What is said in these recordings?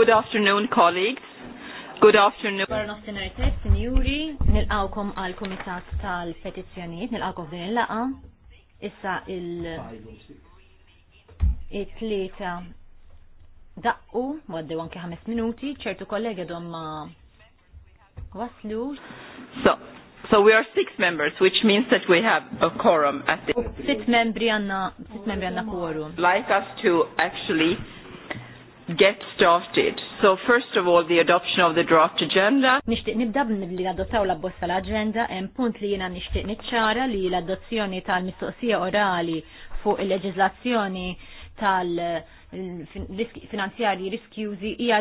Good afternoon, colleagues. Good afternoon. Barra nofsinhar tet, sinjuri, nilqawkom għal kumitat tal-petizzjonijiet, nilqawkom din il-laqa. Issa il- it-tlieta daqqu, għaddew anke ħames minuti, ċertu kollega domma waslu. So, So we are six members, which means that we have a quorum at the... six members. għanna, sitt quorum. Like us to actually get started. So first of all, the adoption of the draft agenda. Nixtieq nibda li adottaw la bossa l-agenda, hemm punt li jiena nixtieq niċċara li l-adozzjoni tal-mistoqsija orali fuq il-leġiżlazzjoni tal-finanzjarji riskjużi hija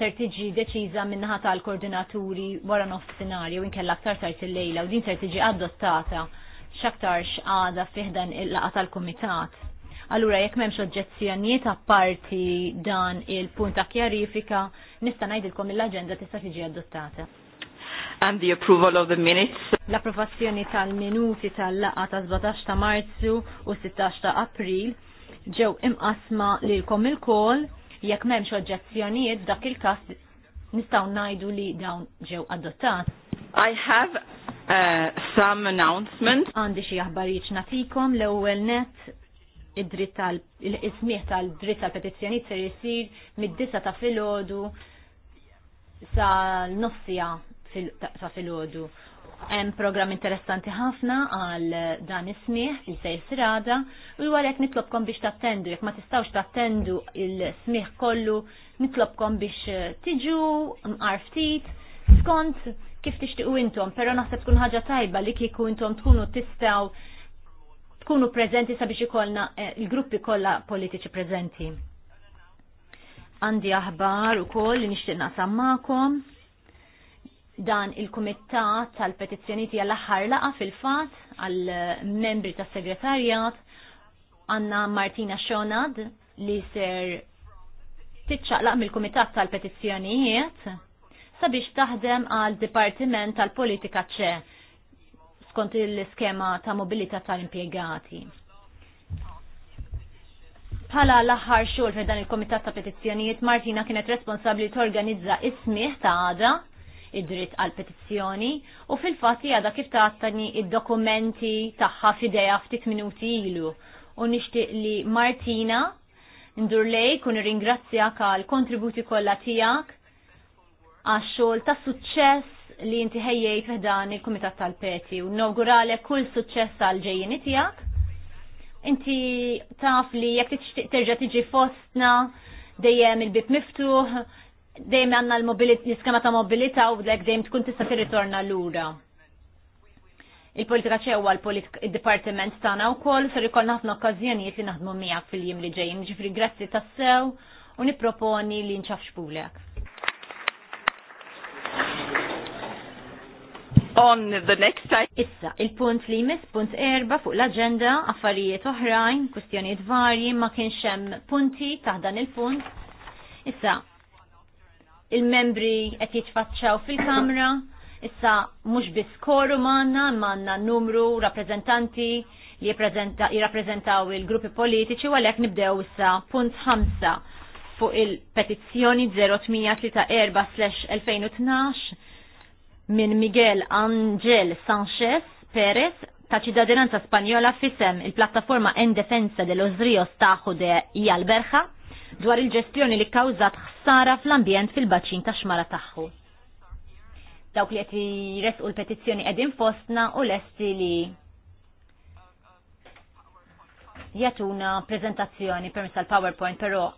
tertiġi tiġi deċiża minnaħa tal-koordinaturi wara nofsinhar u inkella aktar tard il-lejla u din tertiġi tiġi adottata x'aktarx għada fiħdan il-laqa tal-kumitat Allura jekk m'hemmx oġġezzjonijiet apparti dan il-punt ta' kjarifika, nista' ngħidilkom il aġenda tista' tiġi adottata. And the approval of the minutes. L-approvazzjoni tal-minuti tal-laqa ta' 17 ta' Marzu u 16 ta' April ġew imqasma lilkom il-kol jekk m'hemmx oġġezzjonijiet dak il-każ nistgħu ngħidu li dawn ġew adottat. I have uh, some announcements. Għandi xi aħbarijiet nagħtikom l-ewwel net id-dritt tal tal-dritt tal-petizzjoni ser jisir mid-disa ta' filgħodu sa nofsija ta' filgħodu. Hemm programm interessanti ħafna għal dan is li se jisirada u għalhekk nitlobkom biex tattendu jekk ma tistgħux tattendu il smiħ kollu nitlobkom biex eh, tiġu mqarftit skont kif tixtiqu intom, pero naħseb tkun ħaġa tajba li kieku intom tkunu tistaw tkunu prezenti sabiex ikollna eh, il-gruppi kollha politiċi prezenti. Għandi aħbar ukoll li nixtieq naqsam magħkom dan il-Kumitat tal-Petizzjonijiet hija l-aħħar laqa fil-fatt għall-membri tas-segretarjat għandna Martina Xonad li ser titċaqlaq mill-Kumitat tal-Petizzjonijiet sabiex taħdem għal Dipartiment tal-Politika ċe skont il iskema ta' mobilità tal-impjegati. Pala l-aħħar xogħol fejn dan il-Komitat ta' Petizzjonijiet Martina kienet responsabbli torganizza ismih ta' għada id-dritt għal petizzjoni u fil-fatti għada kif taħtani id-dokumenti taħħa fideja ftit minuti ilu u nishtiq li Martina ndur lej kun ringrazzjak għal kontributi kollha tiegħek għax xogħol ta' suċċess li inti ħejjejt f'dan il-Kumitat tal-Peti u nawguralek kull suċċess għal ġejjini tiegħek. Inti taf li jekk tixtieq terġa' tiġi fostna dejjem il-bib miftuħ, dejjem għandna l-iskema ta' mobilità u dek dejjem tkun tista' tirritorna lura. Il-politika ċewwa l-dipartiment tagħna wkoll ser ikollna ħafna okkażjonijiet li naħdmu miegħek fil-jiem li ġejjin, ġifri grazzi tassew u nipproponi li nċafx pulek on the next time. Issa, il-punt li jmiss punt erba fuq l-agenda, affarijiet oħrajn, kustjonijiet varji, ma kienx hemm punti ta' dan il-punt. Issa, il-membri qed jitfaċċaw fil-kamra, issa mhux biss koru manna, manna numru rappreżentanti li jirrappreżentaw il-gruppi politiċi u għalhekk nibdew issa punt ħamsa fuq il-petizzjoni 0834/2012 minn Miguel Angel Sanchez Perez ta' ċittadinanza Spanjola fisem il-plattaforma En Defensa de los Rios Tajo de Ialberja dwar il-ġestjoni li kawżat ħsara fl-ambjent fil-baċin ta' xmara tagħhom. Dawk li qed jresqu l-petizzjoni qegħdin fostna u lesti li jatuna prezentazzjoni permess tal-PowerPoint, però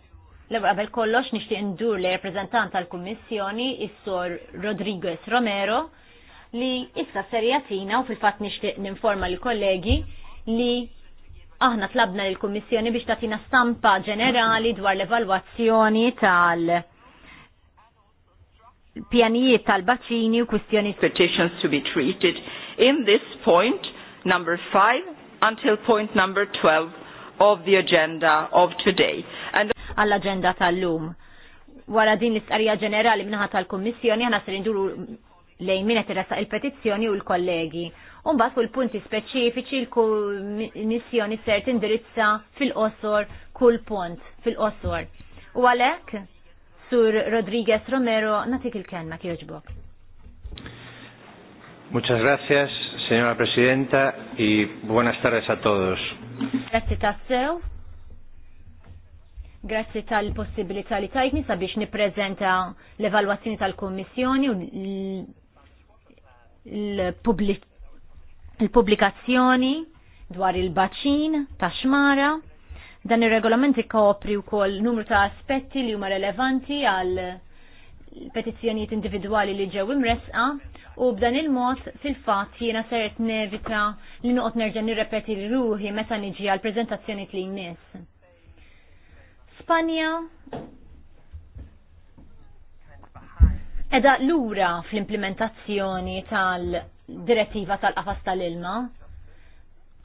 L-għabel kollox nishti indur li reprezentant tal-Kummissjoni, is-Sor Rodriguez Romero, li issa serjatina u fil-fat nishti ninforma li kollegi li aħna tlabna l-Kummissjoni biex tatina stampa ġenerali dwar l-evalwazzjoni tal- pjanijiet tal bacini u kwistjoni petitions to be treated in this point number 5 until point number 12 of the agenda of today. And għall-agenda tal-lum. Wara din l-istqarrija ġenerali minnaħat tal-Kummissjoni aħna ser induru lejn min qed il-petizzjoni u l-kollegi. mbagħad fuq il-punti speċifiċi l-Kummissjoni ser tindirizza fil-qosor kull punt fil-qosor. U għalhekk Sur Rodriguez Romero, natik il-kelma kieġbok. Muchas gracias, señora presidenta, y buenas tardes a todos. Grazie tassew, Grazzi tal-possibilità li tajtni sabiex niprezenta l-evalwazzjoni tal-Kommissjoni u l-pubblikazzjoni dwar il-baċin ta' xmara. Dan ir-regolament ikopri wkoll numru ta' aspetti li huma relevanti għal petizzjonijiet individwali li ġew imresqa u b'dan il-mod fil-fatt jiena seret nevita li noqgħod nerġa' nirrepeti ruħi meta niġi għal preżentazzjoni li jmiss Spanja edha lura fl-implementazzjoni tal-direttiva tal-qafas tal-ilma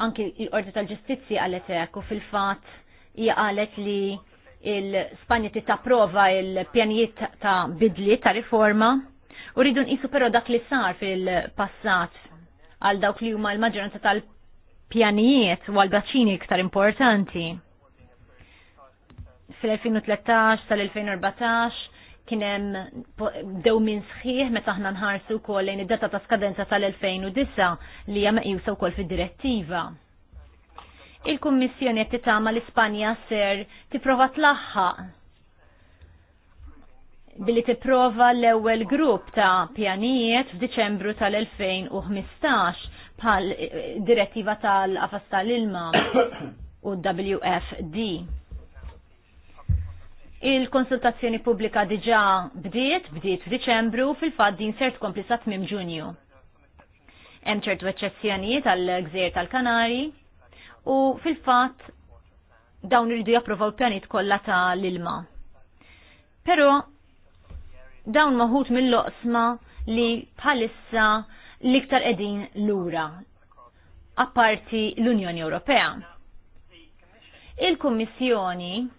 anki l-Ordi tal-Ġustizzi għalet u fil-fat hija qalet li il-Spanja prova il-pjanijiet ta' bidli ta' riforma u rridu nqisu però dak li sar fil-passat għal dawk li huma l-maġġoranza tal-pjanijiet u għal baċini iktar importanti fil-2013 tal-2014 kienem dew minn sħiħ meta aħna nħarsu wkoll lejn id-data ta' skadenza tal-2009 li hija meqjusa wkoll fid-direttiva. Il-Kummissjoni qed titama l-Ispanja ser tipprova tlaħħaq billi tipprova l-ewwel grupp ta' pjanijiet f'Diċembru tal-2015 bħal direttiva tal afastal tal-ilma u WFD. Il-konsultazzjoni pubblika diġa bdiet, bdiet f'Diċembru, fil-fat din sert tkompli sa Ġunju. Hemm ċertu eċċezzjonijiet tal-Gżejjer tal-Kanari u fil-fatt dawn iridu japprovaw pjanit kollha l ilma Però dawn maħut mill-loqsma li bħalissa l-iktar edin lura, apparti l-Unjoni Ewropea. Il-Kummissjoni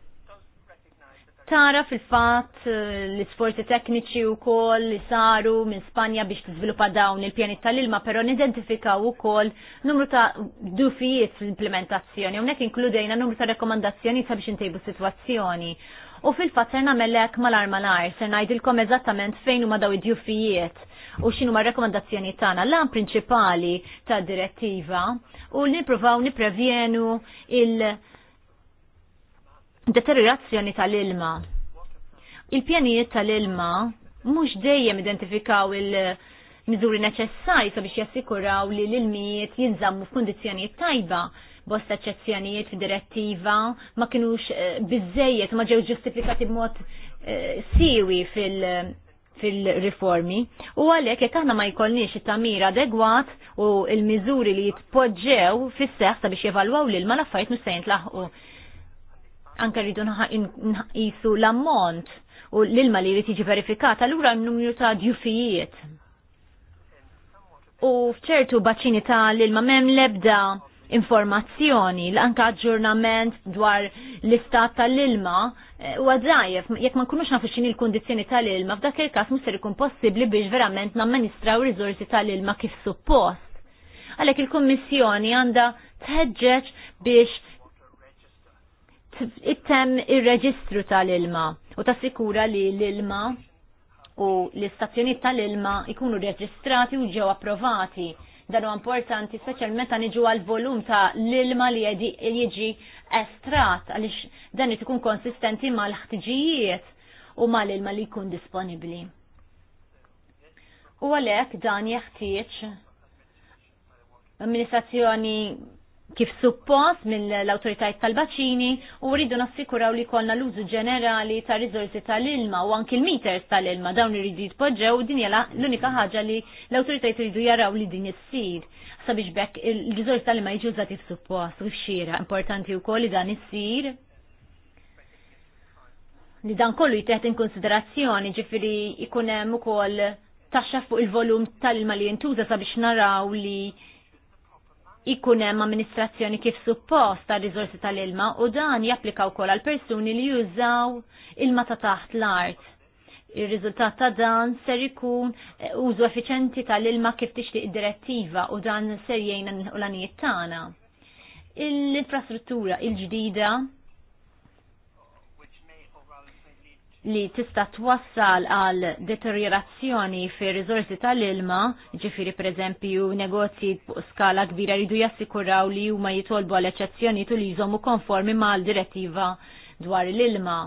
tara fil-fat eh, l-sforzi tekniċi u kol li saru minn Spanja biex t-sviluppa dawn il-pjani tal-ilma, pero nidentifikaw u kol numru ta' dufijiet fil-implementazzjoni, unnek inkludejna numru ta' rekomandazzjoni sabiex intejbu situazzjoni. U fil-fat ser namellek malar malar, ser najdilkom eżattament fejn huma daw id-dufijiet u xinu ma' rekomandazzjoni tana l-lan prinċipali ta' direttiva u li provaw niprevjenu il- deteriorazzjoni tal-ilma. Il-pjanijiet tal-ilma mhux dejjem identifikaw il-miżuri neċessari sabiex jassikuraw li l-ilmijiet jinżammu f'kundizzjonijiet tajba bosta eccezzjonijiet direttiva ma kienux eh, bizzejiet ma ġew ġustifikati b'mod eh, siwi fil- fil-riformi u għalhekk jekk aħna ma jkollniex it-tamir adegwat u l-miżuri li jitpoġġew fis-seħħ sabiex jevalwaw l-ilma l-affarijiet mhux se jintlaħqu anke rridu nqisu l-ammont u l-ilma li jrid jiġi l allura n-numru ta' djufijiet. U fċertu baċini ta' l-ilma mem lebda informazzjoni, l-anka aġġurnament dwar l-istat tal-ilma eh, u għadżajf, jekk ma nkunux nafuxin il l ta' tal-ilma, f'dak il-kas muster ikun possibli biex verament namministraw rizorsi tal-ilma kif suppost. Għalek il-Kommissjoni għanda tħeġġeġ biex it-tem ir-reġistru tal-ilma u tassikura li l-ilma u l-istazzjoniet tal-ilma ikunu reġistrati u ġew approvati. Dan huwa importanti speċjalment ta' niġu għal volum ta' l-ilma li jiġi estrat għaliex dan irid ikun konsistenti mal-ħtiġijiet u mal-ilma li jkun disponibbli. U għalhekk dan jeħtieġ amministrazzjoni kif suppost mill-autoritajt tal-baċini u rridu nassikuraw li konna l-użu ġenerali ta' rizorsi tal-ilma u anki l-meters tal-ilma dawn irridu jitpoġġew u din l-unika ħaġa li l-autoritajt irridu jaraw li din issir sabiex bekk il-rizorsi tal-ilma jiġu kif suppost u xira Importanti wkoll li dan issir li dan kollu jiteħt in konsiderazzjoni ġifiri ikun hemm ukoll taxxa fuq il-volum tal-ilma li jintuża sabiex naraw li ikun hemm amministrazzjoni kif suppost ta' riżorsi tal-ilma u dan japplika wkoll għal persuni li jużaw ilma ta' taħt l-art. Ir-riżultat ta' dan ser ikun e, użu effiċenti tal-ilma kif tixtieq direttiva u dan ser jgħinna l-anijiet tagħna. Il-infrastruttura il-ġdida il infrastruttura il ġdida li tista' twassal għal deteriorazzjoni fir riżorsi tal-ilma, ġifiri pereżempju negozji fuq skala kbira jridu jassikuraw li huma jitolbu għal eċezzjoni tul jżommu konformi mal-direttiva dwar l-ilma.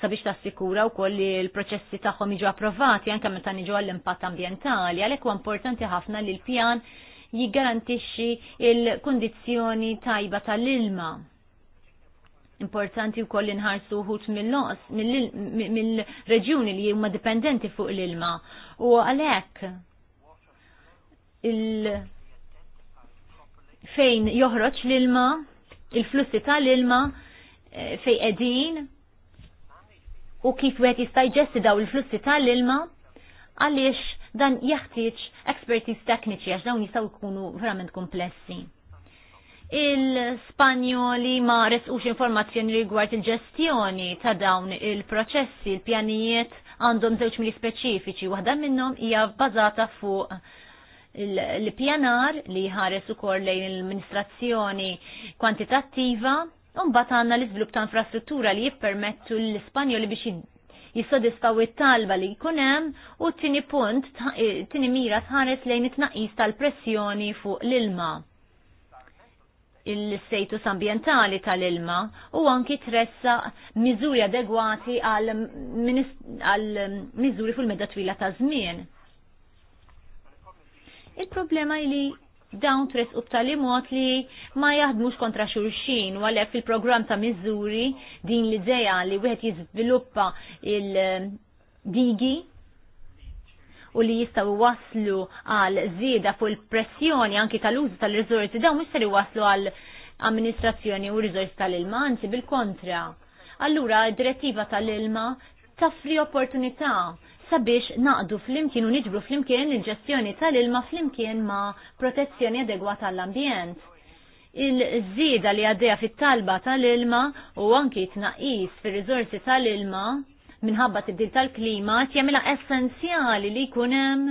Sabiex tassikura wkoll li l-proċessi tagħhom jiġu approvati anke meta niġu għall-impatt ambjentali, għalhekk huwa importanti ħafna li l-pjan jiggarantixxi il-kundizzjoni tajba tal-ilma Importanti wkoll koll inħarsu uħut mill-nos, mill-reġjuni li huma dipendenti fuq l-ilma. U għalhekk il fejn joħroġ l-ilma, il-flussi tal-ilma, eh, fej qegħdin u kif wieħed jista' jġessi daw il-flussi tal-ilma għaliex dan jeħtieġ expertise tekniċi għax dawn jistgħu jkunu verament komplessi il-Spanjoli ma resqux informazzjoni rigward il-ġestjoni ta' dawn il-proċessi, il-pjanijiet għandhom żewġ mili speċifiċi, waħda minnhom hija bbażata fuq l-pjanar li ħares ukoll lejn l-amministrazzjoni kwantitattiva Unbat għanna l-izvilup ta' infrastruttura li jippermettu l-Ispanjoli biex jissodistaw it-talba li jkunem u t-tini punt, eh, t-tini mira tħares lejn it-naqis tal-pressjoni fuq l-ilma il-status ambientali tal-ilma u anki tressa miżuri adegwati għal miżuri fil-medda twila ta' żmien. Il-problema li dawn tress u b'tali mod li ma jaħdmux kontra xurxin u għalek fil-programm ta' miżuri din l-ideja li wieħed jiżviluppa il-digi u li jistaw waslu għal zida fuq il-pressjoni anki tal-użu tal rizorti dawn mhux ser waslu għal amministrazzjoni u rizorti tal-ilma, anzi bil-kontra. Allura, direttiva tal-ilma tafri opportunità sabiex naqdu fl-imkien u niġbru fl-imkien il-ġestjoni tal-ilma fl-imkien ma' protezzjoni adegwata tal ambjent il-żida li għaddeja fit-talba tal-ilma u anki tnaqis fir-riżorsi tal-ilma minħabba t-dil tal-klima tjemila essenzjali li kunem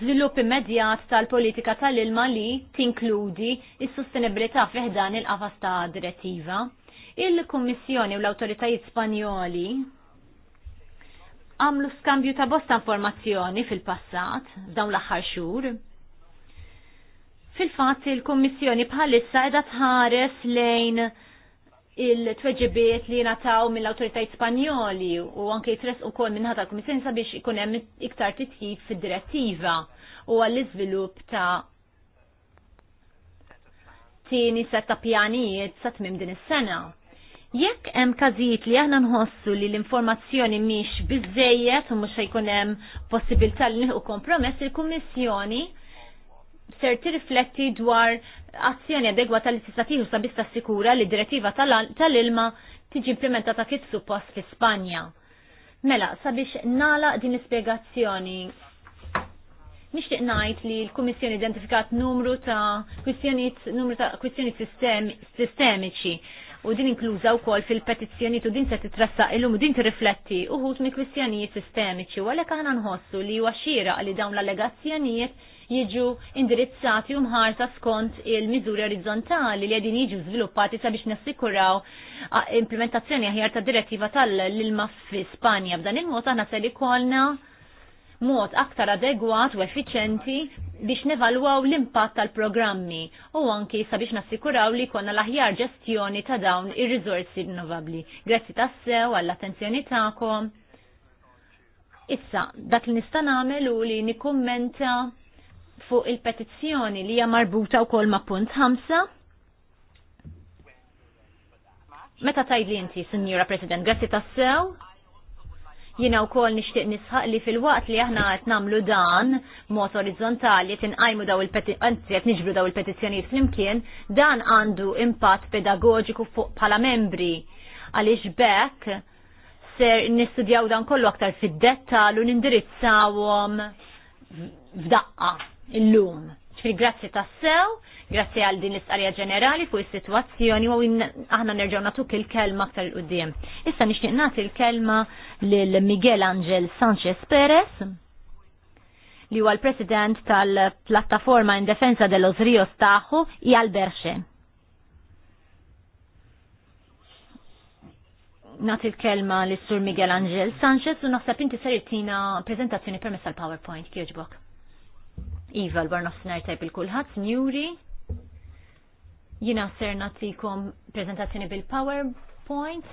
żvilupp immedjat tal-politika tal-ilma li tinkludi il sostenibilità fiħdan il-qafas ta' direttiva. Il-Kummissjoni u l-Awtoritajiet Spanjoli għamlu skambju ta' bosta informazzjoni fil-passat, dawn l-aħħar xhur. Fil-fatt il-Kummissjoni bħalissa qiegħda tħares lejn il-tweġibiet li nataw mill-autoritajt spanjoli u anke jitres u kol minnata komissjoni sabiex ikun hemm iktar titjib fid-direttiva u għall-iżvilupp ta' tieni set ta' pjanijiet sa tmim din is-sena. Jekk hemm każijiet li aħna nħossu li l-informazzjoni mhix biżejjed u mhux jkun hemm possibilità li nieħu kompromess, il-Kummissjoni ser tirrifletti dwar azzjoni adegwata li tista' tieħu sabiex sikura li direttiva tal-ilma tiġi implementata kif suppost fi Spanja. Mela, sabiex nala din l-ispjegazzjoni nixtieq ngħid li l-Kummissjoni identifikat numru ta' kwistjonijiet numru ta' kwistjonijiet sistemiċi u din inkluża wkoll fil-petizzjoni u din se titrassaq illum u din tirrifletti uħud mi kwistjonijiet sistemiċi u għalhekk aħna nħossu li huwa xira li dawn l-allegazzjonijiet jiġu indirizzati u mħarsa skont il-miżuri orizzontali li għedin jiġu sviluppati sabiex nassikuraw implementazzjoni aħjar ta' direttiva tal-ilma fi Spanja. B'dan il-mod aħna se li kolna mod aktar adegwat u effiċenti biex nevalwaw l-impatt tal-programmi u anki sabiex nassikuraw li konna l-aħjar ġestjoni ta' dawn ir rizorsi rinnovabli. Grazzi tassew għall-attenzjoni ta'kom. Issa, dak li nista' nagħmel u li nikkummenta fuq il-petizzjoni li hija marbuta wkoll ma' punt 5. Meta tajli inti, Sinjura President, grazzi tassew? jina u kol nishtiq nisħaq li fil-waqt li aħna għet namlu dan mod orizzontali għajmu daw il-petizjoni, għet nġbru daw il-petizjoni flimkien, dan għandu impatt pedagogiku fuq pala membri għalix bekk ser nistudjaw dan kollu aktar fid-detta l-un indirizzawom f'daqqa illum. Ġifri grazzi tassew, grazzi għal din l-istqarja ġenerali fuq is-sitwazzjoni u aħna nerġgħu nagħtuk il-kelma aktar qudiem. Issa nixtieq nagħti l-kelma lil Miguel Angel Sanchez Perez li huwa l-President tal-Plattaforma in Defensa de los Rios Taħu i Alberxe. nat il-kelma l-Sur Miguel Angel Sanchez u naħseb inti seri tina prezentazzjoni permess tal-PowerPoint, kieġbok. Iva l-Barnofsenar tajb il-kulħat, Njuri. Jina ser tikom prezentazzjoni bil-PowerPoint.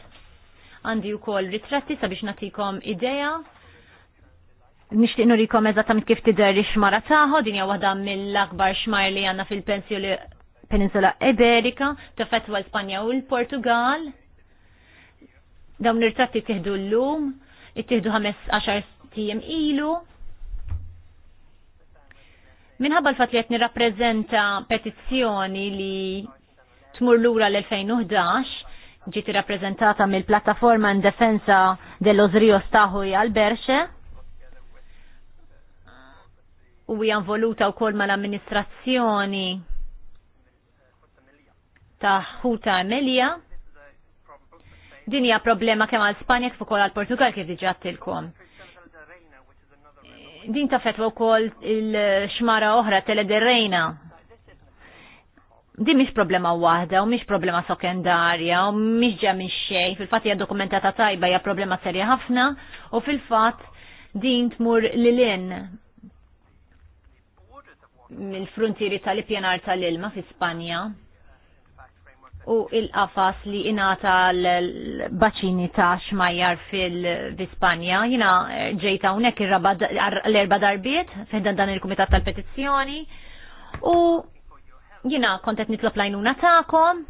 Għandi u kol ritratti sabiex natikom ideja. Nishtiq nurikom eżattament kif li xmara taħo, dinja wahda mill-akbar xmar li għanna fil-Peninsula Iberika, tafetwa l-Spanja u l-Portugal. Dawn ir-ritratti tiħdu l-lum, tiħdu 15 tijem ilu Minħabba l-fat li qed nirrappreżenta petizzjoni li tmur lura l-2011 ġiti rappreżentata mill-Plattaforma in Defensa dello Stahu i għal-Berxe u hija u wkoll mal-amministrazzjoni ta' Huta Emelja. Din hija problema kemm għal Spanja kif ukoll għal Portugal kif diġà tilkom din tafetwa wkoll il-xmara oħra telederrejna. Din mhix problema waħda u mhix problema sokendarja, u mhix ġa minn xej fil-fatt hija dokumentata tajba hija problema serja ħafna u fil-fatt din tmur lilin mill-frontieri tal ipjenar tal-ilma fi Spanja u il-qafas li inata l-baċini ta' xmajjar fil ispanja Jina eh, ġejta unek l-erba darbiet fiħdan dan il-Komitat tal-Petizzjoni u jina kontet nitlob lajnuna ta'kom.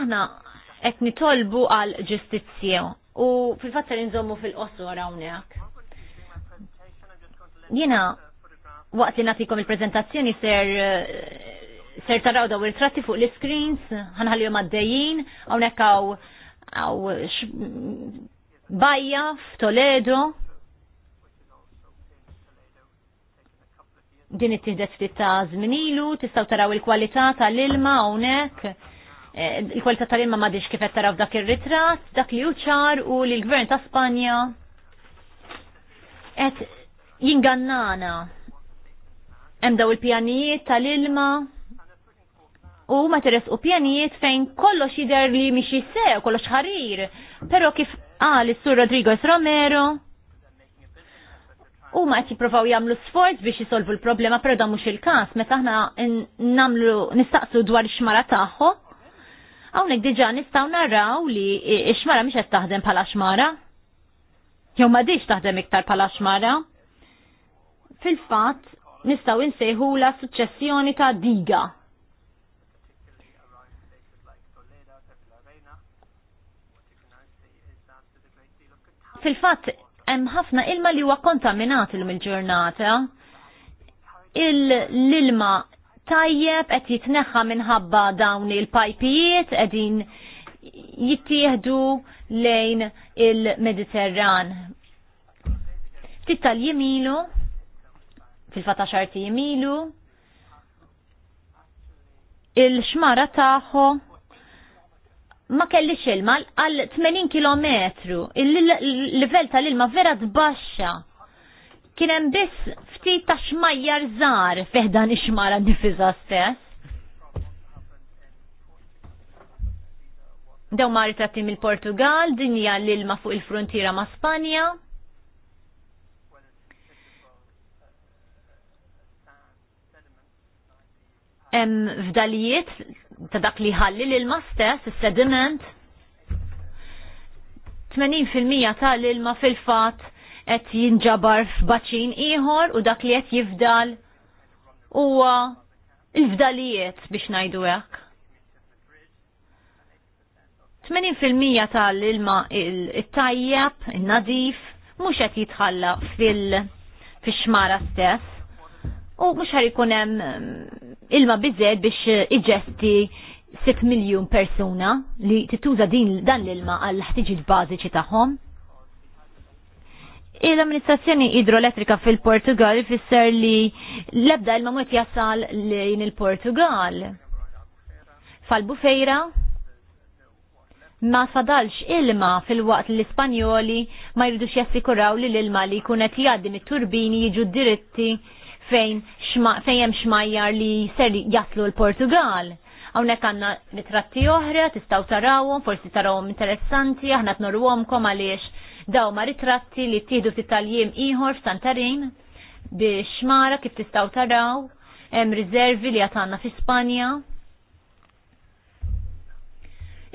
Aħna qed nitolbu għal ġustizzja u fil-fatt li nżommu fil-qosor hawnhekk. Jiena waqt li nagħtikom il-preżentazzjoni ser eh, ser taraw daw il-tratti fuq l-screens, ħanħallihom għaddejjin, hawnhekk hawn għaw bajja f'Toledo. Din it-tihdet ftit ta' żminilu, tistgħu taraw il-kwalità tal-ilma hawnhekk. Eh, il-kwalità tal-ilma m'għadix kif qed taraw dak ir-ritratt, dak li uċar u li l-Gvern ta' Spanja qed jingannana. Hemm daw il-pjanijiet tal-ilma u ma teres u pjanijiet fejn kollox jider li mixi sew, kollox ħarir. Pero kif għal sur S Romero, u ma provaw jamlu sforz biex jisolvu l-problema, pero da mux il-kas, meta ħna namlu nistaqsu dwar xmara taħħo, għawnek diġa nistaw naraw li xmara miex taħdem pala xmara, jew ma diġ taħdem iktar pala xmara. Fil-fat, nistaw insejhu la suċċessjoni ta' diga fil-fatt hemm ħafna ilma li huwa kontaminat il ġurnata Il-ilma tajjeb qed jitneħħa minħabba dawn il-pajpijiet qegħdin jittieħdu lejn il-Mediterran. Tittal jimilu, il-xmara taħħu ma kellix ilma għal 80 km. Il-livell tal-ilma vera tbaxxa. Kien hemm biss ftit ta' xmajjar żgħar fih dan ix-xmara difiża stess. Dew ma ritratti mill-Portugal, dinja l-ilma fuq il-frontiera ma' Spanja. Em fdalijiet ta' dak li ħalli l-ilma stess, il-sediment, 80% tal-ilma fil-fat qed jinġabar f'baċin ieħor u dak li qed jifdal huwa l-fdalijiet biex ngħidu hekk. 80% tal-ilma il-tajjeb, il-nadif, mux et jitħalla fil-xmara stess. U mux ħar ikunem ilma bizzed biex iġesti 6 miljon persuna li tittuża din dan l-ilma għal ħtiġijiet bażiċi tagħhom. Il-amministrazzjoni idroelettrika fil-Portugal fisser li l-ebda ilma mwet jasal lejn il-Portugal. Fal-Bufejra, ma fadalx ilma fil-waqt l-Ispanjoli ma jridux jassikuraw li l-ilma li kunet jgħaddi mit-turbini jiġu diritti fejn hemm xmajjar li ser jaslu l-Portugal. Hawnhekk għandna ritratti oħra, tistgħu tarawhom, forsi tarawhom interessanti, aħna kom għaliex daw ma ritratti li ttieħdu fit-taljiem ieħor f'Santarin biex mara kif tistgħu taraw, hemm riservi li għandna fi Spanja.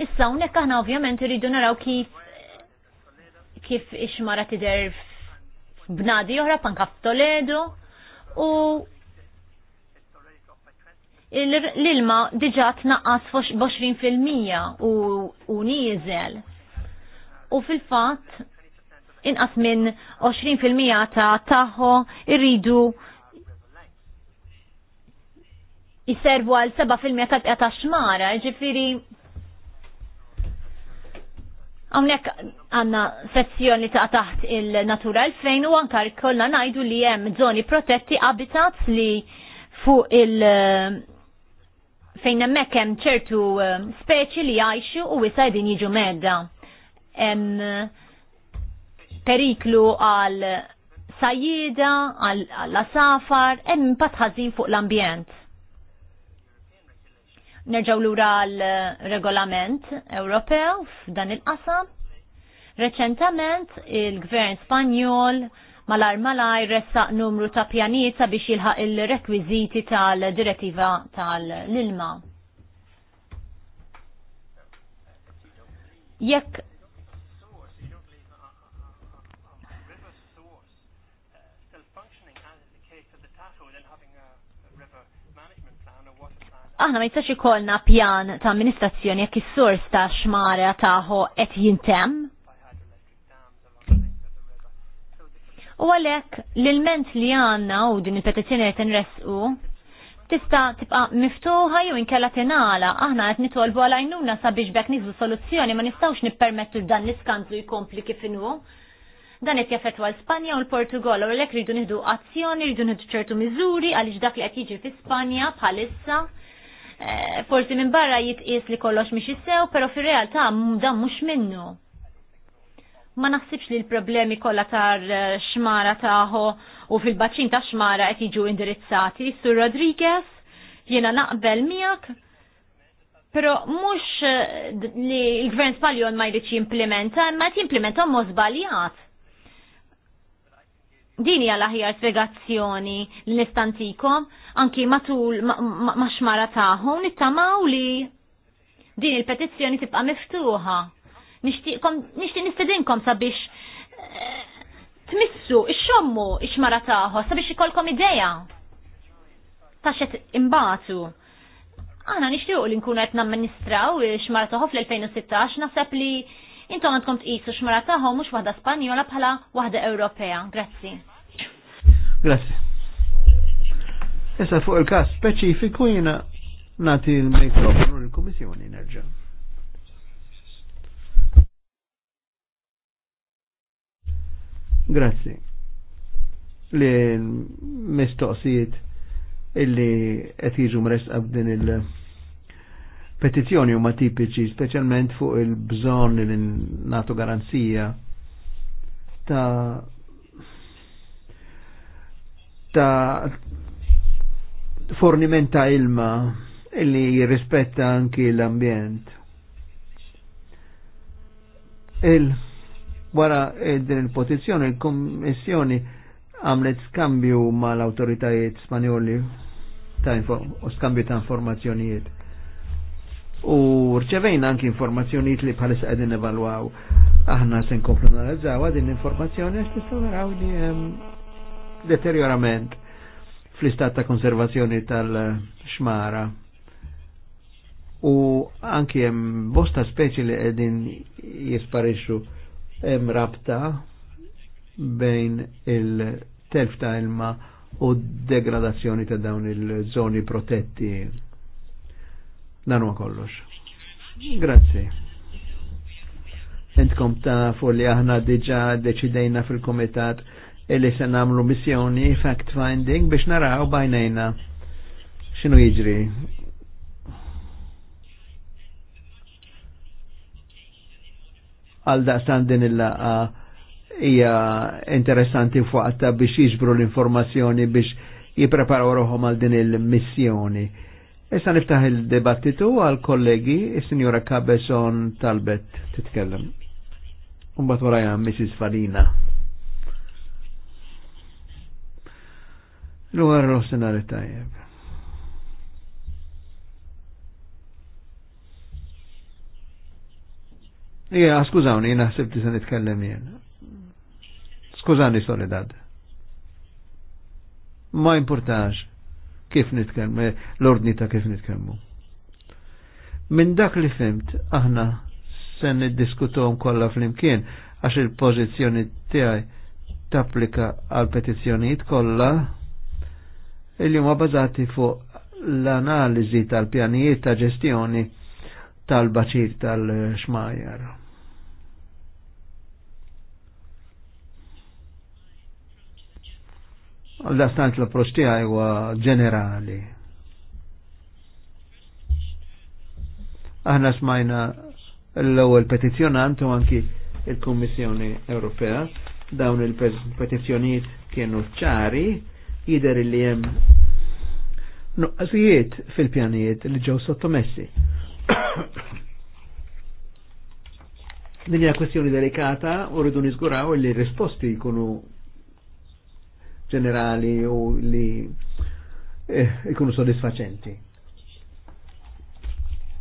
Issa hawnhekk aħna ovvjament irridu naraw kif kif ixmara tidher b'nadi oħra panka Toledo u l-ilma diġa tnaqqas b-20% u, u nieżel. U fil-fatt inqas minn 20% ta' taħħo irridu jiservu għal 7% ta' bqija ta' xmara, ġifiri Għamnek għanna sezzjoni ta' taħt il-natura fejn u għankar kollna najdu li jem zoni protetti habitats li fuq il- fejn hemmhekk hemm ċertu ehm, speċi li jgħixu u wisajdin jiġu medda. Hemm eh, periklu għal sajjida, għal asafar, hemm impatt ħażin fuq l-ambjent Nerġaw lura l-regolament eh, Ewropew f'dan il-qasam. Reċentament il-Gvern Spanjol malar malaj ressaq numru ta' pjanita biex jilħaq il-rekwiziti tal-direttiva tal-ilma. Jekk aħna ma jistax ikollna pjan ta' amministrazzjoni jekk is-sors ta' xmara taħu qed jintem. U għalhekk l-ilment li għandna u din il-petizzjoni qed inresqu tista' tibqa' miftuħa jew inkella tingħala aħna qed nitolbu għal għajnuna sabiex bekk nieħdu soluzzjoni ma nistgħux nippermettu dan l-iskandlu jkompli kif inhu. Dan qed jaffettwa għal spanja u l-Portugal u lek rridu nieħdu azzjoni, rridu nieħdu ċertu miżuri għaliex dak li qed jiġi fi Spanja bħalissa Eh, forsi minn barra jitqies li kollox mhix issew, però fir-realtà dan mhux minnu. Ma naħsibx li l-problemi kollha tar eh, xmara taħu u fil-baċin ta' xmara qed jiġu indirizzati. Sur Rodriguez jiena naqbel miegħek, però mhux eh, li l-Gvern Spaljon ma jridx jimplementa, imma qed jimplementa mod żbaljat din hija l-aħjar spjegazzjoni nistantikom anki matul maxmara taħu nittamaw li din il-petizzjoni tibqa miftuħa. Nishti nistedinkom sabiex eh, tmissu, ixxommu ixmara taħu, sabiex ikolkom ideja. taċet imbatu. Għana nishtiq li nkunu għetna amministraw ixmara taħu fl-2016, nasab li intom għandkom tqisu xmara taħu mux wahda Spanjola bħala wahda Ewropea. Grazzi. Grazzi. Issa fuq il-kas speċifiku jina nati il-mikrofonu l-Komissjoni nerġa. Grazzi. Li mistoqsijiet illi qed jiġu mres b'din il-petizzjoni huma tipiċi speċjalment fuq il-bżonn li nagħtu garanzija ta' ta' fornimenta ilma illi jirrispetta anki l-ambjent. Il wara din il-pozizjoni il-Kommissjoni għamlet skambju mal autoritajiet Spanjoli ta' u skambju ta' informazzjonijiet. U rċevejna anki informazzjonijiet li bħalis għedin evalwaw. Aħna sen komplu analizzaw din informazzjoni għax nistaw naraw li deterjorament fl-istat ta' konservazzjoni tal-xmara. U anki hemm bosta speċi li qegħdin jisparixxu hemm rabta bejn il-telf ta' ilma u degradazzjoni ta' dawn il-żoni protetti. Dan kollox. Grazzi. Entkom ta' fu li aħna diġa deċidejna fil-komitat illi se namlu missjoni fact finding biex naraw bajnejna xinu jiġri. Għal daqstan din il-laqa hija interessanti fuqta biex jiġbru l-informazzjoni biex jipreparaw ruħom għal din il-missjoni. Issa niftaħ il-debattitu għal kollegi, il-Sinjora Cabezon Talbet titkellem. Umbat warajja Mrs. Farina. L-għar l-ossenari tajjeb. Ija, skużawni, jina li ti sen kellem jien. Skużani, solidad. Ma importax kif nitkellmu l-ordni ta' kif nitkellmu. Minn dak li fimt, aħna sen id-diskutom kolla fl-imkien, għax il-pozizjoni tiegħi tapplika għal petizzjonijiet kollha illi huma bażati fuq l-analiżi tal-pjanijiet ta' ġestjoni tal-baċir tal-xmajjar. Għal-dastant l approċċi huwa ġenerali. Aħna smajna l-ewwel petizzjonant u anki il-Kummissjoni Ewropea dawn il-petizzjonijiet kienu ċari jider li jem nuqqasijiet fil-pjanijiet li ġew sottomessi. Din hija kwestjoni delikata u rridu niżguraw li risposti jkunu ġenerali u li eh, jkunu soddisfaċenti.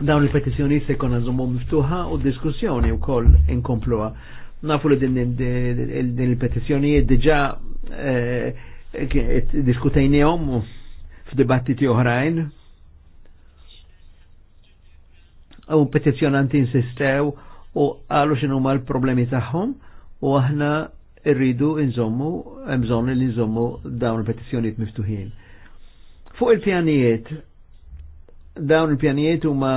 Dawn il-petizjoni se jkun għandhom miftuħa u diskussjoni wkoll inkompluha. Nafu li din il-petizjoni diġà eh, diskutajnijom f'dibattiti uħrajn. U petizjonanti insistew u għalu xinu ma l-problemi taħħom u aħna irridu nżommu, bżonn li nżommu dawn il-petizjoniet miftuħin. Fuq il-pjanijiet, dawn il-pjanijiet huma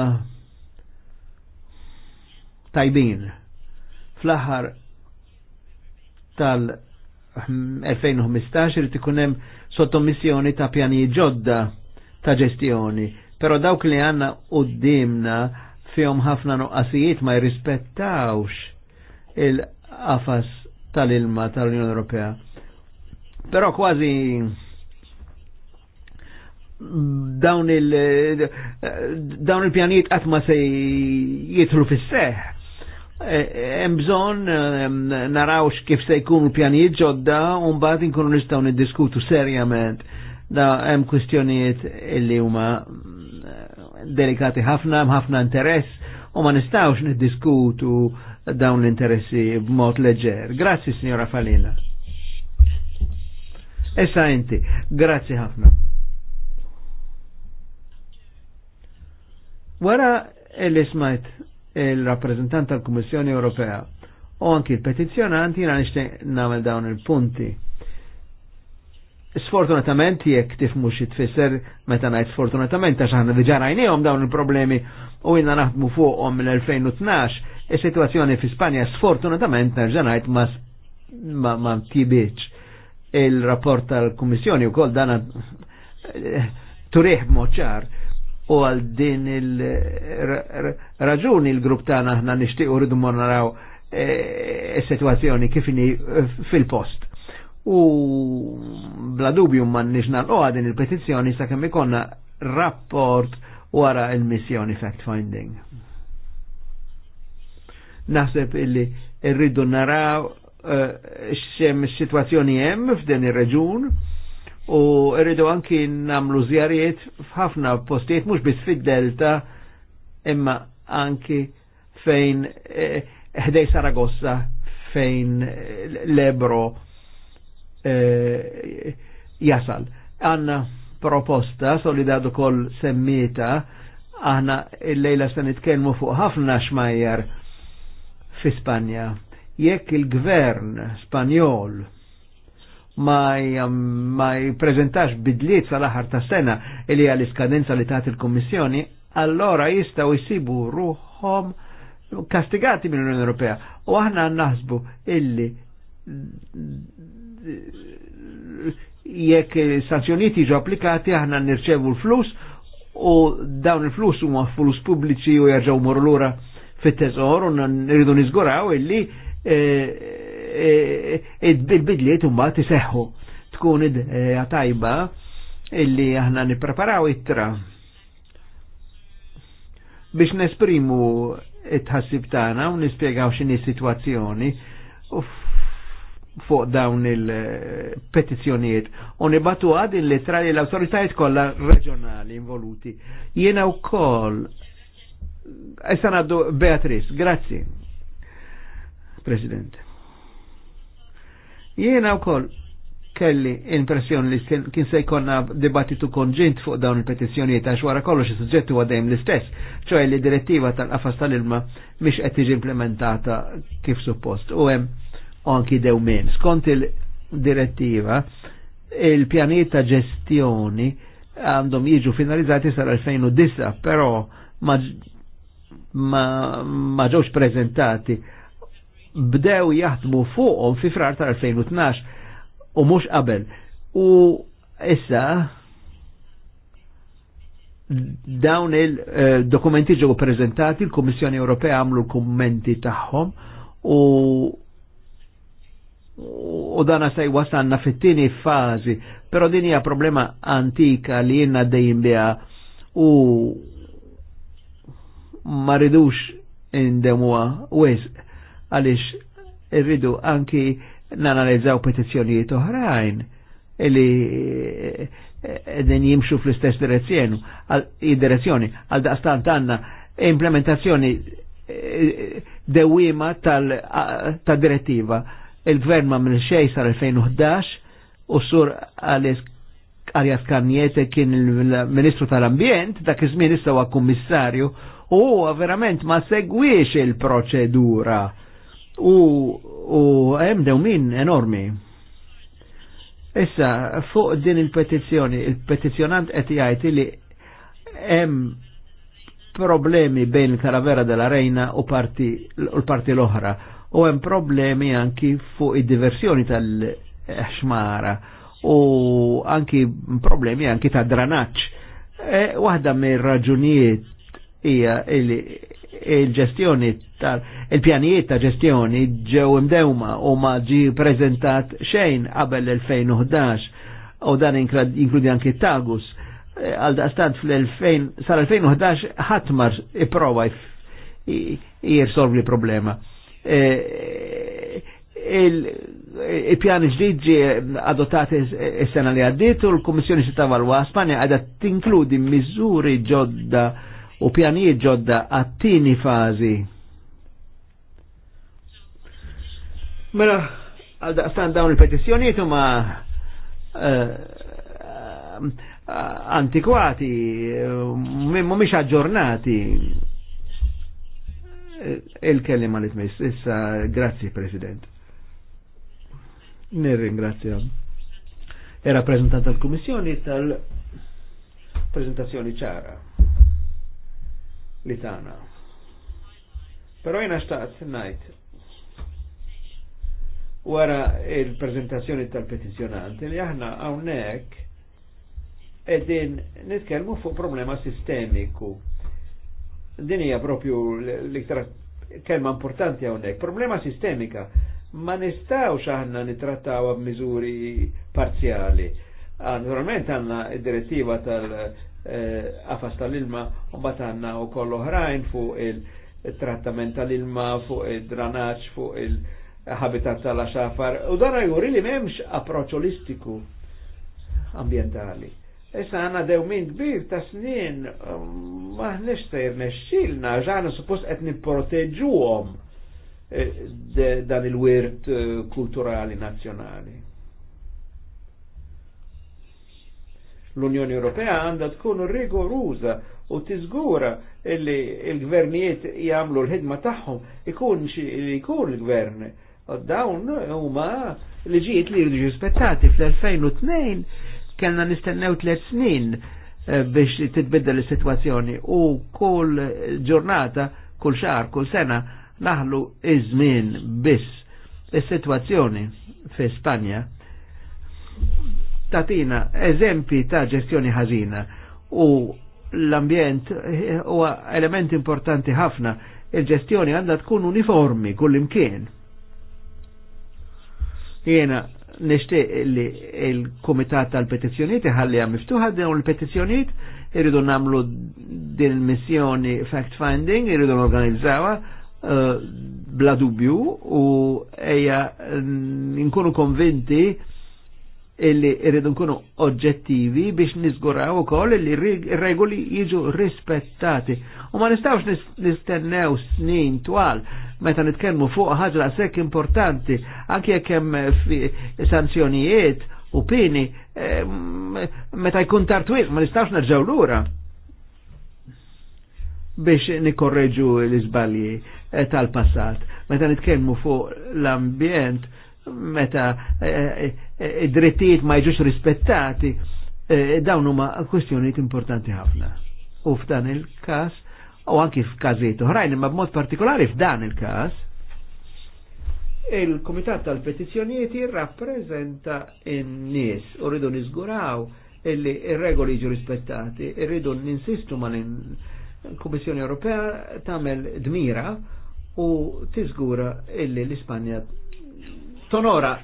tajbin. Fl-aħħar tal- 2015 irid ikun hemm sottomissjoni ta' pjanijiet ġodda ta' ġestjoni. Però dawk li għandna dimna fihom ħafna nuqqasijiet ma jirrispettawx il-qafas tal-ilma tal-Unjoni Ewropea. Però kważi dawn il pjanijiet qatt ma se jidħlu fis-seħħ Eh, hemm bżonn eh, naraw kif se jkun pjanijiet ġodda u mbagħad inkunu nistgħu niddiskutu serjament da hemm kwistjonijiet illi huma eh, delikati ħafna, hemm ħafna interess u ma nistgħux niddiskutu dawn l-interessi b'mod leġer. Grazzi, signora Falina. Essa inti, grazzi ħafna. Wara l-ismajt il-rappresentant tal-Kummissjoni Ewropea u anki il-petizjonanti jina nishtiq namel dawn il-punti. Sfortunatament jekk tifmu xi tfisser meta ngħid sfortunatament għax aħna diġà rajnihom dawn il-problemi u jina naħdmu fuqhom mill-2012, is-sitwazzjoni fi Spanja sfortunatament nerġa' ngħid ma ma, ma il-rapport tal-Kummissjoni u kol dan eh, turiħ moċar u għal din il-raġuni il-grupp tagħna aħna nixtiequ rridu naraw is-sitwazzjoni e, e, kif e, fil-post. U bla dubju man nix l din il-petizzjoni sakemm ikonna rapport wara il-missjoni fact finding. Naħseb illi rridu naraw x'hemm situazzjoni hemm f'din ir-reġun u rridu anki namlu zjarijiet f'ħafna postijiet mhux biss fid-delta imma anki fejn e, ħdej eh, Saragossa fejn l-Ebro eh, jasal. Għanna proposta solidadu kol semmieta aħna il-lejla se nitkellmu fuq ħafna xmajjar fi Spanja. Jekk il-gvern Spanjol ma, ma jipprezentax bidliet sal-aħar ta' sena illi għal iskadenza li tat il-Kommissjoni, allora jistaw jisibu ruħom kastigati mill-Unjoni Ewropea. U aħna naħsbu illi jekk sanzjoniti ġew applikati aħna nirċevu l-flus u dawn il-flus huma flus pubbliċi u jerġgħu morlura lura fit-teżor u nridu nizguraw illi eh, id bidliet umma seħu tkun id-għa e, tajba illi aħna nipreparaw ittra biex nesprimu it-ħassib tagħna u nispjegaw x'inhi situazzjoni u fuq dawn il-petizzjonijiet u nibatu għad il-litra li l-autoritajiet kollha reġjonali involuti. Jiena wkoll Issa għaddu Beatriz, grazzi. President. Jiena wkoll kelli impressjoni li kien se jkollna dibattitu konġint fuq dawn il-petizzjonijiet għax wara kollu xi suġġetti huwa dejjem l-istess, ċoj li direttiva tal-qafas tal-ilma mhix qed tiġi implementata kif suppost. U hemm anki dewmien. Skont il-direttiva, il-pjanijiet ta' ġestjoni għandhom jiġu finalizzati sal-2009, però ma, ma, ma ġewx prezentati bdew jaħdmu fuqhom fi frar tal-2012 u mhux qabel. U issa dawn il-dokumenti ġew prezentati, l kummissjoni Ewropea għamlu l-kummenti tagħhom u u dana se wasanna fit-tieni fażi, però din hija problema antika li jenna dejjem biha u ma ridux indemuha wisq għaliex irridu anki nanalizzaw petizzjonijiet oħrajn illi eh, edin jimxu fl-istess direzzjoni, direzzjoni għal daqstant għanna implementazzjoni eh, dewima tal-direttiva. Il-gvern ma' mill-xej sar-2011 u sur għalis għarjas Kanjete kien il-Ministru tal-Ambjent, dak iż-żmien issa huwa kummissarju, u verament ma segwiex il-proċedura u hemm dewmin enormi. Issa, fuq din il-petizzjoni, il-petizzjonant qed jgħid li hemm problemi bejn il-Taravera della Rejna u parti l-parti l-oħra u hemm problemi anki fuq id-diversjoni tal-ħxmara u anki problemi anki ta' dranaċ. E, Waħda mir raġunijiet hija li il-ġestjoni tal il-pjanijiet ta' ġestjoni ġew imdewma u ma ġi prezentat xejn qabel l-2011 u dan inkludi anki tagus eh, għal daqstant fl 2011 sal-2011 ħatmar iprova jirsolvi problema. Eh, eh, Il-pjan ġdid ġi adottati s sena li għaddiet u l-Kummissjoni tavalwa Spanja għadha tinkludi miżuri ġodda u pjanijiet ġodda għattini fazi. Mela, għal-daqstan dawn il-petizjoniet ma uh, eh, eh, antikwati, eh, mumiex aġġornati. Il-kellima li tmiss, issa grazzi President. Nirringrazzja. Era rappresentant tal-Kummissjoni tal-prezentazzjoni ċara li tana. Pero jena staqt najt wara il-prezentazzjoni tal-petizjonanti li aħna hawnhekk edin nitkellmu fuq problema sistemiku. Din hija propju l-iktar kelma importanti hawnhekk, problema sistemika. Ma nistgħux aħna nittrattawha b'miżuri parzjali. Ah, naturalment għandna id-direttiva tal- Eh, għafas eh, tal-ilma u batanna u koll oħrajn fuq il-trattament tal-ilma, fuq il-dranaċ, fuq il-habitat tal-axafar. U dan juri li memx approċ olistiku ambientali. Issa għanna dew minn kbir ta' snin maħnex ta' jirnexxilna, ġana suppost qed nipproteġuhom eh, dan il-wirt eh, kulturali nazzjonali. L-Unjoni Ewropea għandha tkun rigoruża u tiżgura li l-gvernijiet jagħmlu l-ħidma tagħhom ikun li jkun l-gvern. Dawn huma liġijiet li jridu rispettati fl-2002 kellna nistennew tliet snin eh, biex titbiddel is-sitwazzjoni u kull ġurnata, kull xahar, kull sena naħlu iż-żmien biss is-sitwazzjoni fi Spanja tatina eżempi ta' ġestjoni ħażina u l-ambjent huwa element importanti ħafna il-ġestjoni għandha tkun uniformi kullimkien. Jiena nixtieq li l kumitat tal-Petizzjonijiet iħallija miftuħa dawn il-petizzjonijiet irridu nagħmlu din il-missjoni fact-finding, irridu organizzawa eh, bla dubju u ejja nkunu konvinti illi irridu nkunu oġġettivi biex nizguraw ukoll li regoli jiġu rispettati. U ma nistawx nistennew snin twal meta nitkellmu fuq ħaġa sekk importanti anke jekk hemm sanzjonijiet u pini eh, meta jkun tartwiq ma nistawx nerġgħu lura biex nikorreġu l-iżbalji eh, tal-passat. Meta nitkellmu fuq l-ambjent, meta eh, eh id-drittijiet ma jġux rispettati, eh, dawn huma kwestjonijiet importanti ħafna. U f'dan il kas u anki f'każijiet oħrajn, imma b'mod partikolari f'dan il kas il-Komitat tal-Petizzjonijiet jirrappreżenta n-nies u rridu niżguraw illi ir-regoli jiġu rispettati, irridu ninsistu ma l-Kommissjoni Ewropea tagħmel dmira u tiżgura illi l-Ispanja tonora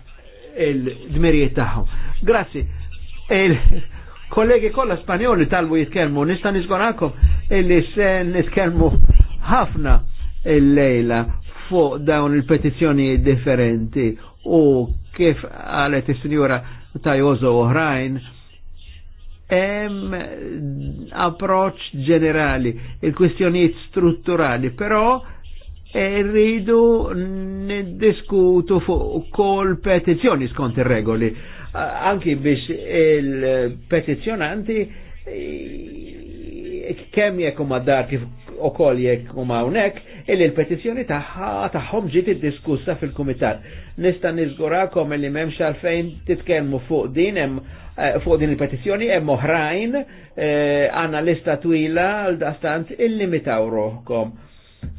il-dmirijiet tagħhom. Grazzi. kollegi kollha Spanjoli talbu jitkellmu, nista' nisgorakom illi se nitkellmu ħafna il-lejla fuq dawn il-petizzjoni differenti u kif għalet is-sinjura tajozo oħrajn hemm approċ ġenerali, il-kwistjonijiet strutturali, però rridu niddiskutu fuq kol petizzjoni skont ir-regoli, anki biex il-petizzjonanti kemm jekk huma dar kif ukoll jekk huma hawnhekk illi l-petizzjoni tagħha tagħhom ġiet iddiskussa fil-kumitat. Nista' niżgurakom li m'hemmx għalfejn titkellmu fuq din hemm eh, fuq din il-petizzjoni hemm oħrajn eh, għandna lista twila għal dastant illimitaw ruħkom.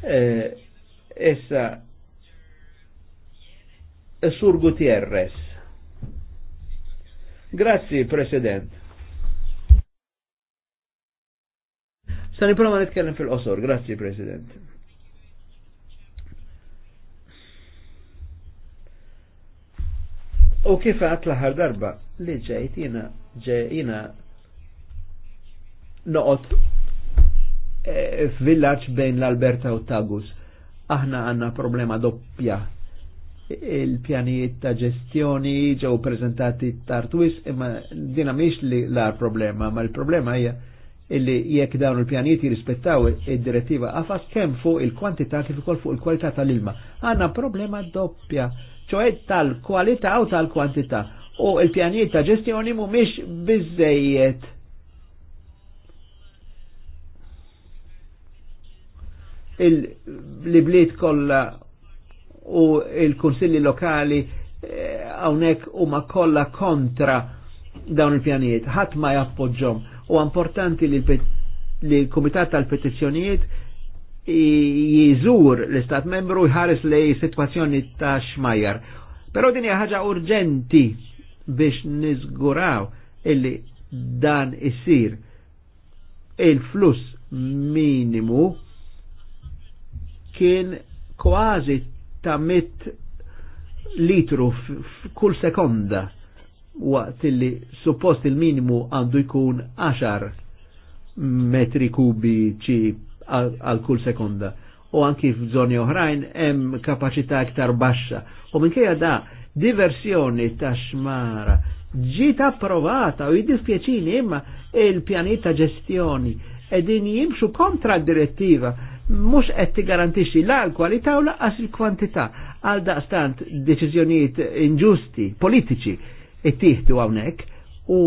Eh, Issa, Sur Gutierrez. Grazzi, President. Sa' niprofa nitkellem fil-qosor, grazzi, President. U kif għat laħar darba li ġejt jina ġejjina noqot e, f'villaġġ bejn l-Alberta u Tagus aħna għanna problema doppja. Il-pjanijiet ta' ġestjoni ġew prezentati tartwis imma dina miex li la problema, ma l-problema hija illi jekk dawn il-pjanijiet jirrispettaw id-direttiva għafas kemm fuq il-kwantità kif ukoll fuq il-kwalità tal-ilma. Għanna problema doppja, ċoħe tal-kwalità u tal-kwantità. U il-pjanijiet ta' ġestjoni mhumiex biżejjed li bliet kollha u il-kunsilli lokali eh, hawnhekk huma kollha kontra dawn il-pjanijiet, ħadd ma jappoġġhom. U importanti li l-Kumitat tal-Petizzjonijiet jizur l-Istat membru jħares li situazzjoni ta' xmajjar. Però din hija ħaġa urġenti biex nizguraw illi dan isir il-fluss minimu kien kważi ta' mit litru kull sekonda waqt li suppost il-minimu għandu jkun 10 metri kubi ċi għal kull sekonda u anki f'żoni oħrajn hemm kapaċità iktar baxxa. U minkejja da diversjoni ta' xmara ġiet approvata u jiddispjaċini imma il pjanita ġestjoni edin jimxu kontra direttiva mhux qed tigarantixxi la l-kwalità u laqas il-kwantità għal daqstant deċiżjonijiet inġusti politiċi ittieħdu hawnhekk u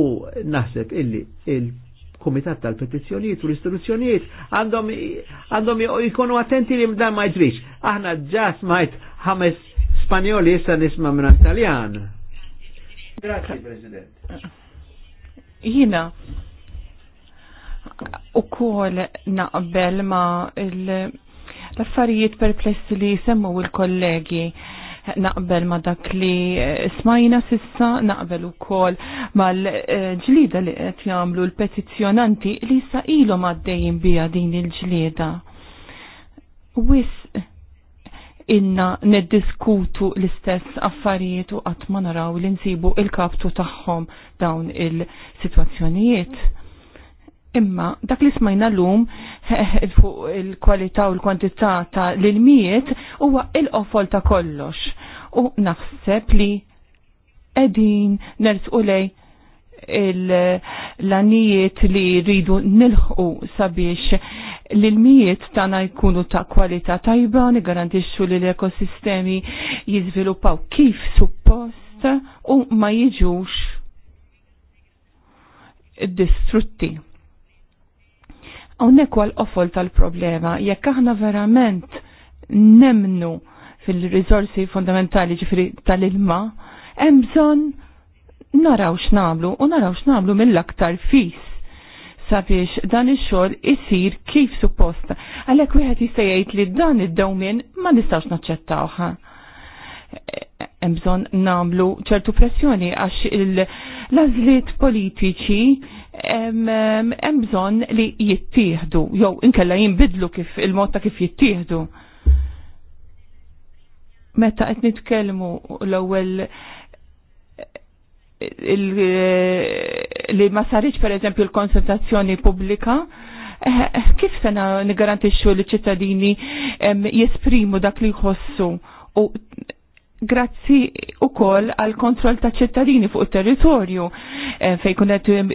naħseb illi il-Kumitat tal-Petizzjonijiet u l-Istituzzjonijiet għandhom jkunu attenti li dan ma jġrix. Aħna ġa smajt ħames Spanjoli issa nisma' minn Italjan. Grazie, President. Jina, u kol naqbel ma l-affarijiet perplessi li semmu il-kollegi naqbel ma dak li eh, smajna sissa naqbel u kol mal-ġlida li qed jagħmlu l-petizzjonanti li sa ilhom għaddejjin biha din il-ġlieda. Wis inna neddiskutu l-istess affarijiet u qatt ma naraw li nsibu il-kaptu tagħhom dawn il-sitwazzjonijiet Imma dak li smajna l-lum fuq il-kwalità u l-kwantità ta' l-ilmijiet huwa il-qofol ta' kollox. U naħseb li edin nertqu lej l-anijiet li ridu nilħu sabiex l-ilmijiet tana jkunu ta' kwalità tajba, nigarantixxu li l-ekosistemi jizvilupaw kif suppost u ma jiġux distrutti Hawnhekk huwa l-qofol tal-problema jekk aħna verament nemnu fil rizorsi fondamentali ġifri tal-ilma, hemm naraw xnablu, u naraw xnablu mill-aktar fis sabiex dan ix-xogħol isir kif suppost. Għalhekk wieħed jista' jgħid li dan id-dewmien ma nistax naċċettawha. Hemm bżonn nagħmlu ċertu pressjoni għax l-għażliet politiċi hemm bżonn li jittieħdu jew inkella jinbidlu kif il-mod ta' kif jittieħdu. Meta qed nitkellmu l-ewwel li ma sarriċ per eżempju l-konsultazzjoni pubblika, eh, eh, kif sena nigarantixxu li ċittadini jesprimu dak li jħossu u grazzi u koll għal kontrol ta' ċittadini fuq il-territorju eh, fej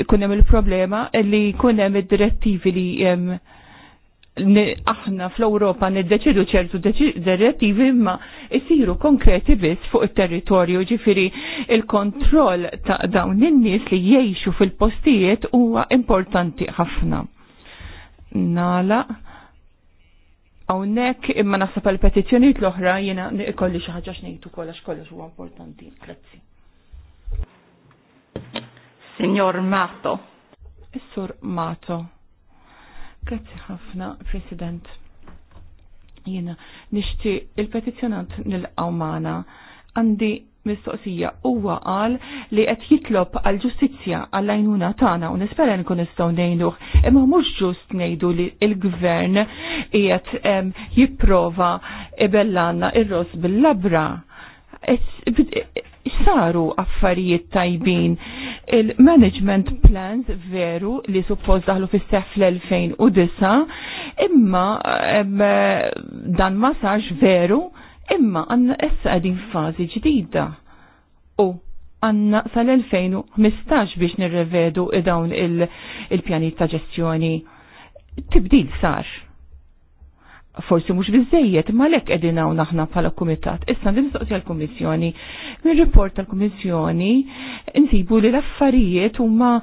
kunem il-problema li kunem il-direttivi li aħna fl-Europa niddeċidu ċertu direttivi imma jisiru konkreti biss fuq il-territorju ġifiri il-kontroll ta' dawn in-nies li jgħixu fil-postijiet huwa importanti ħafna. Nala Awnek imma naħseb l petizzjonijiet l-oħra jiena ikolli xi ħaġa xnejtu kollha xkollox huwa importanti. Grazzi. Signor Mato. Is-Sur Mato. Grazzi ħafna, President. Jiena nixtieq il-petizzjonant nilqgħu magħna għandi mistoqsija huwa qal li qed jitlob għal ġustizzja għall għajnuna tagħna u nispera nkun nistgħu ngħinuh imma mhux ġust ngħidu li l-gvern qiegħed jipprova ibellanna ir-ros bil-labra. Saru affarijiet tajbin il-management plans veru li suppost daħlu fis seħ fl-2009 imma dan ma sarx veru Imma għanna essa għadin fazi ġdida u għanna sal-2015 biex nirrevedu dawn il-pjanit il ta' ġestjoni. Tibdil sar forsi mhux bizzejiet, ma lek qegħdin hawn aħna bħala kumitat. Issa din nistoqsi l kummissjoni mir riport tal-Kummissjoni insibu li l-affarijiet huma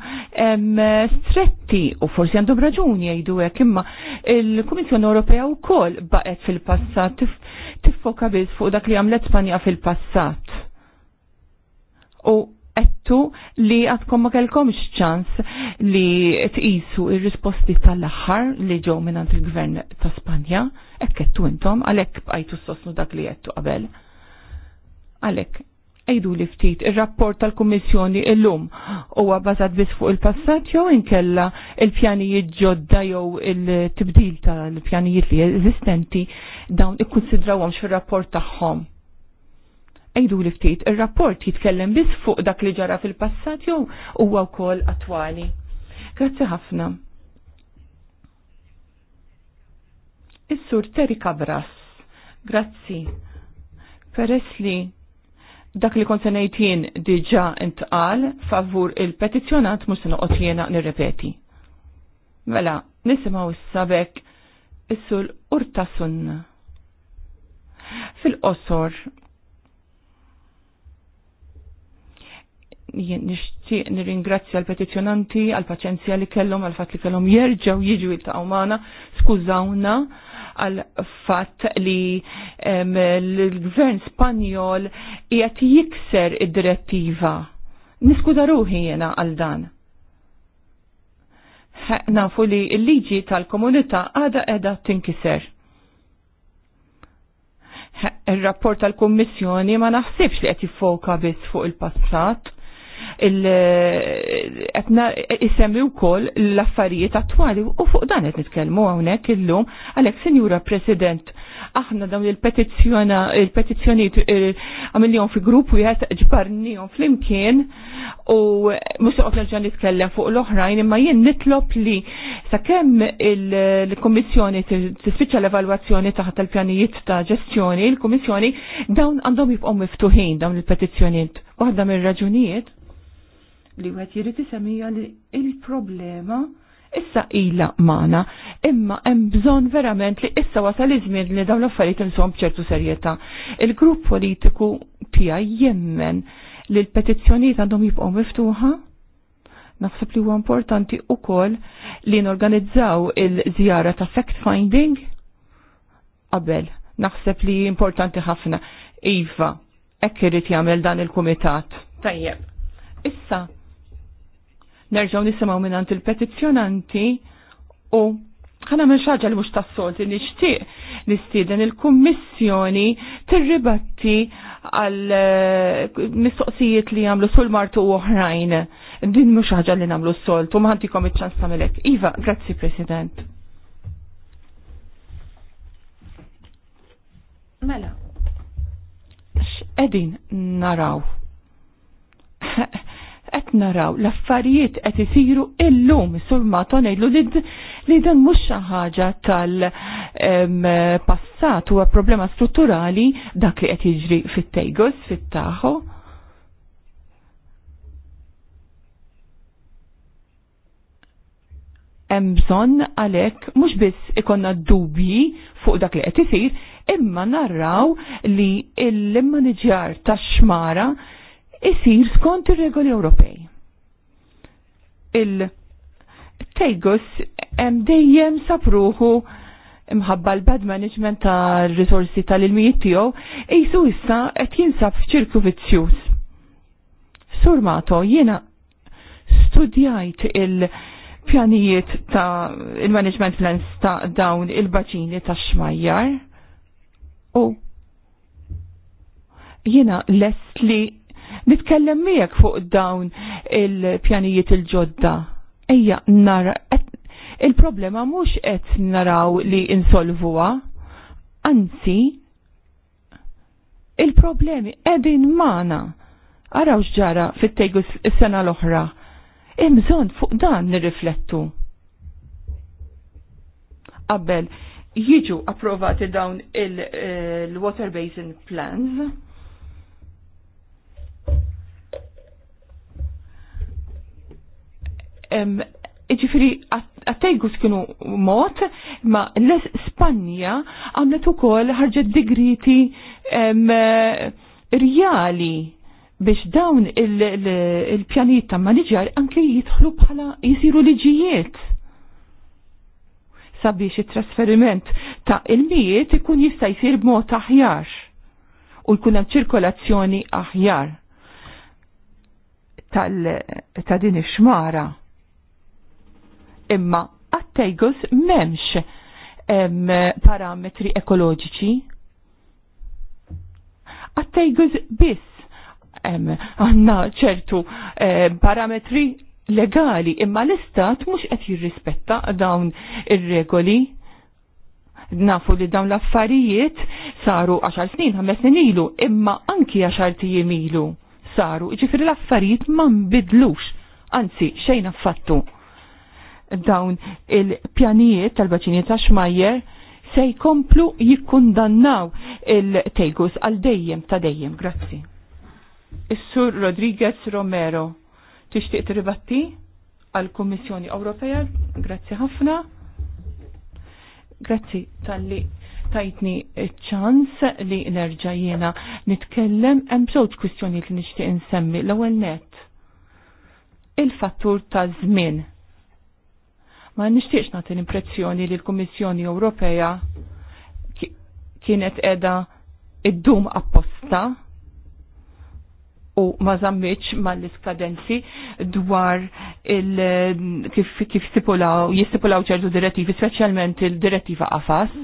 stretti u forsi għandhom raġuni jgħidu hekk imma il-Kummissjoni Ewropea wkoll baqgħet fil-passat tiffoka biss fuq dak li għamlet Spanja fil-passat. U għettu li għatkom ma kellkomx ċans li tqisu il risposti tal-aħħar li ġew minnant il-gvern ta' Spanja, hekk għettu intom, għalhekk s sostnu dak li għettu qabel. Għalhekk, għajdu li ftit ir-rapport tal-Kummissjoni lum huwa bażat biss fuq il-passat jew inkella il-pjanijiet ġodda jew il-tibdil tal-pjanijiet li eżistenti dawn ikkunsidrawhomx fir-rapport tagħhom Ejdu li ftit, il-rapport jitkellem biss fuq dak li ġara fil-passat jew huwa wkoll attwali. Grazzi ħafna. Is-sur Terry Cabras. Grazzi. Peress li dak li kont ngħid jien diġà intqal favur il-petizzjonat mhux se noqgħod jiena nirrepeti. Mela, nisimgħu s-sabek is-sur Urtasun. Fil-qosor, nixtieq nirringrazzja l-petizzjonanti għall-paċenzja li kellhom għal fat li kellhom jerġgħu jiġu jiltaqgħu magħna, skużawna għal fatt li l-gvern Spanjol qiegħed jikser id-direttiva. Niskuda ruħi jiena għal dan. Nafu li l-liġi tal-komunità għada qiegħda tinkiser il-rapport tal-Kommissjoni ma naħsibx li qed jiffoka biss fuq il-passat il-semmi u koll l-affarijiet attuali u fuq dan qed nitkellmu hawnhekk illum għalhekk Sinjura President aħna dawn il-petizzjonijiet il għamiljon fi grupp wieħed ġbarnihom flimkien u mhux qed nerġa' nitkellem fuq l-oħrajn imma jien nitlob li sakemm il-Kummissjoni tispiċċa l evaluazzjoni taħt il-pjanijiet ta' ġestjoni, il komissjoni dawn għandhom jibqom miftuħin dawn il-petizzjonijiet. Waħda mir-raġunijiet li wieħed jrid isemija li il-problema issa ila maħna, imma hemm bżonn verament li issa wasal li żmien li dawn l-affarijiet insom b'ċertu serjetà. Il-grupp politiku tiegħi jemmen li l-petizzjonijiet għandhom jibqgħu miftuħa. Naħseb li huwa importanti wkoll li norganizzaw il-żjara ta' fact finding qabel. Naħseb li importanti ħafna. Iva, hekk irid jagħmel dan il-kumitat. Tajjeb. Issa, nerġaw nisimaw minnant il-petizjonanti u ħana minn xaġa li mux solti nishtiq nistieden il-kommissjoni tirribatti għal eh, mistoqsijiet li għamlu sul martu u oħrajn. Din mux ħaġa li namlu soltu, maħantikom il-ċans tamilek. Iva, grazzi President. Mela, x'edin naraw? qed naraw l-affarijiet qed isiru illum sur maton ngħidlu li dan mhux xi ħaġa tal-passat huwa problema strutturali dak li qed jiġri fit-tejgos, fit-taħo. Hemm bżonn għalhekk mhux biss ikonna dubji fuq dak li qed isir, imma narraw li l-immaniġjar tax-xmara isir skont ir-regoli Ewropej. Il-tejgus hemm dejjem sapruħu imħabba l-bad management tal risorsi tal-ilmijiet tiegħu qisu issa qed jinsab f'ċirku vizzjuż. Surmato jiena studjajt il-pjanijiet ta' il-management plans ta' dawn il-baċini ta' xmajjar u jiena lest li nitkellem miegħek fuq dawn il-pjanijiet il-ġodda. Ejja, nara, il-problema mhux qed naraw li insolvuha, anzi, il-problemi qegħdin mana. Araw x'ġara fit-tejgu s-sena l-oħra. Imżon fuq dan nirriflettu. Qabel jiġu approvati dawn eh, il-Water Basin Plans ġifiri għattajgu kienu mot, ma l-Spanja għamlet u kol ħarġet digriti rjali biex dawn il pjanit ta' maniġjar anke jitħlu bħala jisiru liġijiet. Sabiex it-trasferiment ta' il-mijiet ikun jista' jsir b'mod aħjar u jkun hemm ċirkolazzjoni aħjar tal ta' din ix-xmara imma għattejgus memx em, parametri ekoloġiċi. Għattejgus biss għanna ċertu em, parametri legali imma l-istat mux qed jirrispetta dawn ir-regoli nafu li dawn l-affarijiet saru 10 snin, 5 snin ilu, imma anki 10 tijiem ilu saru, Ġifir l-affarijiet ma nbidlux, anzi xejn affattu dawn il-pjanijiet tal-baċinijiet ta' xmajjer se jkomplu jikkundannaw il-tejgus għal dejjem ta' dejjem. Grazzi. Is-Sur Rodriguez Romero, tixtieq tirbatti għal Kummissjoni Ewropea, grazzi ħafna. Grazzi tal-li tajtni ċans li nerġa' nitkellem hemm żewġ kwistjonijiet li nixtieq insemmi l-ewwel net. Il-fattur ta' żmien Ma nixtiex nagħti l-impressjoni li l-Kummissjoni Ewropea kienet edha id-dum apposta u ma zammiċ mal-iskadenzi dwar kif, kif stipulaw, jistipulaw ċertu direttivi, specialment il-direttiva AFAS.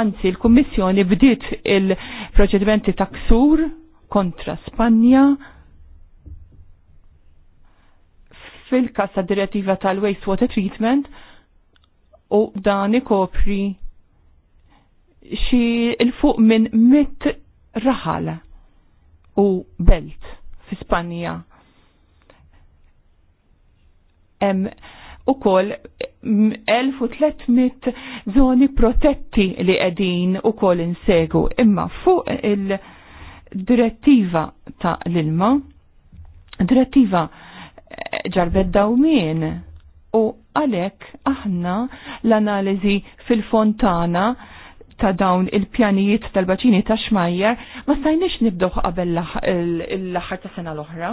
Anzi, l kommissjoni bdiet il-proċedimenti taksur kontra Spanja fil kassa direttiva tal-wastewater treatment u dan ikopri xi il-fuq minn mit raħal u belt fi Spanja. Em, u kol 1300 zoni protetti li edin u kol insegu imma fuq il-direttiva ta' l-ilma direttiva ġarbet dawmin u għalek aħna l-analizi fil-fontana ta' dawn il-pjanijiet tal-baċini ta' xmajjar ma stajniex nibduħ qabel l-aħħar ta' sena l-oħra.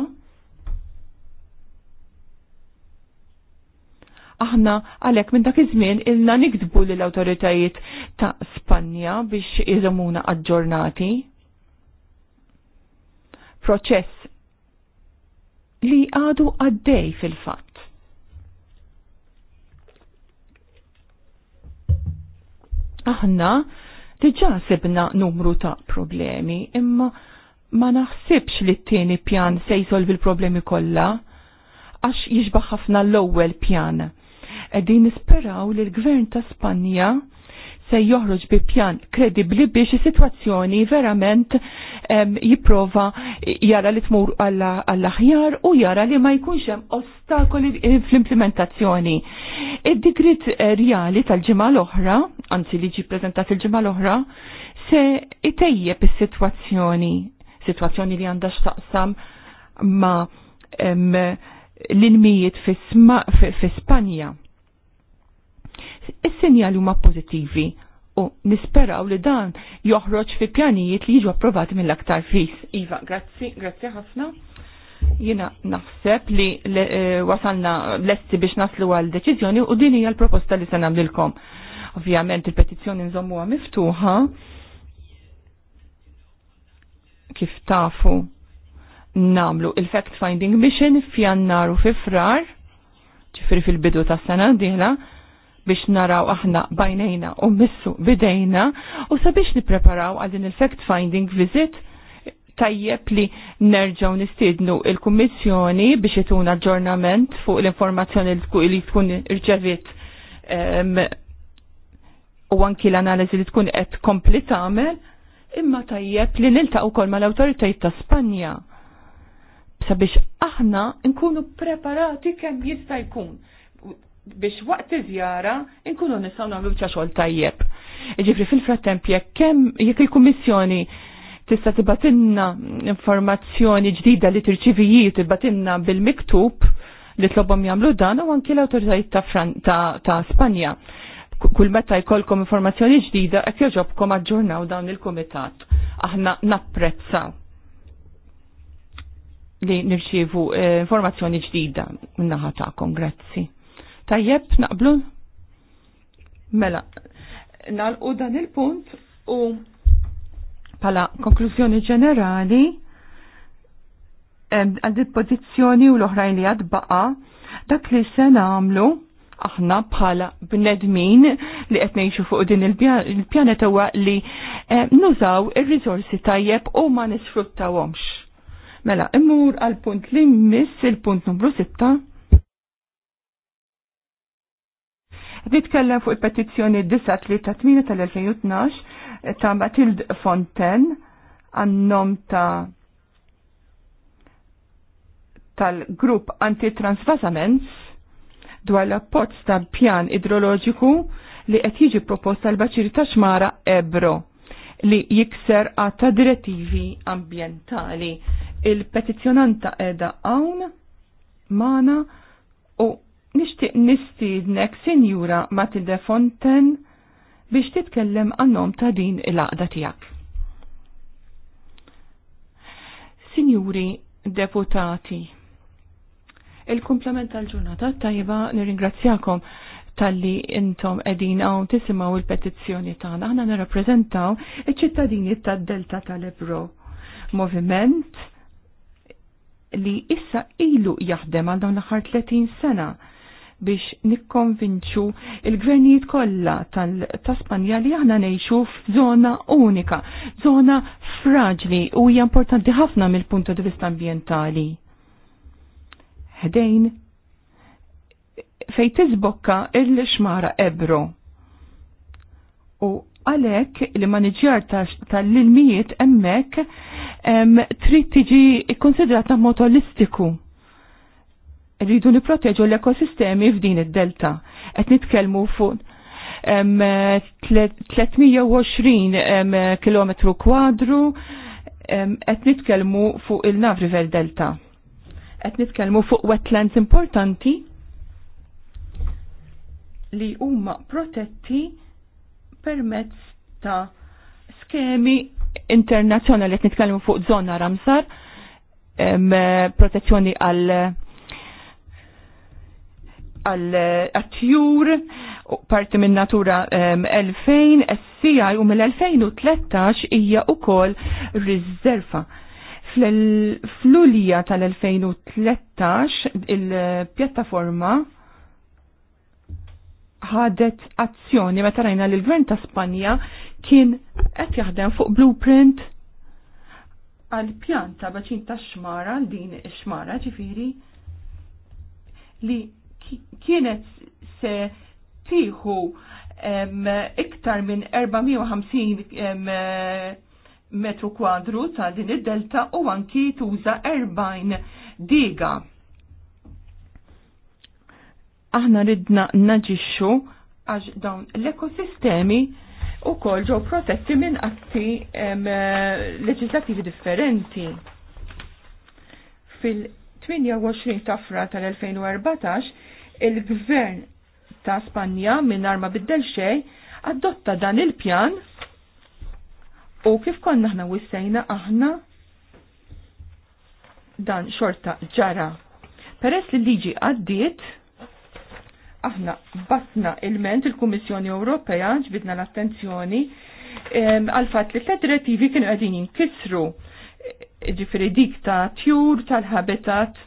Aħna għalek minn dak iż-żmien ilna nikdbu l awtoritajiet ta' Spanja biex iżomuna aġġornati. Proċess li għadu għaddej fil-fatt. Aħna diġa sebna numru ta' problemi, imma ma naħsibx li t-tieni pjan se jisolvi l-problemi kollha għax jiġbaħafna ħafna l-ewwel pjan. Qegħdin nisperaw li l-Gvern ta' Spanja se joħroġ bi pjan kredibli biex is-sitwazzjoni verament jipprova jara li tmur għall-aħjar u jara li ma jkunx hemm ostakoli fl-implementazzjoni. Id-digrit reali tal-ġimgħa l-oħra, anzi li ġi preżentat il-ġimgħa l-oħra, se itejjeb is-sitwazzjoni, sitwazzjoni li għandha x'taqsam ma' l-inmijiet fi Spanja is-sinjali huma pożittivi u nisperaw li dan joħroġ fi pjanijiet li jiġu approvati mill-aktar fis. Iva, grazzi, grazzi ħafna. Jina naħseb li le, e, wasalna lesti biex naslu għal deċiżjoni u din hija l-proposta li se nagħmlilkom. Ovvjament il-petizzjoni nżommuha miftuħa kif tafu namlu il-fact finding mission f'jannar u fi frar ċifri fil-bidu ta' sena diħla biex naraw aħna bajnejna u missu bidejna u sabiex nipreparaw għal din il-fact finding visit tajjeb li nerġaw nistiednu il-Kummissjoni biex jituna aġġornament fuq l-informazzjoni li tkun irċevit u anki l-analiżi li tkun qed kompli tagħmel, imma tajjeb li niltaq ukoll mal-awtoritajiet ta' Spanja sabiex aħna nkunu preparati kemm jista' jkun biex waqt iżjara inkunu nistgħu nagħmlu bċa xogħol tajjeb. Ġifri fil-frattemp jekk kemm jekk il-Kummissjoni tista' tibatinna informazzjoni ġdida li tirċivijiet tibatinna bil-miktub li tlobhom jagħmlu dan u anki l-awtoritajiet ta', ta, ta Spanja. Kull meta jkollkom informazzjoni ġdida qed joġobkom aġġurnaw dawn il-kumitat. Aħna napprezzaw li nirċievu eh, informazzjoni ġdida minn-naħa tagħkom. Grazzi. Tajjeb, naqblu? Mela, nalqu dan il-punt u pala konklużjoni ġenerali għandi pozizjoni u l-oħrajn li għad baqa dak li se namlu aħna bħala bnedmin li qed ngħixu fuq din il-pjaneta huwa li nużaw ir-riżorsi tajjeb u ma nisfruttawhomx. Mela, immur għal punt li miss il-punt numru 6 Nitkellem fuq il-petizzjoni 938 tal-2012 eh, ta' Matilde Fonten għannom ta' tal-grupp anti-transvasaments dwar l-appoġġ ta' pjan idroloġiku li qed jiġi proposta l-baċir ta' xmara Ebro li jikser għata direttivi ambientali. Il-petizjonanta edha hawn mana Nishtiq nistidnek Sinjura Matilde Fonten biex titkellem għannom ta' din il-għaqda tijak. Sinjuri deputati, il-komplement tal-ġurnata tajba nirringrazzjakom tal-li intom edin għaw tisimaw il-petizzjoni tagħna. Aħna nirrappreżentaw iċ-ċittadini tad-Delta tal-Ebro. Moviment li issa ilu jaħdem għal dawn l-aħħar 30 sena biex nikkonvinċu il-gvernijiet kollha ta' Spanja li aħna ngħixu f'żona unika, żona fraġli u hija importanti ħafna mill-punt di vista ambjentali. Ħdejn fejn tiżbokka il-xmara Ebro. U għalhekk li maniġjar tal-ilmijiet hemmhekk trid tiġi kkonsidrata mod holistiku rridu niproteġu l-ekosistemi f'din id-delta. Qed nitkellmu fuq 320 km kwadru qed nitkellmu fuq il-Nav River Delta. Qed nitkellmu fuq wetlands importanti li huma protetti permezz ta' skemi internazzjonali qed nitkellmu fuq żona Ramsar protezzjoni għal għal-attjur, eh, parti minn natura 2000, essijaj u mill-2013 hija kol riserva. Fl-ulija tal-2013 il-pjattaforma ħadet azzjoni meta rajna li l-Gvern ta' Spanja kien qed jaħdem fuq blueprint għal pjan ta' baċin ta' xmara, din ix xmara ġifiri, li kienet se tieħu iktar minn 450 metru kwadru ta' din id-delta u anki tuża 40 diga. Aħna ridna naġixxu għax dawn l-ekosistemi u kol ġo protetti minn atti leġislativi differenti. Fil-28 ta' fra tal-2014 il-gvern ta' Spanja minn Arma biddel xej adotta dan il-pjan u kif konna aħna wissejna aħna dan xorta ġara. Peress li liġi għaddiet, aħna batna il-ment il-Kummissjoni Ewropea ġbidna l-attenzjoni għal-fat li t direttivi kienu għadin jinkisru ġifri dik ta' tjur tal-habitat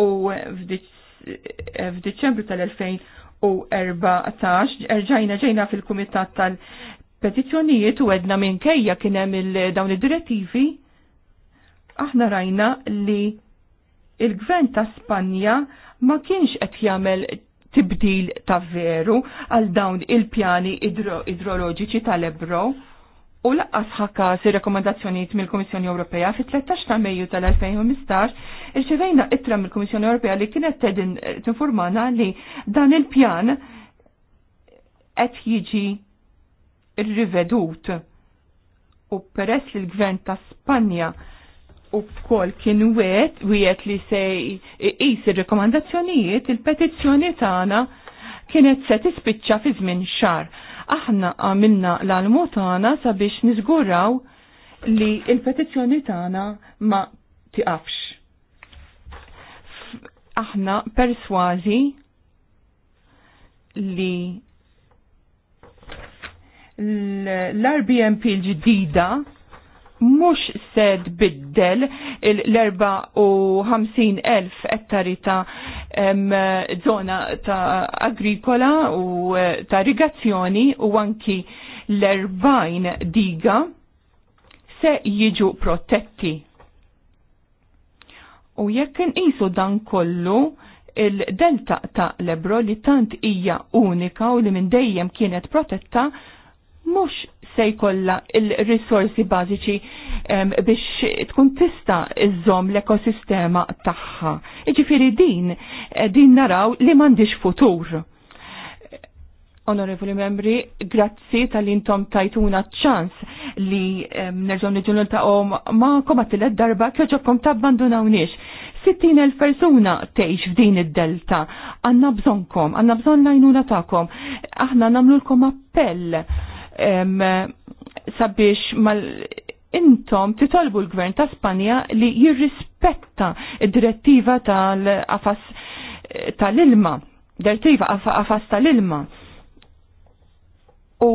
u f'dik Eh, f'Diċembru tal-2014 erġajna ġejna fil-Kumitat tal-Petizzjonijiet u għedna minn kejja kien hemm dawn id-direttivi aħna rajna li il-gvern ta' Spanja ma kienx qed jagħmel tibdil ta' veru għal dawn il-pjani idroloġiċi tal-Ebro u laqqas ħakka si rekomendazzjoniet mill-Komissjoni Ewropea fit-13 ta' Mejju tal-2015 irċevejna ittra mill-Komissjoni Ewropea li kienet tedin eh, tinformana li dan il-pjan qed jiġi rivedut u peress li l-gvern ta' Spanja u kol kien wet wiet li se jis il-rekomandazzjonijiet il-petizzjoni tagħna kienet se tispiċċa fi żmien xar Aħna għamilna l-almu tagħna sabiex niżguraw li il-petizzjoni tagħna ma tiqafx. Aħna persważi li l-RBMP l-ġdida mux se biddel l-54.000 ettari ta' zona ta' agrikola u eh, ta' rigazzjoni u anki l-40 diga se jiġu protetti. U jekk nqisu dan kollu il-delta ta' Lebro li tant hija unika u li minn dejjem kienet protetta mhux se jkollha il-risorsi bażiċi biex tkun tista iżom l-ekosistema tagħha. Jiġifieri din eh, din naraw li m'għandix futur. Onorevoli membri, grazzi tal-intom tajtuna ċans li nerġgħu ta' om ma komat l darba kħeġobkom tabbandunawniex. 60.000 persuna teħx f'din id-delta. Għanna bżonkom, għanna bżon lajnuna ta'kom. Aħna namlu l-kom appell sabiex mal intom titolbu l-gvern ta' Spanja li jirrispetta id-direttiva tal-afas tal-ilma, direttiva afas tal-ilma. U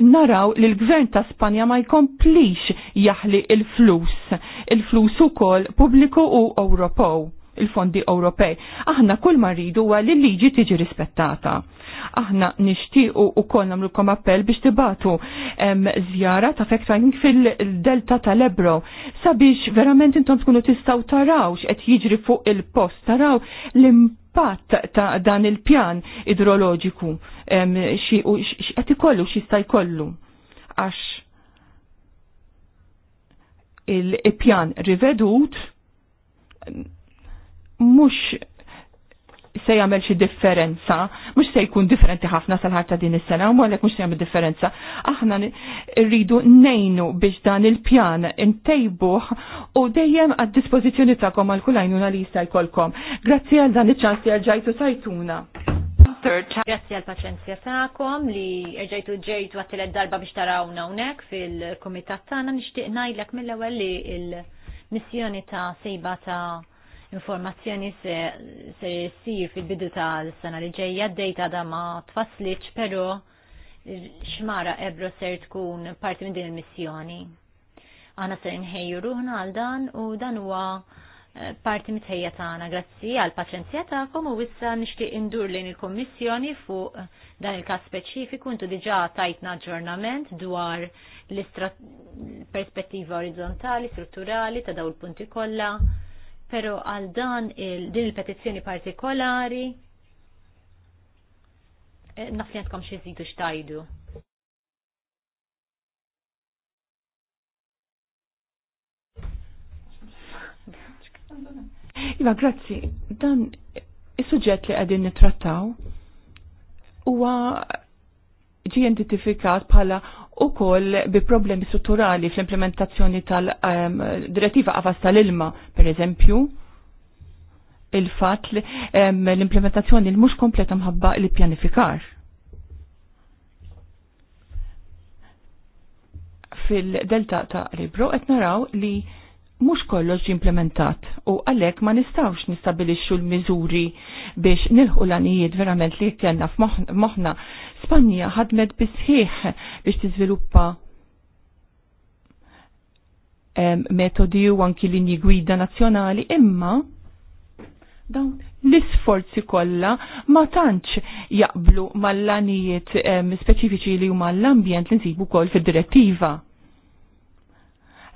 naraw li l-gvern ta' Spanja ma jkomplix jaħli il-flus, il-flus ukoll pubbliku u Ewropew il-fondi Ewropej. Aħna kull ma rridu huwa li liġi tiġi rispettata. Aħna nixtiequ ukoll nagħmlukom appell biex tibatu żjara ta' fact-finding fil-delta tal-Ebro sabiex verament intom tkunu tistgħu taraw x'qed jiġri fuq il-post, taraw l-impatt ta' dan il-pjan idroloġiku qed ikollu jista' jkollu. Għax il-pjan rivedut mhux se jagħmel xi differenza, mhux se jkun differenti ħafna sal-ħarta din is-sena, u għalhekk mhux se jagħmel differenza. Aħna rridu nejnu biex dan il-pjan intejbuh u dejjem għad-dispożizzjoni tagħkom għal kulajnuna li jista' jkollkom. Grazzi għal dan iċ-ċans li ġajtu sajtuna. Grazzi għal paċenzja tagħkom li rġajtu ġejtu għattilet darba biex tarawna hawnhekk fil-kumitat tagħna nixtieq ngħidlek mill-ewwel li il missjoni ta' sejba ta' informazzjoni se jessir fil-bidu tal-sena li ġejja d-dejta da ma tfasliċ, pero xmara ebro ser tkun parti minn din il-missjoni. Għana ser nħejju ruħna għal dan u dan huwa eh, parti mitħejja tagħna grazzi għal paċenzja tagħkom u issa nixtieq indur lejn il-Kommissjoni fuq eh, dan il-każ speċifiku intu diġà tajtna aġġornament dwar l-perspettiva orizzontali, strutturali ta' daw il-punti kollha pero għal dan il din il-petizzjoni partikolari eh, naf li għandkom xi żidu xtajdu. Iva, grazzi. Dan is-suġġett li qegħdin nittrattaw huwa ġi identifikat bħala u koll bi problemi strutturali fl-implementazzjoni tal-direttiva ehm, għafas tal-ilma, per eżempju, il-fat ehm, l-implementazzjoni l-mux kompleta mħabba li pjanifikar Fil-delta ta' Ribro, etnaraw li mux kollox implementat u għalek ma nistawx nistabilixxu l-miżuri biex nilħu l-anijiet verament li kellna f'moħna. Spanja ħadmet bisħiħ biex tiżviluppa metodi u anki linji gwida nazzjonali imma dawn l-isforzi kollha ma tantx jaqblu mal-lanijiet speċifiċi li huma l-ambjent li nsibu kol fid-direttiva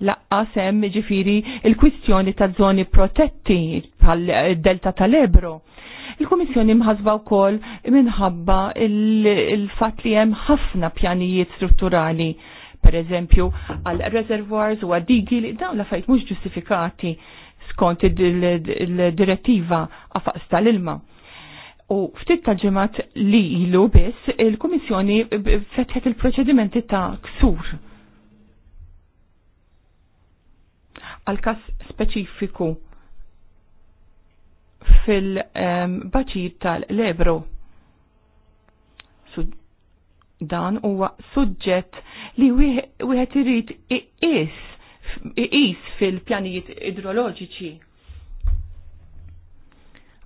laqqa sem ġifiri il-kwistjoni ta' zoni protetti bħal-delta eh, tal-Ebro. Il-Komissjoni mħasba wkoll minħabba il-fatt li hemm ħafna pjanijiet strutturali per eżempju għal reservoirs u għadigi li dawn la fajt mhux ġustifikati skont il-direttiva għafaqs tal-ilma. U ftit ta' ġemat li ilu biss, il-Komissjoni fetħet il-proċedimenti ta' ksur għal-kas speċifiku fil-baċir tal-lebro. Dan huwa suġġett li wieħed irid iqis fil-pjanijiet idroloġiċi.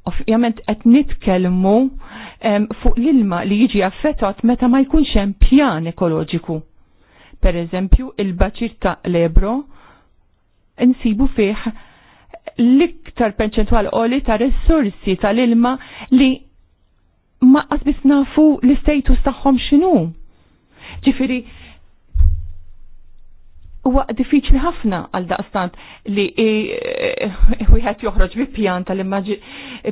Ovvjament qed nitkellmu fuq l-ilma li jiġi affettat meta ma jkunx hemm pjan ekoloġiku. Per eżempju, il-baċir ta' lebro insibu fih l-iktar perċentwal qoli ta' risorsi tal-ilma li ma qasbis nafu l-istatus tagħhom x'inhu. Ġifieri huwa diffiċli ħafna għal daqstant li wieħed joħroġ bi pjanta li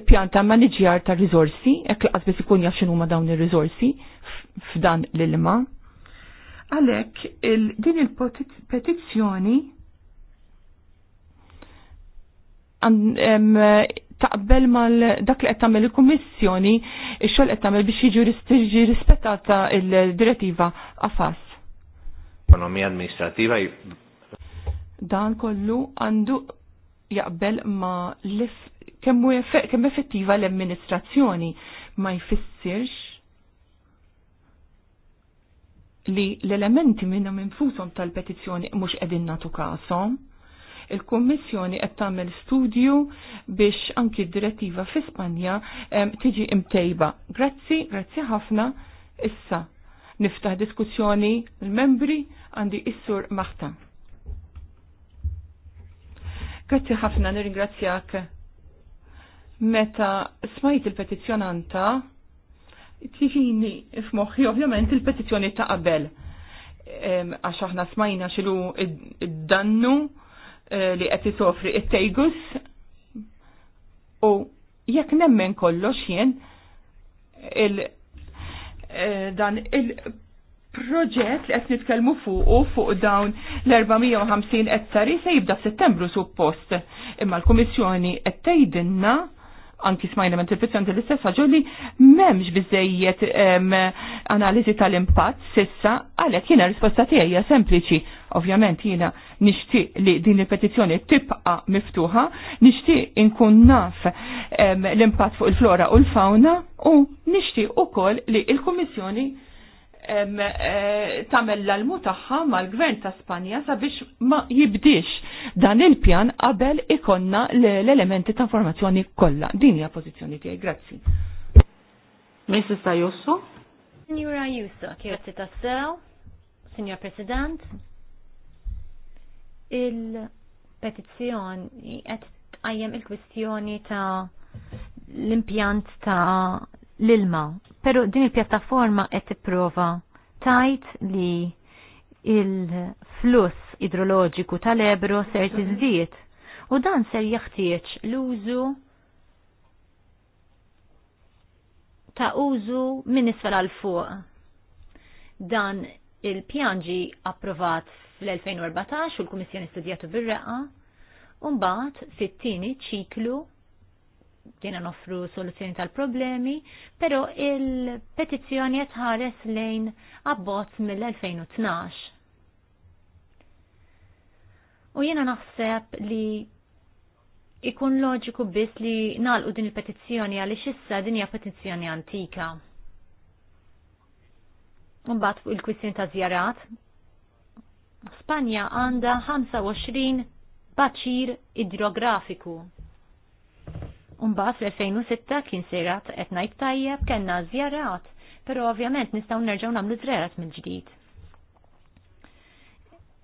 pjanta ta' maniġjar ta' rizorsi, hekk laqas qasbis ikun jaxinu x'inhuma dawn ir-riżorsi f'dan l-ilma. Għalhekk din il-petizzjoni taqbel mal dak li qed tagħmel il-Kummissjoni x-xogħol qed tagħmel biex jiġi rispettata l direttiva AFAS. Ekonomija amministrativa dan kollu għandu jaqbel ma kemm effettiva l-amministrazzjoni ma jfissirx li l-elementi minnhom infushom tal petizzjoni mhux qegħdin nagħtu kasom il-Kummissjoni qed tagħmel studju biex anki d-direttiva fi Spanja tiġi imtejba. Grazzi, grazzi ħafna. Issa niftaħ diskussjoni l-membri għandi issur maħta. Grazzi ħafna, nirringrazzjak. Meta smajt il-petizjonanta, tiġini f'moħħi ovvjament il-petizjoni ta' qabel għax aħna smajna xilu id-dannu Eh, li qed isofri it-tejgus u jekk nemmen kollox jien il eh, dan il-proġett li qed nitkellmu fuq u fuq dawn l-450 ettari se jibda f'Settembru suppost imma l-Kummissjoni qed tgħidilna anki smajna minn interpretazzjoni l-istess ħaġa memx m'hemmx analizi analiżi tal-impatt sissa għalhekk jiena risposta tiegħi hija sempliċi. Ovvjament jiena nixtieq li din il-petizzjoni tibqa' miftuħa, nixtieq inkun naf l-impatt fuq il-flora u l-fawna u nixtieq ukoll li l-Kummissjoni Eh, tamel l-almu taħħa mal-gvern ta' Spanja sabiex ma jibdix dan il-pjan qabel ikonna l-elementi ta' informazzjoni kollha. Din hija pożizzjoni tiegħi. Grazzi. Mrs. Ayuso. Signora Ayuso, kjerti ta' sew, Signor President, il petizzjoni qed tqajjem il-kwistjoni ta' l-impjant ta' l-ilma. Pero din il-pjattaforma qed tipprova tajt li il-fluss idroloġiku tal-Ebro ser tiżdied u dan ser jeħtieġ l-użu ta' użu minn isfel għal fuq. Dan il-pjanġi approvat fl-2014 u l-Kummissjoni studjatu bir-reqa, u mbagħad fit-tieni ċiklu dina noffru soluzzjoni tal-problemi, pero il-petizzjoni jitħares lejn abbozz mill-2012. U jena naħseb li ikun loġiku biss li nalqu din il-petizzjoni għalli issa din hija petizzjoni antika. Mbagħad fuq il-kwissjoni ta' żjarat. Spanja għandha 25 baċir idrografiku Umbat fl-2006 kien sirat etnajt tajjeb kena zjarat, pero ovvjament nistaw nerġaw namlu zrerat mill ġdid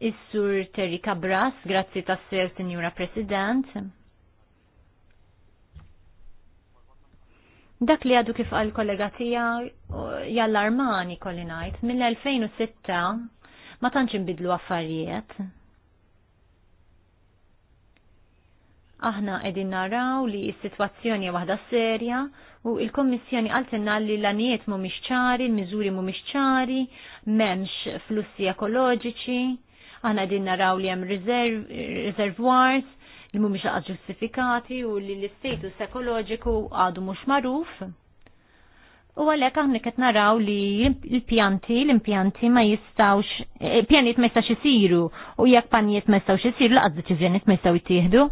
Is-sur Terry Cabras, grazzi tas sir Sinjura President. Dak li għadu kif għal kollega tija jallarmani kollinajt, mill-2006 ma tantx bidlu affarijiet. Aħna qegħdin naraw li s-sitwazzjoni waħda serja u il-Kommissjoni għaltinna li l-anijiet mhumiex ċari, l-miżuri mhumiex ċari, m'hemmx flussi ekoloġiċi, aħna edin naraw li hemm reservoirs li mhumiex għad ġustifikati u li l-istatus ekoloġiku għadu mhux magħruf. U għalek għamni kett naraw li l-pjanti, l-impjanti ma jistawx, eh, pjanit ma jistawx jisiru, u jekk panijiet ma jistawx jisiru, laqqa deċizjoniet ma jistaw jittieħdu.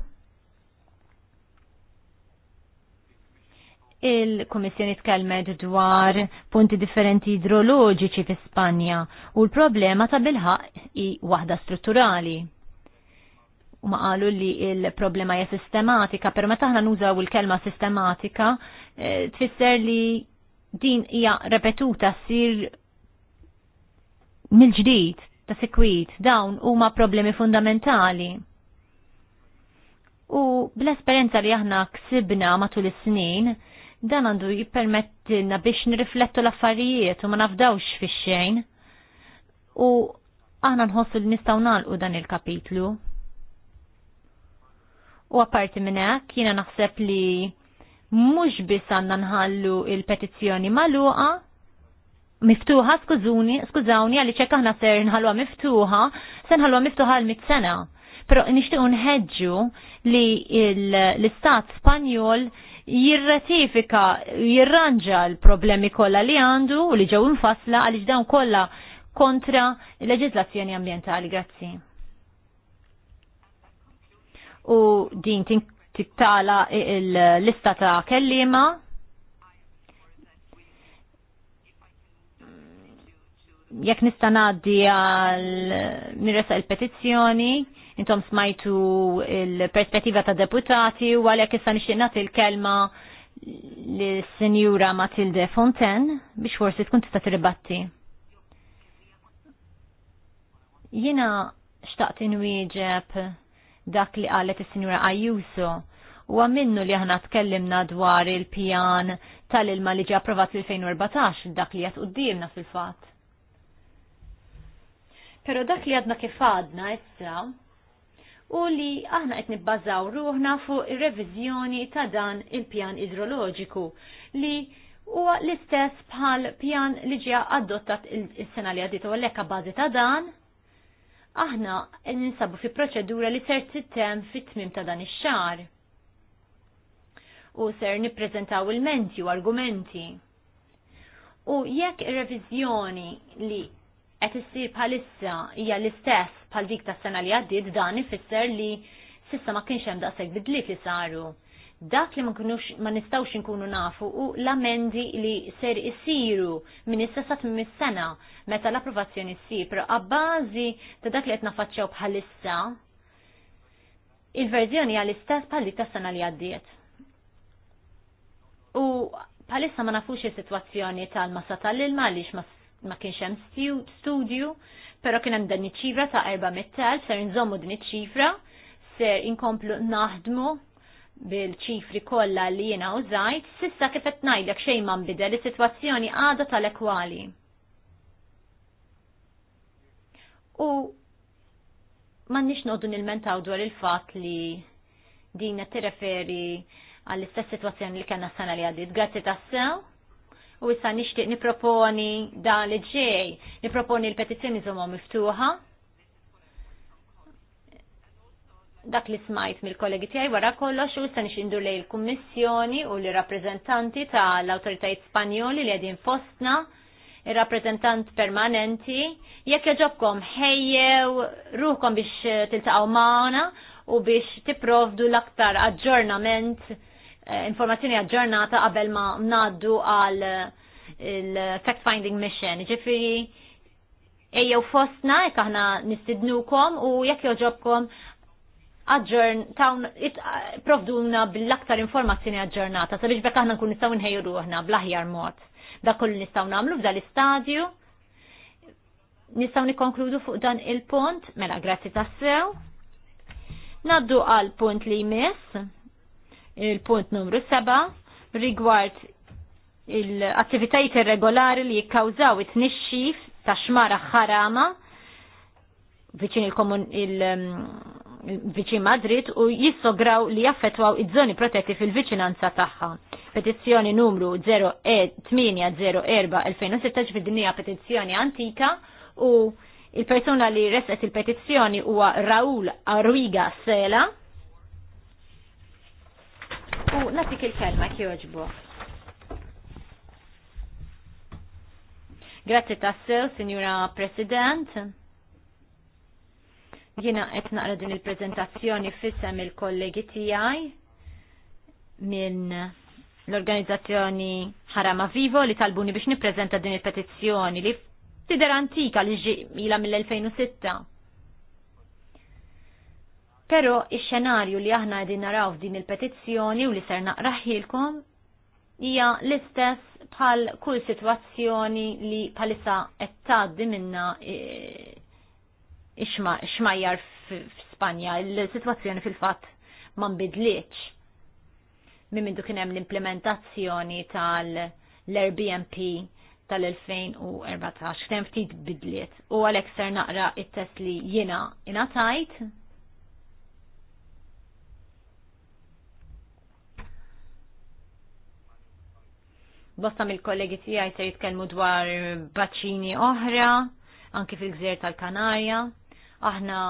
Il-Komissjoni tkellmet dwar punti differenti idroloġiċi fi Spanja u l-problema ta' bilħaq i waħda strutturali. U ma qalu li il-problema hija sistematika, per ma taħna nużaw il-kelma sistematika, eh, tfisser li din hija repetuta sir mill-ġdid ta' sekwit, dawn huma problemi fundamentali. U bl-esperjenza li aħna ksibna matul is-snin, Dan għandu jippermettilna biex nirriflettu l-affarijiet u ma nafdawx fix xejn. U aħna nħossu li nistgħu nagħlqu dan il-kapitlu. U apparti minn hekk jiena naħseb li mhux biss għandna nħallu il-petizzjoni magħluqa, miftuħa, skużuni, skużawni, għalli ċekka aħna ser nħalluha miftuħa, se nħalluha miftuħa għal mit sena. Pero nixtiequ nħeġġu li l-Istat Spanjol jirratifika, jirranġa l-problemi kollha li għandu u li ġew infasla għaliex dawn kollha kontra l-leġiżlazzjoni ambientali. Grazzi. U din tittala l-lista ta' kellima. Jekk nista' ngħaddi għal mirresa il petizzjoni intom smajtu il-perspettiva ta' deputati u għalhekk issa nixtieq nagħti l-kelma l-Senjura Matilde Fonten biex forsi tkun tista' tirbatti. Jiena xtaqt inwieġeb dak li qalet is-Sinjura Ayuso u għamminnu li aħna tkellimna dwar il-pjan tal-ilma li ġa approvat fil-2014 dak li jgħat uddimna fil-fat. Pero dak li għadna kif għadna issa u li aħna qed nibbażaw ruħna fuq ir-reviżjoni ta' dan il-pjan idroloġiku li huwa l-istess bħal pjan li ġie adottat is-sena li għaddiet u għalhekk bażi ta' dan aħna ninsabu fi proċedura li ser tittem fit-tmim ta' dan ix-xar. U ser nippreżentaw il-menti u argumenti. U jekk ir-reviżjoni li qed issir bħalissa hija l-istess pal dik tas sena li għaddiet dan ifisser li sissa ma kienx hemm daqshekk bidliet li saru. Dak li ma nistgħux inkunu nafu u l-amendi li ser isiru minn issa sa tmim sena meta l-approvazzjoni ssir, għabbażi ta' dak li qed nafaċċew bħalissa il-verżjoni għall istess bħal dik tas sena li għaddiet. U palissa ma nafux il-situazzjoni tal masa tal-ilma għalix ma ma kienx hemm studju, però kien hemm din iċ-ċifra ta' 400,000 ser nżommu din iċ-ċifra, ser inkomplu naħdmu bil-ċifri kollha li jiena użajt, sissa kif qed ngħidlek xejn ma nbidel is-sitwazzjoni għadha tal-ekwali. U m'għandniex noqdu nilmentaw dwar il-fatt li din qed tirreferi għall-istess sitwazzjoni li kellna s-sena li għaddiet. Grazzi tassew u issa nixtieq niproponi dan li ġej, niproponi l-petizzjoni żomma miftuħa. Dak li smajt mill-kollegi tiegħi wara kollox u issa nixtieq indur lejn il-Kummissjoni u l rappreżentanti tal-awtoritajiet Spanjoli li qegħdin fostna il-rappresentant permanenti, jekk jaġobkom ħejjew ruhkom biex tiltaqgħu magħna u biex tipprovdu l-aktar aġġornament Eh, informazzjoni aġġornata qabel ma naddu għal eh, il-fact-finding mission. Ġifiri, ejjew fostna, jek aħna nistidnukom u jekk joġobkom aġġorn tawn eh, provduna bil-aktar informazzjoni aġġornata sabiex bekk aħna nkun nistgħu nħejju ruħna bl-aħjar mod. Da kollu nistgħu nagħmlu f'dan l-istadju. Nistgħu nikkonkludu fuq dan il-punt, mela grazzi tassew. Naddu għal punt li jmiss il-punt numru 7 rigward il-attivitajiet irregolari li jikkawżaw it-nixxif ta' xmara ħarama viċin il-viċin mm, Madrid u jissograw li jaffetwaw id żoni protetti fil-viċinanza tagħha. Petizzjoni numru 0804-2016 e fid-dinja petizzjoni antika u il-persuna li reset il-petizzjoni huwa Raul Arriga Sela u natik il-kelma kjoġbu. Grazzi tassew, Signora President. Jina qed naqra din il-prezentazzjoni fissem il-kollegi tiegħi minn l-organizzazzjoni Ħarama Vivo li talbuni biex nippreżenta din il-petizzjoni li tidher antika li ġi mill-2006 Pero ix-xenarju li aħna qegħdin naraw din il-petizzjoni u li ser naqraħilkom hija l-istess bħal kull sitwazzjoni li bħalissa qed tgħaddi minna e, xmajjar f'Spanja. Il-sitwazzjoni fil-fatt ma bidliċ minn minn kien hemm l-implementazzjoni tal-Airbnb tal-2014 kien ftit bidliet u għalhekk ser naqra it-test li jiena ingħatajt Bosta mill-kollegi tiegħi se jitkellmu dwar baċċini oħra, anki fil gżir tal-Kanarja. Aħna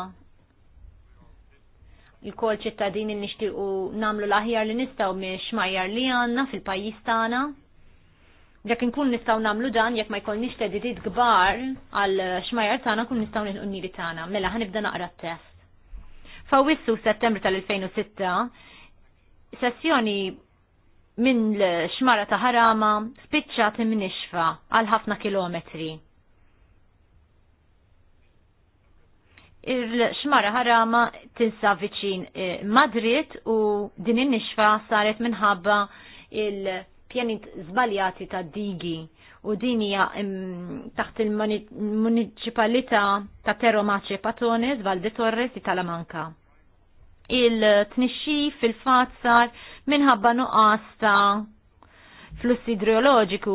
il-kol ċittadini nixtiequ namlu l-aħjar li nistgħu miex majjar li għandna fil-pajjiż tagħna. Jekk inkun nistgħu nagħmlu dan jekk ma jkollniex tedidiet kbar għal xmajjar tagħna kun nistgħu nilqu tagħna. Mela ħanibda naqra t-test. Fawissu settembru tal-2006 sessjoni minn xmara ta' ħarama spiċċat ixfa għal ħafna kilometri. il-xmara ħarama tinsa viċin eh, Madrid u din in-nixfa saret minħabba il-pjanit zbaljati ta' digi u din hija mm, taħt il municipalita ta' Teromace Patones Valde Torres Italamanka. Il-tnixxi fil-fat sar minħabba nuqqas ta' flussi idroloġiku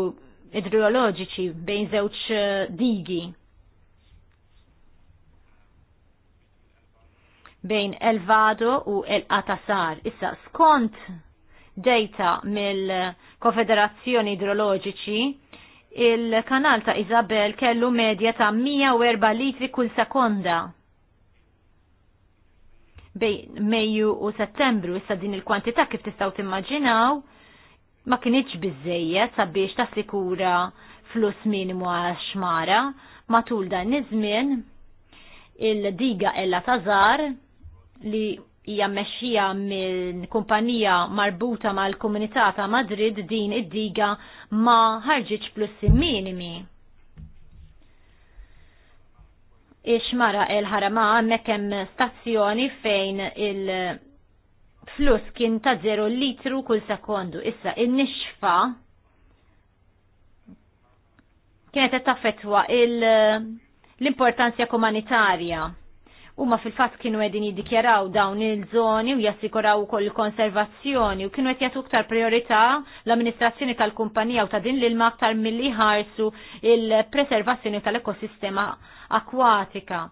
idroloġiċi bejn żewġ eh, digi. Bejn Elvado u El Atasar. Issa skont data mill-Konfederazzjoni Idroloġiċi, il-kanal ta' Isabel kellu medja ta' 104 litri kull sekonda bej Mejju u Settembru, issa din il-kwantità kif tistgħu timmaġinaw ma kienieċ biżejjed sabiex ta' sikura flus minimu għal xmara matul dan iż-żmien il-diga ella żgħar li hija mmexxija minn kumpanija marbuta mal-Komunità ta' Madrid din id-diga ma ħarġitx plussi minimi ix-xmara el-ħarama hemmhekk hemm stazzjoni fejn il-flus kien ta' 0 litru kull sekondu. Issa il nixfa kienet qed taffettwa l-importanzja komunitarja huma fil-fatt kienu qegħdin jiddikjaraw dawn il-żoni u jassikuraw ukoll il-konservazzjoni u kienu qed jagħtu aktar priorità l-amministrazzjoni tal-kumpanija u ta' din l-ilma aktar milli ħarsu il-preservazzjoni tal-ekosistema akwatika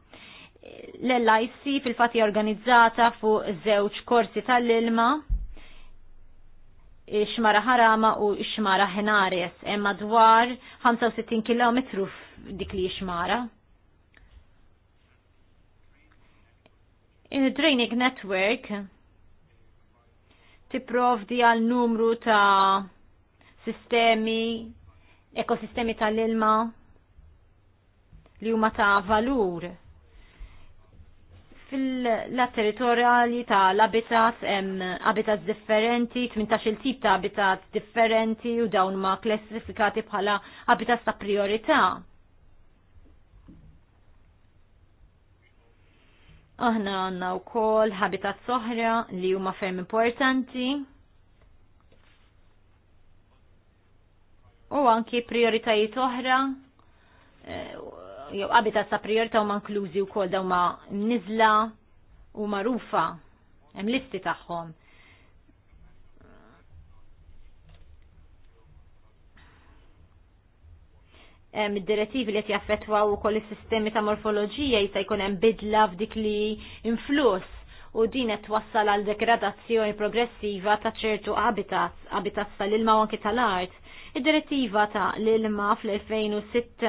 l-LIC fil fat organizzata fuq żewġ korsi tal-ilma xmara ħarama u xmara Henares, emma dwar 65 km dik li xmara. in draining Network tipprovdi għal numru ta' sistemi, ekosistemi tal-ilma li huma ta' valur fil la territoriali ta' l-habitat, abitat differenti, 18 tip ta' habitat differenti u dawn ma' klassifikati bħala abitat ta' priorità. Aħna għanna u kol habitat soħra li huma ferm importanti. U anki prioritajiet oħra, eh, jew habitat ta' priorita huma inklużi wkoll dawn ma' nizla u marufa hemm listi tagħhom. direttivi li jaffettwaw u is sistemi ta' morfoloġija jista' jkun hemm bidla f'dik li influss u din qed wassal għal degradazzjoni progressiva ta' ċertu habitats, habitats tal-ilma u anki tal-art. Id-direttiva ta' l-ilma fl-2006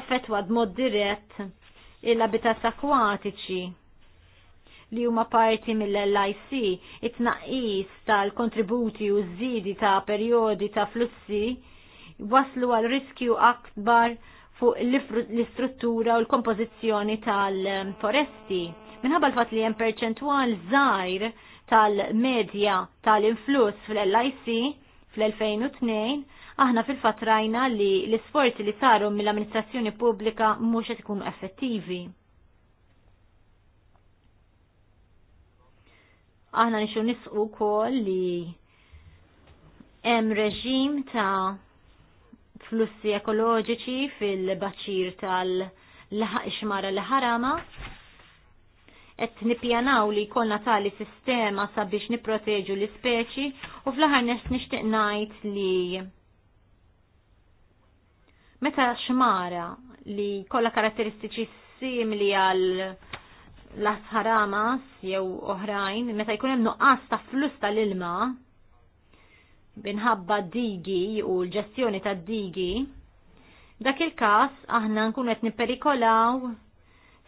affettwa b'mod dirett il-habitats akwatiċi li huma parti mill-LIC, it-tnaqqis tal-kontributi u żidi ta' perjodi ta' flussi waslu għal riskju akbar fuq l-istruttura u l-kompożizzjoni tal-foresti. Minħabba l-fat li hemm perċentwal żgħir tal-medja tal-influss fl-LIC fl-2002, aħna fil-fat rajna li l-isforzi li saru mill-amministrazzjoni pubblika mhux qed ikunu effettivi. Aħna nixu nisqu kol li hemm reġim ta' flussi ekoloġiċi fil-baċir tal-ixmara l-ħarama. Et nipjanaw li kolna tali sistema sabiex niproteġu l-speċi u fl-ħar nest nishtiq najt li meta xmara li kolla karatteristiċi simili għal las ħaramas jew oħrajn, meta jkun hemm nuqqas ta' flus tal-ilma, minħabba digi u l-ġestjoni ta' digi, dak il-kas aħna nkun qed nipperikolaw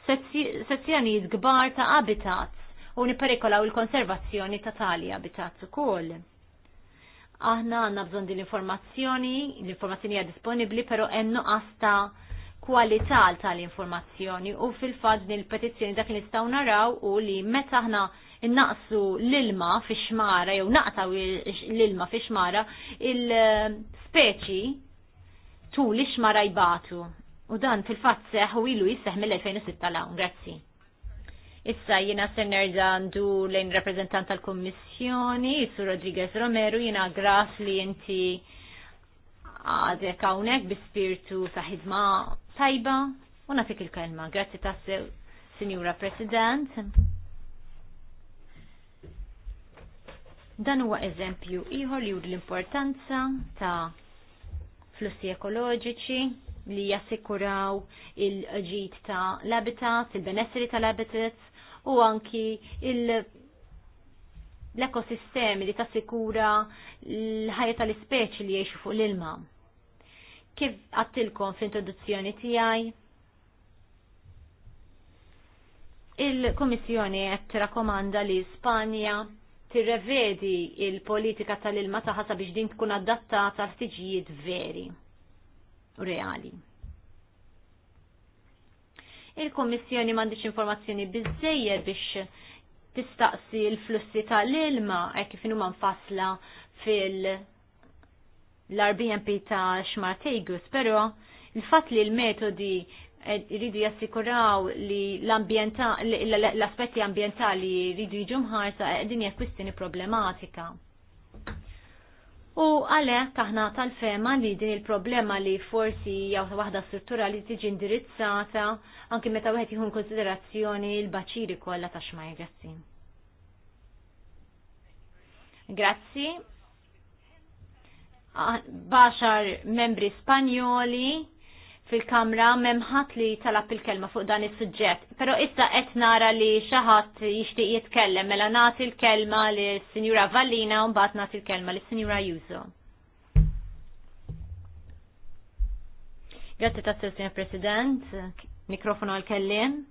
sezzjonijiet kbar ta' habitats u nipperikolaw il-konservazzjoni ta' tali habitats ukoll. Aħna għandna bżonn din l-informazzjoni, l-informazzjoni hija disponibbli, però hemm nuqqas ta' kwalità tal-informazzjoni u fil-fatt din il-petizzjoni dak li nistgħu naraw u li meta aħna innaqsu l-ilma fi xmara, jew naqtaw l-ilma fi xmara, il-speċi tu li xmara jbatu. U dan fil-fat seħu ilu jisseħ mill-2006 lawn, grazzi. Issa jina s nerġa ndu lejn rappresentant tal-Kommissjoni, Sur Rodriguez Romero, jina gras li inti għadek għawnek bi-spirtu ta' ħidma tajba, u nafik il-kelma. Grazzi tasse, Signora President. Dan huwa eżempju ieħor li juri l-importanza ta' flussi ekoloġiċi li jassikuraw il-ġid ta' l-habitat, il-benessri tal-habitat u anki l-ekosistemi li tassikura l-ħajja tal-ispeċi li jgħixu fuq l-ilma. Kif għattilkom fl-introduzzjoni tiegħi? Il-Komissjoni qed rakkomanda li Spanja tirrevedi il-politika tal-ilma taħħa sabiex din tkun adattata għal veri u reali. Il-Kommissjoni m'għandix informazzjoni biżejjed biex tistaqsi l-flussi tal-ilma hekk kif huma nfassla fil- l-RBMP ta' Xmartegus, però il-fatt li l-metodi Iridu jassikuraw li l-aspetti ambientali jridu jiġu mħarsa eh, din hija kwistjoni problematika. U għalhekk aħna tal-fema li din il-problema li forsi jew waħda li tiġi indirizzata anke meta wieħed jieħu konsiderazzjoni l-baċiri kollha ta' xmaj, grazzi. Grazzi. Baxar membri Spanjoli fil-kamra memħat li talab il-kelma fuq dan is-suġġett. Pero issa qed nara li xi ħadd jixtieq jitkellem mela nagħti l-kelma lis Sinjura Vallina u mbagħad nagħti l-kelma lis Sinjura Juso. Grazie s Signor President. Mikrofono għal-kellim.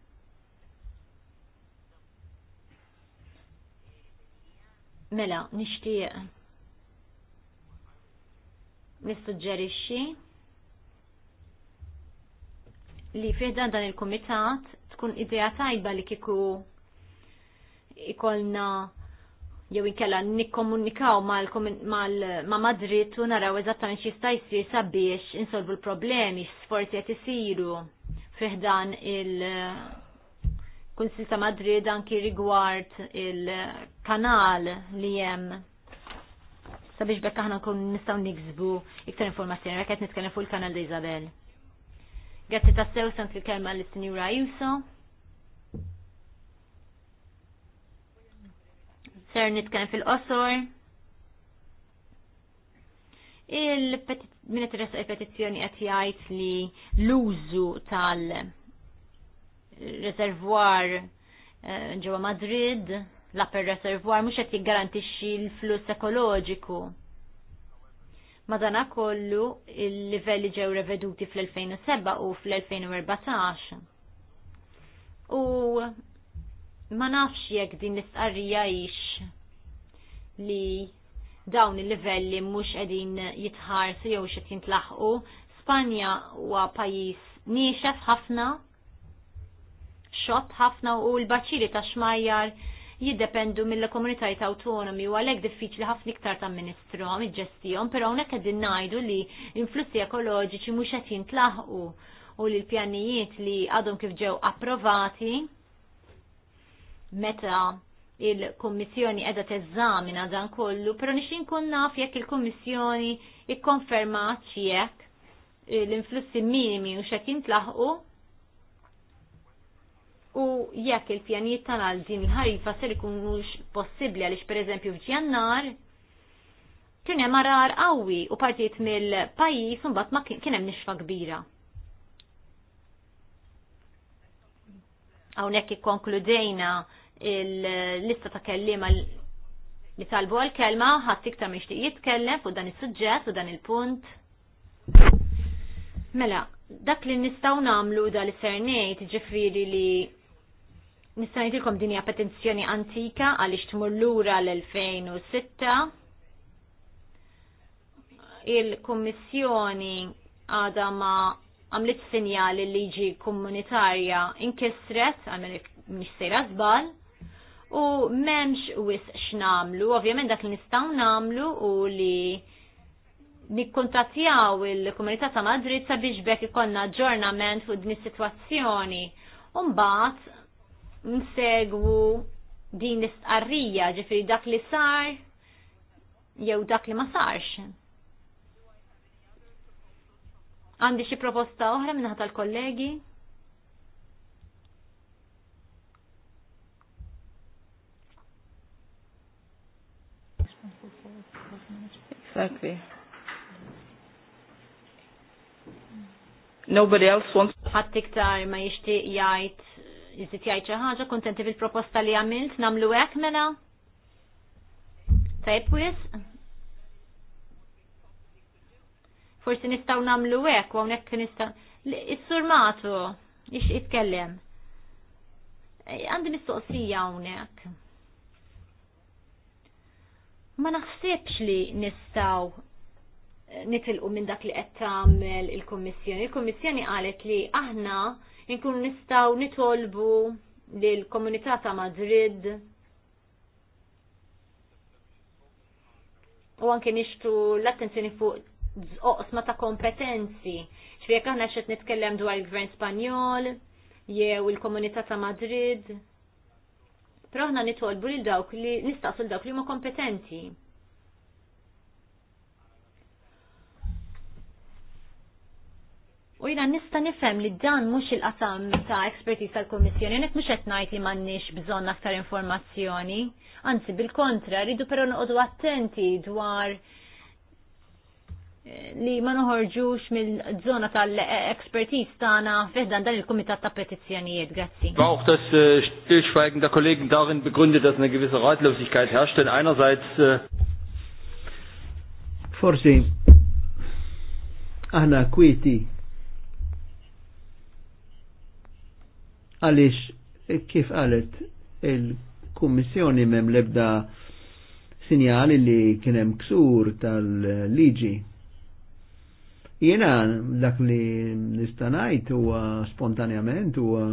Mela, nixtieq nissuġġerixxi li fiħdan dan il-komitat tkun idea tajba li kiku ikolna jew inkella nikkomunikaw ma' Madrid u naraw eżattament xi jista' jsir sabiex insolvu l-problemi x'sforzi qed isiru fiħdan il- Kunsil ta' Madrid anki rigward il-kanal li hemm sabiex bekk aħna nkun nistgħu niksbu iktar informazzjoni, rek qed nitkellem fuq il-kanal di Isabel. Grazzi ta' sew sant il-kelma s sinjura Juso. Ser nitkellem fil-qosor. Il-minet resa il-petizzjoni qed jgħid li l-użu tal reservoir eh, ġewwa Madrid l apper reservoir mhux qed jiggarantixxi l-fluss ekoloġiku Madana kollu il-livelli ġew reveduti fl-2007 u fl-2014. U ma nafx jekk din l-istqarrija li dawn il-livelli mhux qegħdin jitħarsu jew xed jintlaħqu. Spanja huwa pajjiż niexef ħafna, xott ħafna u l-baċiri ta' xmajjar jiddependu mill-komunitajiet autonomi u għalhekk diffiċli ħafna iktar ta' ministru iġġestihom, però hawnhekk qegħdin ngħidu li influssi ekoloġiċi mhux qed jintlaħqu u li l-pjanijiet li għadhom kif ġew approvati meta il-Kommissjoni edha teżamina dan kollu, pero nixin kun naf jekk il-Kommissjoni ikkonfermat jekk l-influssi minimi u xekin tlaħu u jekk il-pjanijiet tal għal din il-ħarifa ser possibli possibbli għaliex pereżempju f'Ġjannar kien hemm arar qawwi u partijiet mill-pajjiż mbagħad ma kien hemm nixfa kbira. Hawnhekk ikkonkludejna il-lista ta' kellima li talbu għal-kelma ħadd iktar mixtieq jitkellem fuq dan is-suġġett u dan il-punt. Mela, dak li nistgħu nagħmlu da li sernejt ngħid ġifieri li Nista' ngħidilkom din hija petizzjoni antika għaliex tmur lura l-2006. Il-Kummissjoni għada ma għamlet sinjal il-liġi komunitarja inkisret, għamil mhix sejra żball, u m'hemmx wis x'namlu, ovvjament dak li nistgħu namlu u li nikkontatjaw il-Komunità ta' Madrid sabiex bekk ikonna aġġornament fuq din is-sitwazzjoni. Umbagħad nsegwu din l-istqarrija ġifiri dak li sar jew dak li ma sarx. Għandi xi proposta oħra minnaħat tal-kollegi? Exactly. Nobody else wants. Ħadd ma jixtieq jgħid jizit jgħid xi ħaġa kuntenti bil-proposta li għamilt nagħmlu hekk mela? Tajb wis? Forsi nistgħu nagħmlu hekk u hawnhekk nistgħu is matu, ix jitkellem. Għandi mistoqsija hawnhekk. Ma naħsibx li nistaw eh, nitilqu minn dak li qed tagħmel il-Kummissjoni. Il-Kummissjoni qalet li aħna inkun nistaw nitolbu lil komunità ta' Madrid u anke nixtu l-attenzjoni fuq oqsma ta' kompetenzi. ċvijek aħna xet nitkellem dwar il-Gvern Spanjol, jew il-Komunità ta' Madrid. Pero aħna nitolbu lil dawk li nistaqsu l dawk li huma kompetenti. U jina nista nifem li dan mux il-qasam ta' ekspertiz tal-Komissjoni, jenek mux etnajt li mannix bżon aktar informazzjoni. Anzi, bil-kontra, rridu pero noqdu attenti dwar eh, li ma noħorġux mill-zona tal-ekspertiz tana fiħdan dan il-Komitat ta' Petizzjonijiet. Grazzi. War auch das äh, Stillschweigen der Kollegen darin begründet, dass eine gewisse Ratlosigkeit herrscht, denn einerseits. Äh, Forsi, aħna kwiti għaliex kif qalet il-Kummissjoni mem lebda sinjali li kienem ksur tal-liġi. Jena dak li nistanajt huwa spontanjament huwa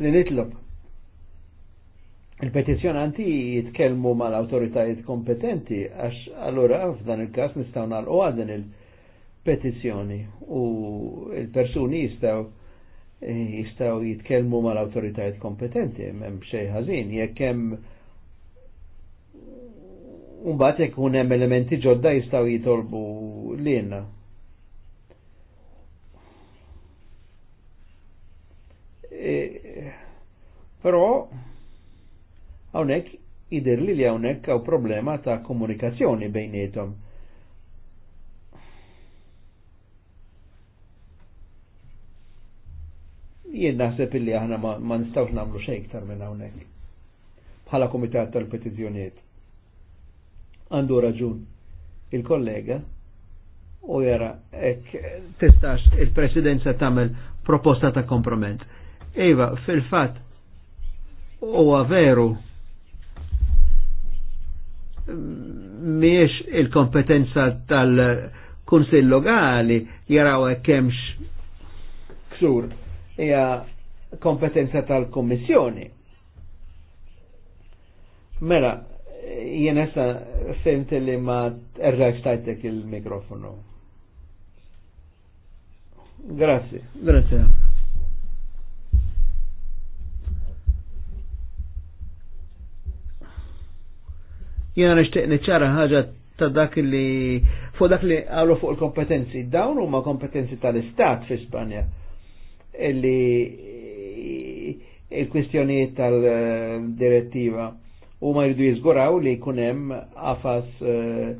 li nitlob. Il-petizjonanti jitkellmu mal-autoritajiet kompetenti għax allura f'dan il-każ nistgħu nagħlqu din il- petizjoni u il-persuni jistaw jistaw jitkelmu mal-autoritajiet kompetenti, hemm xej ħażin, jekk hemm Umbat jekk hemm elementi ġodda jistgħu jitolbu lilna. E, però hawnhekk idir li li hawnhekk hawn problema ta' komunikazzjoni bejnietom jien naħseb illi aħna ma, ma nistawx nagħmlu xejn iktar minn hawnhekk. Bħala kumitat tal-petizzjonijiet. Għandu raġun il-kollega u jara hekk tistax il-presidenza tagħmel proposta ta' komprament. Iva, fil-fatt huwa veru miex il-kompetenza tal-kunsill Logali jaraw hekk kemx ksur hija kompetenza tal-Kommissjoni. Mela, jien issa fimt li ma erġax tajtek il-mikrofonu. Grazie. Grazie. Jena nishtiq niċara ħaġa ta' dak li fuq dak li għalu fuq il-kompetenzi. Dawn huma kompetenzi tal-Istat fi Spanja li il-kwistjonijiet tal-direttiva u ma jridu jizguraw li kunem għafas uh, eh,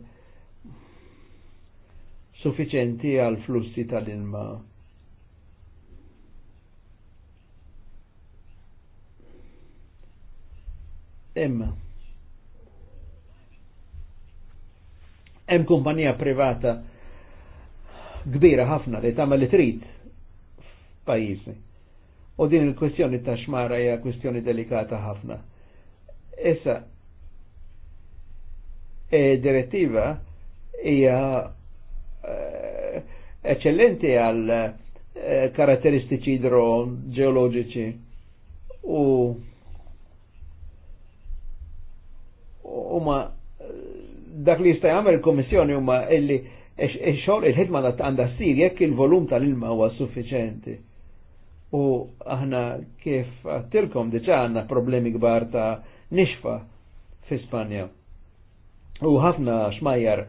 suffiċenti għal flussi tal-ilma. Imma. Hemm kumpanija privata kbira ħafna li tagħmel li trid f'pajjiżni. U din il-kwestjoni ta' xmara hija kwestjoni delikata ħafna. Issa, e direttiva hija e, eccellenti għal e, karatteristiċi idron ġeoloġiċi u huma dak li jista' jagħmel il kummissjoni huma illi xogħol il-ħidma għandha ssir jekk il-volum tal-ilma huwa suffiċenti u aħna kif għattilkom diċa għanna problemi gbar ta' nixfa fi Spanja. U ħafna xmajjar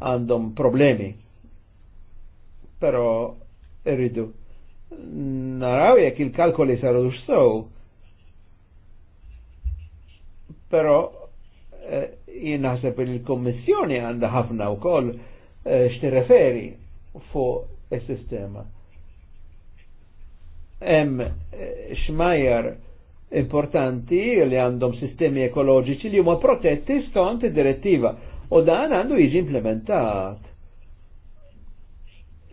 għandhom problemi. Pero irridu naraw jekk il-kalkoli saru sow. Pero eh, jien naħseb il-Kommissjoni għandha ħafna wkoll koll eh, xtireferi fuq is-sistema. E hemm eh, xmajjar importanti li għandhom sistemi ekoloġiċi li huma protetti skont id-direttiva u dan għandu jiġi implementat.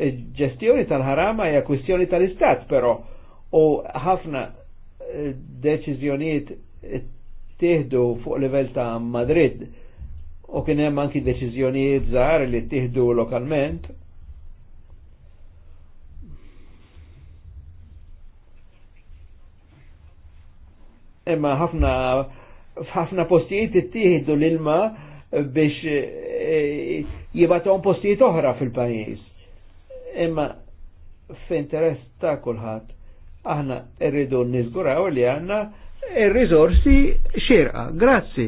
Il-ġestjoni tal-ħarama hija kwistjoni tal-istat però u ħafna eh, deċiżjonijiet tieħdu fuq livell ta' Madrid u kien hemm anki deċiżjonijiet żgħar li tieħdu lokalment imma ħafna f'ħafna postijiet ittieħdu l-ilma biex e, e jibatom postijiet oħra fil pajjiż Imma f'interess ta' kulħadd aħna rridu niżguraw li għanna ir rizorsi xirqa. Grazzi.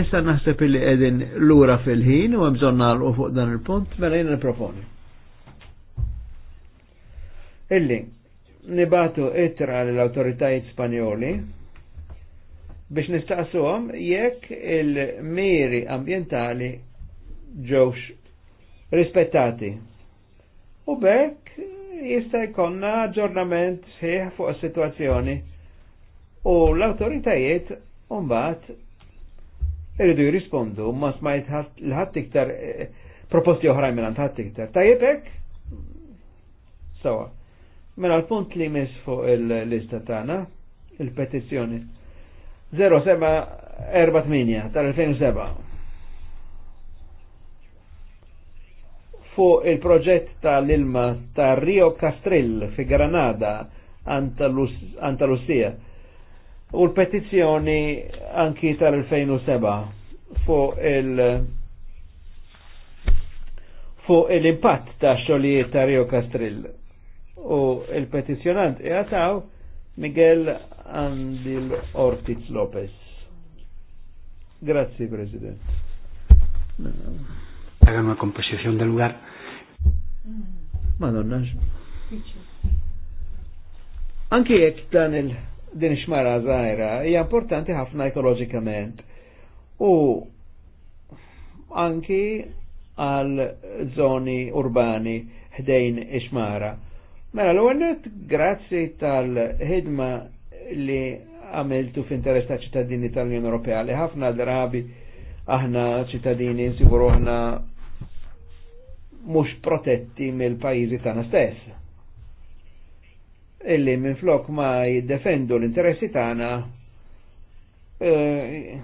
Issa naħseb li qegħdin lura fil-ħin u bżonn nalqu fuq dan il-punt, mela jina proponi. Illi, nibatu itra l-autoritajiet spanjoli, biex nistaqsuhom jekk il-miri ambientali ġewx rispettati. U bekk jista' jkollna aġġornament sħiħ fuq is-sitwazzjoni u l-awtoritajiet mbagħad iridu jirrispondu ma smajt l-ħadd iktar eh, proposti oħrajn minn ħadd iktar. Tajjeb hekk? Sawa. Mela l-punt li mis fuq il-lista tagħna, il-petizzjoni 0748 tal-2007. Fu il-proġett tal-ilma ta' Rio Castrill fi Granada, Antalusija. U l petizjoni anki tal-2007 fu il- fu l-impatt ta' xogħlijiet ta' Rio Castrill. U il-petizjonant jgħataw Miguel Andil Ortiz Lopez. Grazie, Presidente. Hagan una composición del lugar. Madonna. Anki jekk dan il din xmara zaħira hija importanti ħafna ekoloġikament u anki għal zoni urbani ħdejn ixmara. E Mela l-għonet, grazzi tal-ħidma li għamiltu f'interess ta' ċittadini tal-Unjoni Ewropea li ħafna drabi aħna ċittadini nsiguru aħna mhux protetti mill-pajjiżi tagħna stess. Illi minn flok ma jiddefendu l-interessi tagħna eh,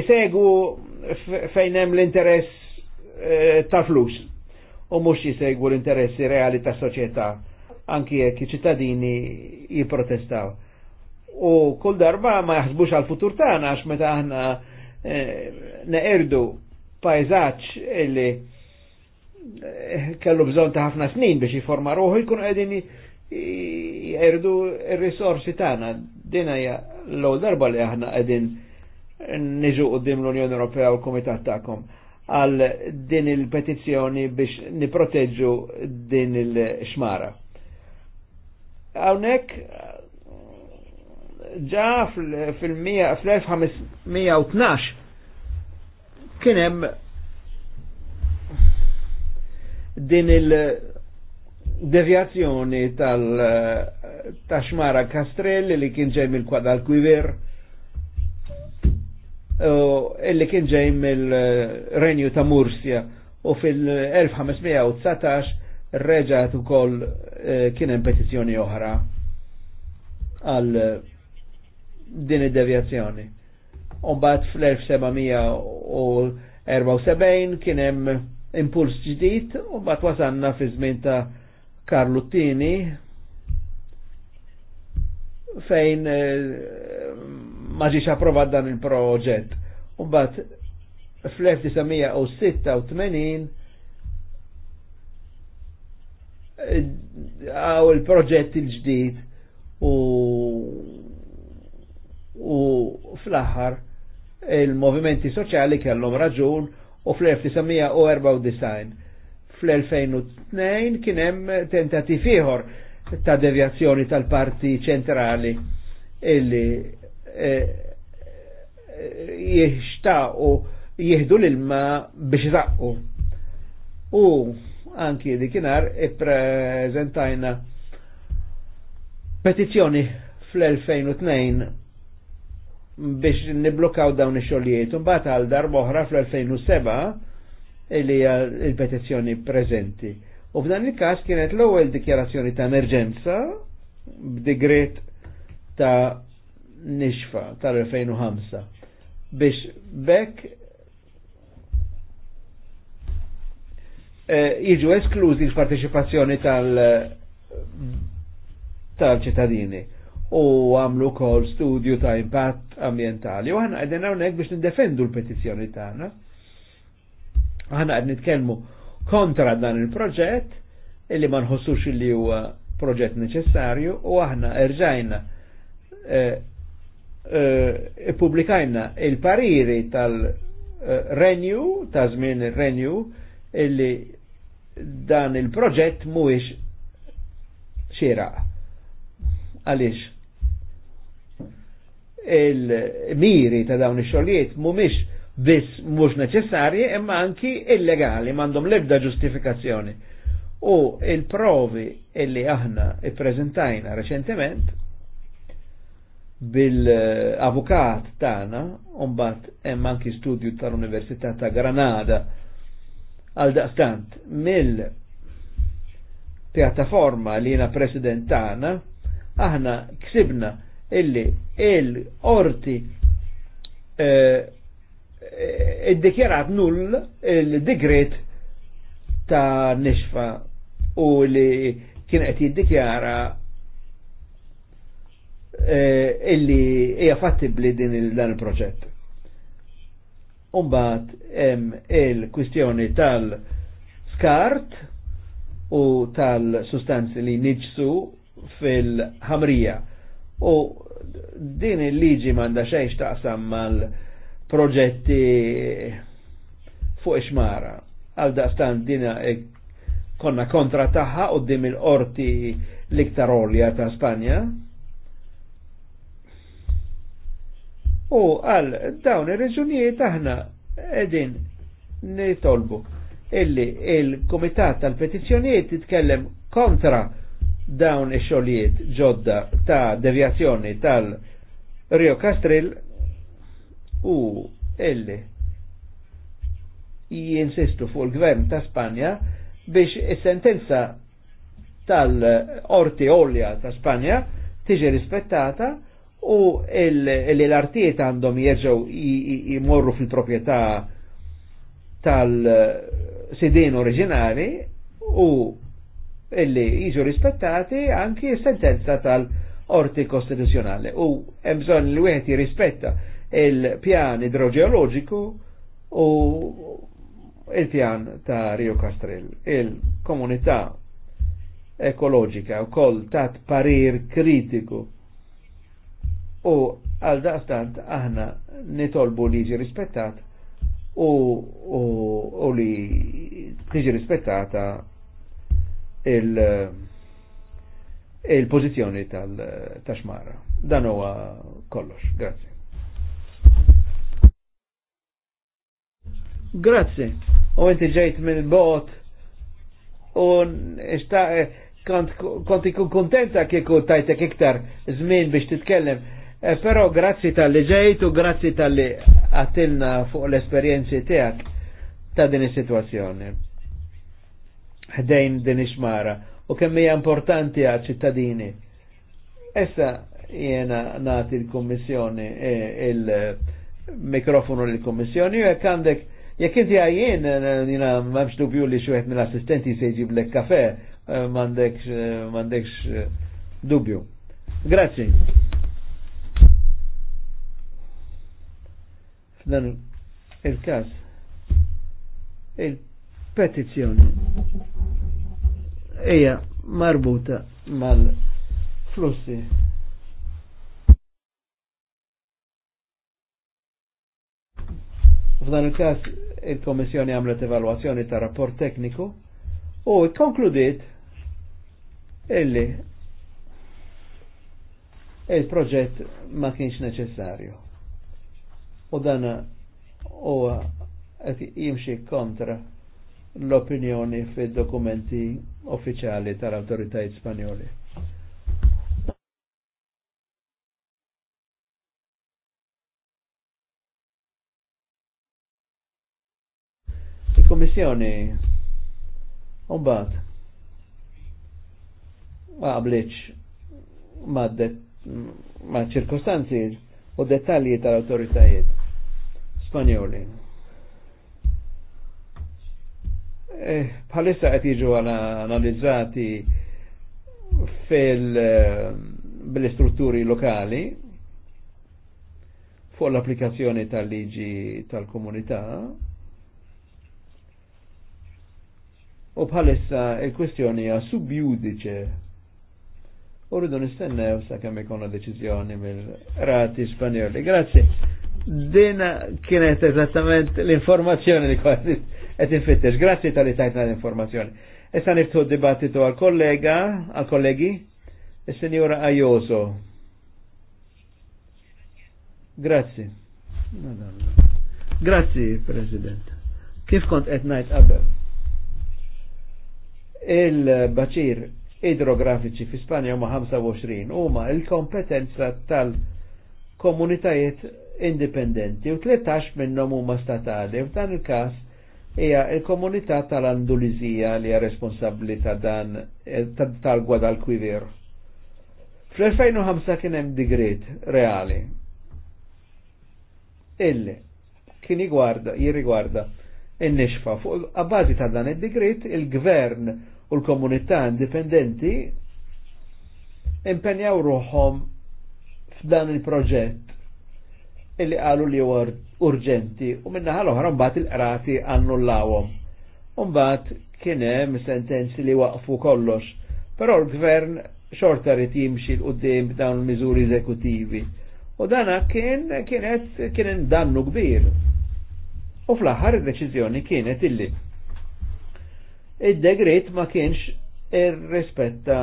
isegu fejn hemm l-interess eh, ta' flus u mhux jisegwu l-interessi reali tas soċjetà anki jekk iċ-ċittadini jipprotestaw. U kull darba ma jaħsbux għal futur tagħna għax meta aħna eh, neqerdu pajzaġġ illi eh, kellu bżon ta' ħafna snin biex jiforma ruħu jkunu qegħdin jerdu r-risorsi tagħna. Dina hija l-ewwel darba li aħna qegħdin niġu qudiem l-Unjoni Ewropea u l-Kumitat tagħkom għal din il-petizzjoni biex niproteġu din il-xmara. Hawnhekk ġa fil-1512 kien hemm din il-devjazzjoni tal-taxmara Kastrelli li kien ġej mill-kwadal Kwiver illi kien ġej mill-renju ta' Mursja u fil-1519 reġat u koll e, kien hemm petizzjoni oħra għal din id-devjazzjoni. U mbagħad fl-1774 kien hemm impuls ġdid u mbagħad wasanna fi żmien ta' Karlu Tini fejn e, ma ġiex approvat dan il-proġett. Umbat fl-1986 eh, għaw il-proġett il-ġdid u u fl-aħħar il-movimenti soċjali kellhom raġun u fl-1994 fl-2002 kien hemm tentativ ieħor ta' devjazzjoni tal-parti ċentrali illi jixtaqu jihdu l-ilma biex zaqqu. U anki dikinar i-prezentajna petizjoni fl-2002 biex niblokaw dawn ix-xogħlijiet. mbagħad għal darba oħra fl-2007 li il-petizzjoni preżenti. U f'dan il-każ kienet l-ewwel dikjarazzjoni ta' emerġenza b'digret ta' nixfa tal-2005 biex bekk eh, jiġu esklużi l-parteċipazzjoni tal-ċittadini u għamlu kol studju ta' impatt ambientali. U għana għedin għonek biex nindefendu l-petizjoni tagħna. Għana għed nitkelmu kontra dan il-proġett illi ma nħossux li huwa proġett neċessarju u aħna erġajna eh, ippubblikajna eh, e il-pariri tal-Renew, eh, ta' żmien il-Renew, illi dan il-proġett mhuwiex xira. Għalix? Il-miri ta' dawn ix-xogħlijiet mhumiex biss mhux neċessarji imma anki illegali m'għandhom l-ebda ġustifikazzjoni. U il-provi illi aħna ippreżentajna reċentement bil-avukat tagħna mbagħad hemm anki studju tal-Università ta' Granada għal daqstant mill pjattaforma li jena president tagħna aħna ksibna illi il-orti eh, eh, id-dikjarat null il degret ta' nixfa u li kien qed jiddikjara Eh, illi hija fattibli din il-dan il-proġett. Umbat hemm il-kwistjoni tal-skart u tal-sustanzi li niġsu fil-ħamrija. U din il-liġi manda xejn taqsam mal-proġetti fuq ixmara. Għal daqstan dina e konna kontra taħħa u dim il-qorti l-iktar olja ta' Spanja U għal dawn ir-reġunijiet aħna edin nitolbu illi il-Komitat tal-Petizzjonijiet titkellem kontra dawn ix-xogħlijiet ġodda ta' devjazzjoni tal-Rio Castril u illi jinsistu fuq il-Gvern ta' Spanja biex is-sentenza tal-Orti Olja ta' Spanja tiġi rispettata u l artiet għandhom jerġaw jimorru fil-propieta tal-sidin oriġinali u illi jiġu rispettati anki sentenza tal-orti kostituzjonali u emżon li wieħed jirrispetta il-pjan idrogeologiku u il-pjan ta' Rio Castrell. Il-komunità ekologika u koll tat parir kritiku u għal daqstant aħna nitolbu li jiġi rispettat u, u, u li tiġi rispettata il- il-pozizjoni tal-taxmara. Dan huwa kollox. Grazie. Grazie. U inti ġejt minn bot u kont ikun kontenta kieku tajtek iktar żmien biex titkellem Eh, però grazie tal-li grazie u grazzi tal-li għatilna fuq l-esperienzi tijak ta' din situazione. situazzjoni Ħdejn din xmara u kemm hija importanti għal ċittadini. Issa jena nati l-Kommissjoni eh, il-mikrofonu l-Kommissjoni u jek għandek jek inti għajjen eh, jena memx dubju li xieħet minn assistenti se jġib lek kafe mandekx dubju. Grazie. F'dan il-każ il petizjoni hija marbuta mal-flussi F'dan il-każ il-Komissjoni għamlet evalwazzjoni ta' rapport tekniku u konkludiet illi il-proġett ma kienx neċessarju u dan huwa qed jimxi kontra l-opinjoni fid-dokumenti uffiċjali tal-awtoritajiet Spanjoli. Il-Kommissjoni Umbat, għabliċ ma ċirkostanzi u dettalji tal-autoritajiet. Spanjoli. Eh, bħalissa qed jiġu analizzati fil bil lokali fuq l-applikazzjoni tal-liġi tal-komunità u bħalissa il-kwestjoni hija subjudice u rridu nistennew sa kemm ikonna deċiżjoni mill-rati Spanjoli. Grazie. Din kienet eżattament l-informazzjoni li kważi qed infittex. Grazzi tal-li tajtna l-informazzjoni. Issa niftu dibattitu għal kollega, għal kollegi, il-Sinjora Ajoso. Grazzi. Grazzi, President. Kif kont qed ngħid qabel? Il-baċir idrografiċi fi Spanja huma 25 huma il-kompetenza tal-komunitajiet indipendenti u 13 minnhom huma statali. F'dan il-każ hija l komunità tal-Andulizija li hija responsabbli ta' dan tal-Guadalquivir. Fl-2005 kien hemm digrit reali illi kien jigwarda jirrigwarda in-nixfa fuq abbażi ta' dan id-digrit il-gvern u l-komunità indipendenti impenjaw ruħhom f'dan il-proġett illi qalu li huwa urġenti u minna l-oħra mbagħad il-qrati annullawhom. Mbagħad kien hemm sentenzi li waqfu kollox, però l-gvern xorta rid jimxi l qudiem b'dawn il-miżuri eżekutivi. U dana kien kienet kien dannu kbir. U fl-aħħar id-deċiżjoni kienet illi id-degret ma kienx irrispetta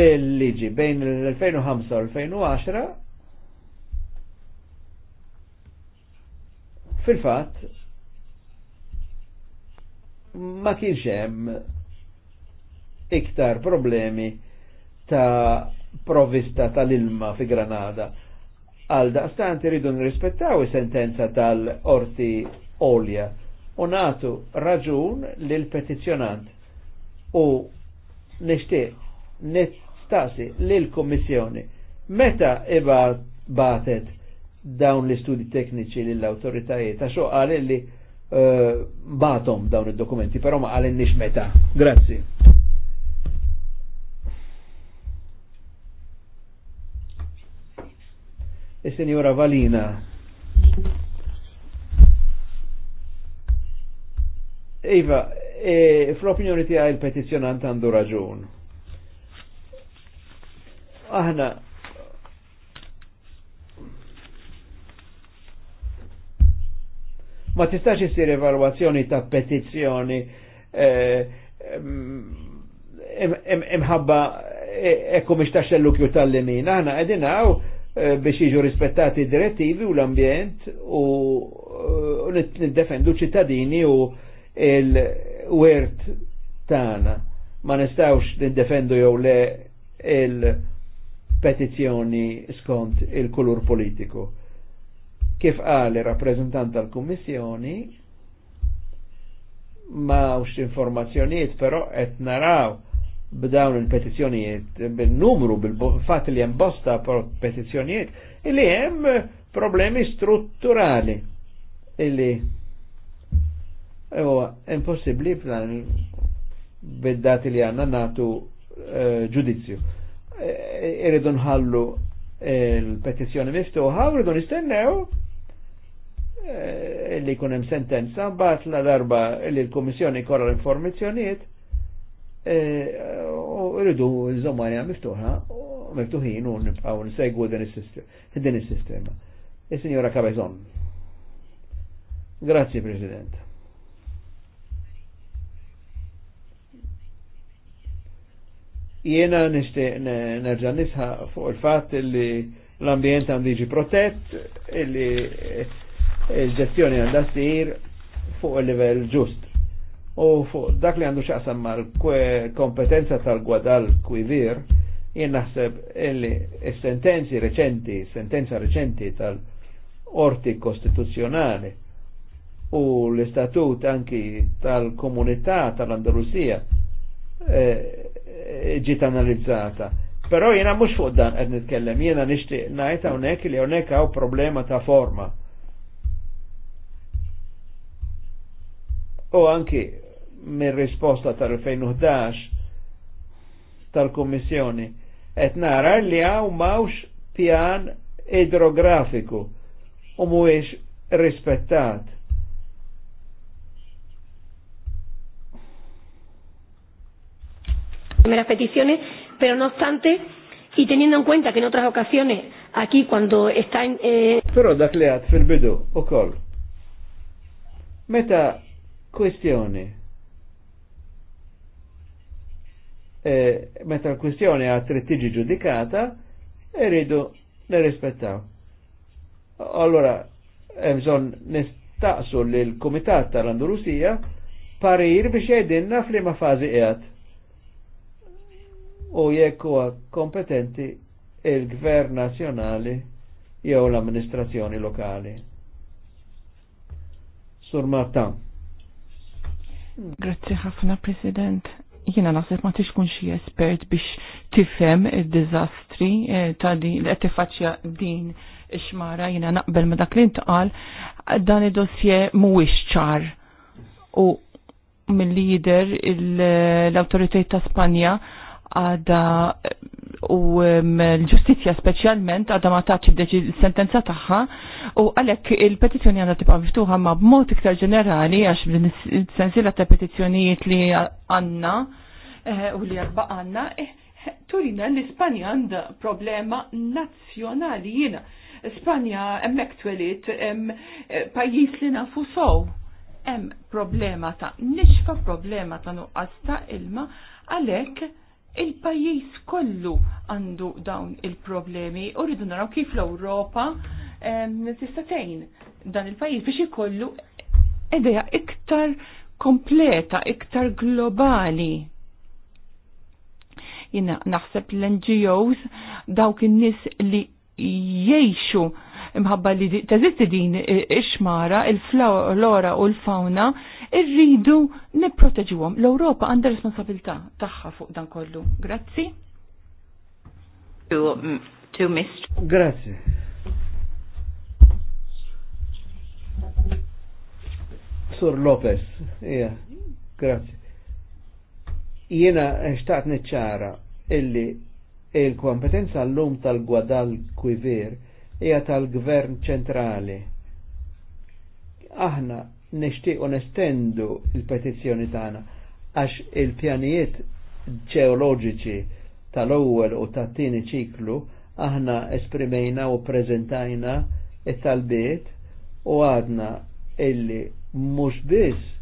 il-liġi bejn l-2005 u l-2010 Fil-fatt, ma kienx hemm iktar problemi ta' provvista tal-ilma fi Granada. Għal daqstant iridu nirrispettaw is-sentenza tal-orti olja u natu raġun lil petizjonant u nishtiq nistaqsi lil kommissjoni meta iba batet dawn l-istudi tekniċi lill-autoritajiet, għax qal li uh, eh, batom dawn id-dokumenti, però ma għalenniex meta. Grazzi. is e senjora Valina. Iva, e, fl-opinjoni tiegħi il-petizzjonant għandu raġun. Aħna ma tistax jisir evalwazzjoni ta' petizzjoni eh, eh, imħabba eh, ekku miex ta' xellukju tal-limin. Aħna għedinaw biex jiġu rispettati direttivi u l-ambjent u niddefendu ċittadini u il-wert tana. Ma nistawx nid-defendu jew le il-petizjoni skont il-kulur politiku. Kif għal rappresentant tal-Kummissjoni, ma ux informazzjoniet però et naraw b'dawn il petizjoniet bil-numru, bil-fat li jem bosta petizzjonijiet, illi hemm problemi strutturali illi huwa impossibbli plan bid-dati li għanna natu eh, ġudizzju. Uh, Irridu nħallu il petizjoni miftuħa u nistennew Eh, li jkun hemm sentenza, mbagħad la darba li l-Kummissjoni korra l-informazzjonijiet eh, u rridu nżommarja miftuħa miftuħin u nibqgħu nsegwu din is-sistema. Is-Sinjora Cabezon. Grazie President. Jena nishtiq nerġa' nisħa fuq il-fatt li l-ambjent għandu jiġi protett, li il-ġestjoni għandha sir fuq il-livell ġust. U fuq dak li għandu xaqsam mal kompetenza tal-gwadal kwivir, jien naħseb illi sentenzi reċenti, sentenza reċenti tal-orti kostituzzjonali u l-istatut anki tal-komunità tal-Andalusija eh, ġit analizzata. Però jiena mhux fuq dan qed nitkellem, jiena nixtieq ngħid hawnhekk li hawnhekk hawn problema ta' forma u anki mir risposta tal-2011 tal-Kommissjoni et nara li għaw mawx pjan idrografiku u mhuwiex rispettat. primera peticiones, pero no obstante, y teniendo en cuenta que en otras ocasiones aquí cuando está en... Eh... Pero da li fil-bidu u koll. Meta kwestjoni. E, meta l kwestjoni għat trid ġudikata, irridu nirrispettaw. Allora, hemm nistaqsu li l komitat tal-Andalusija parir biex fl f'liema fazi għat. U jekku huwa kompetenti il-Gvern nazjonali jew l-Amministrazzjoni Lokali. Sur Martin. Grazzi ħafna, President. Jiena naħseb ma tixkun xi espert biex tifhem id-diżastri eh, ta' din li qed din ix-xmara jiena naqbel ma dak li ntqal dan id-dossier mhuwiex ċar u mill-lider l autoritajt ta' Spanja għada u um, l-ġustizja specialment għadha ma taċi sentenza taħħa u għalek il-petizjoni għandha tibqa' miftuħa ma b'mod iktar ġenerali għax din sensila ta' petizjonijiet li għanna eh, u li għarba għanna eh, turina l-Ispanja għandha problema nazzjonali jina Spanja emmek twelit eh, pajjiż li nafu sow. Hemm problema ta' nixfa problema ta' nuqqas ta' ilma għalhekk il-pajjiż kollu għandu dawn il-problemi u rridu naraw kif l-Ewropa tista' tgħin dan il-pajjiż biex ikollu idea iktar kompleta, iktar globali. Jina naħseb l-NGOs dawk in-nies li jiexu imħabba li teżisti din ixmara il-flora u l-fauna irridu nipproteġuhom. L-Ewropa għandha responsabilità tagħha fuq dan kollu. Grazzi. To Mr. Mm, grazie. Sur Lopez, ija, grazie. Jena xtaqt neċċara illi il-kompetenza l-lum tal-gwadal kwiver hija tal-gvern ċentrali. Aħna nishtiqu nestendu il-petizzjoni tagħna għax il-pjanijiet ġeoloġiċi tal-ewwel u tat-tieni ċiklu aħna esprimejna u preżentajna it-talbiet u għadna illi mhux biss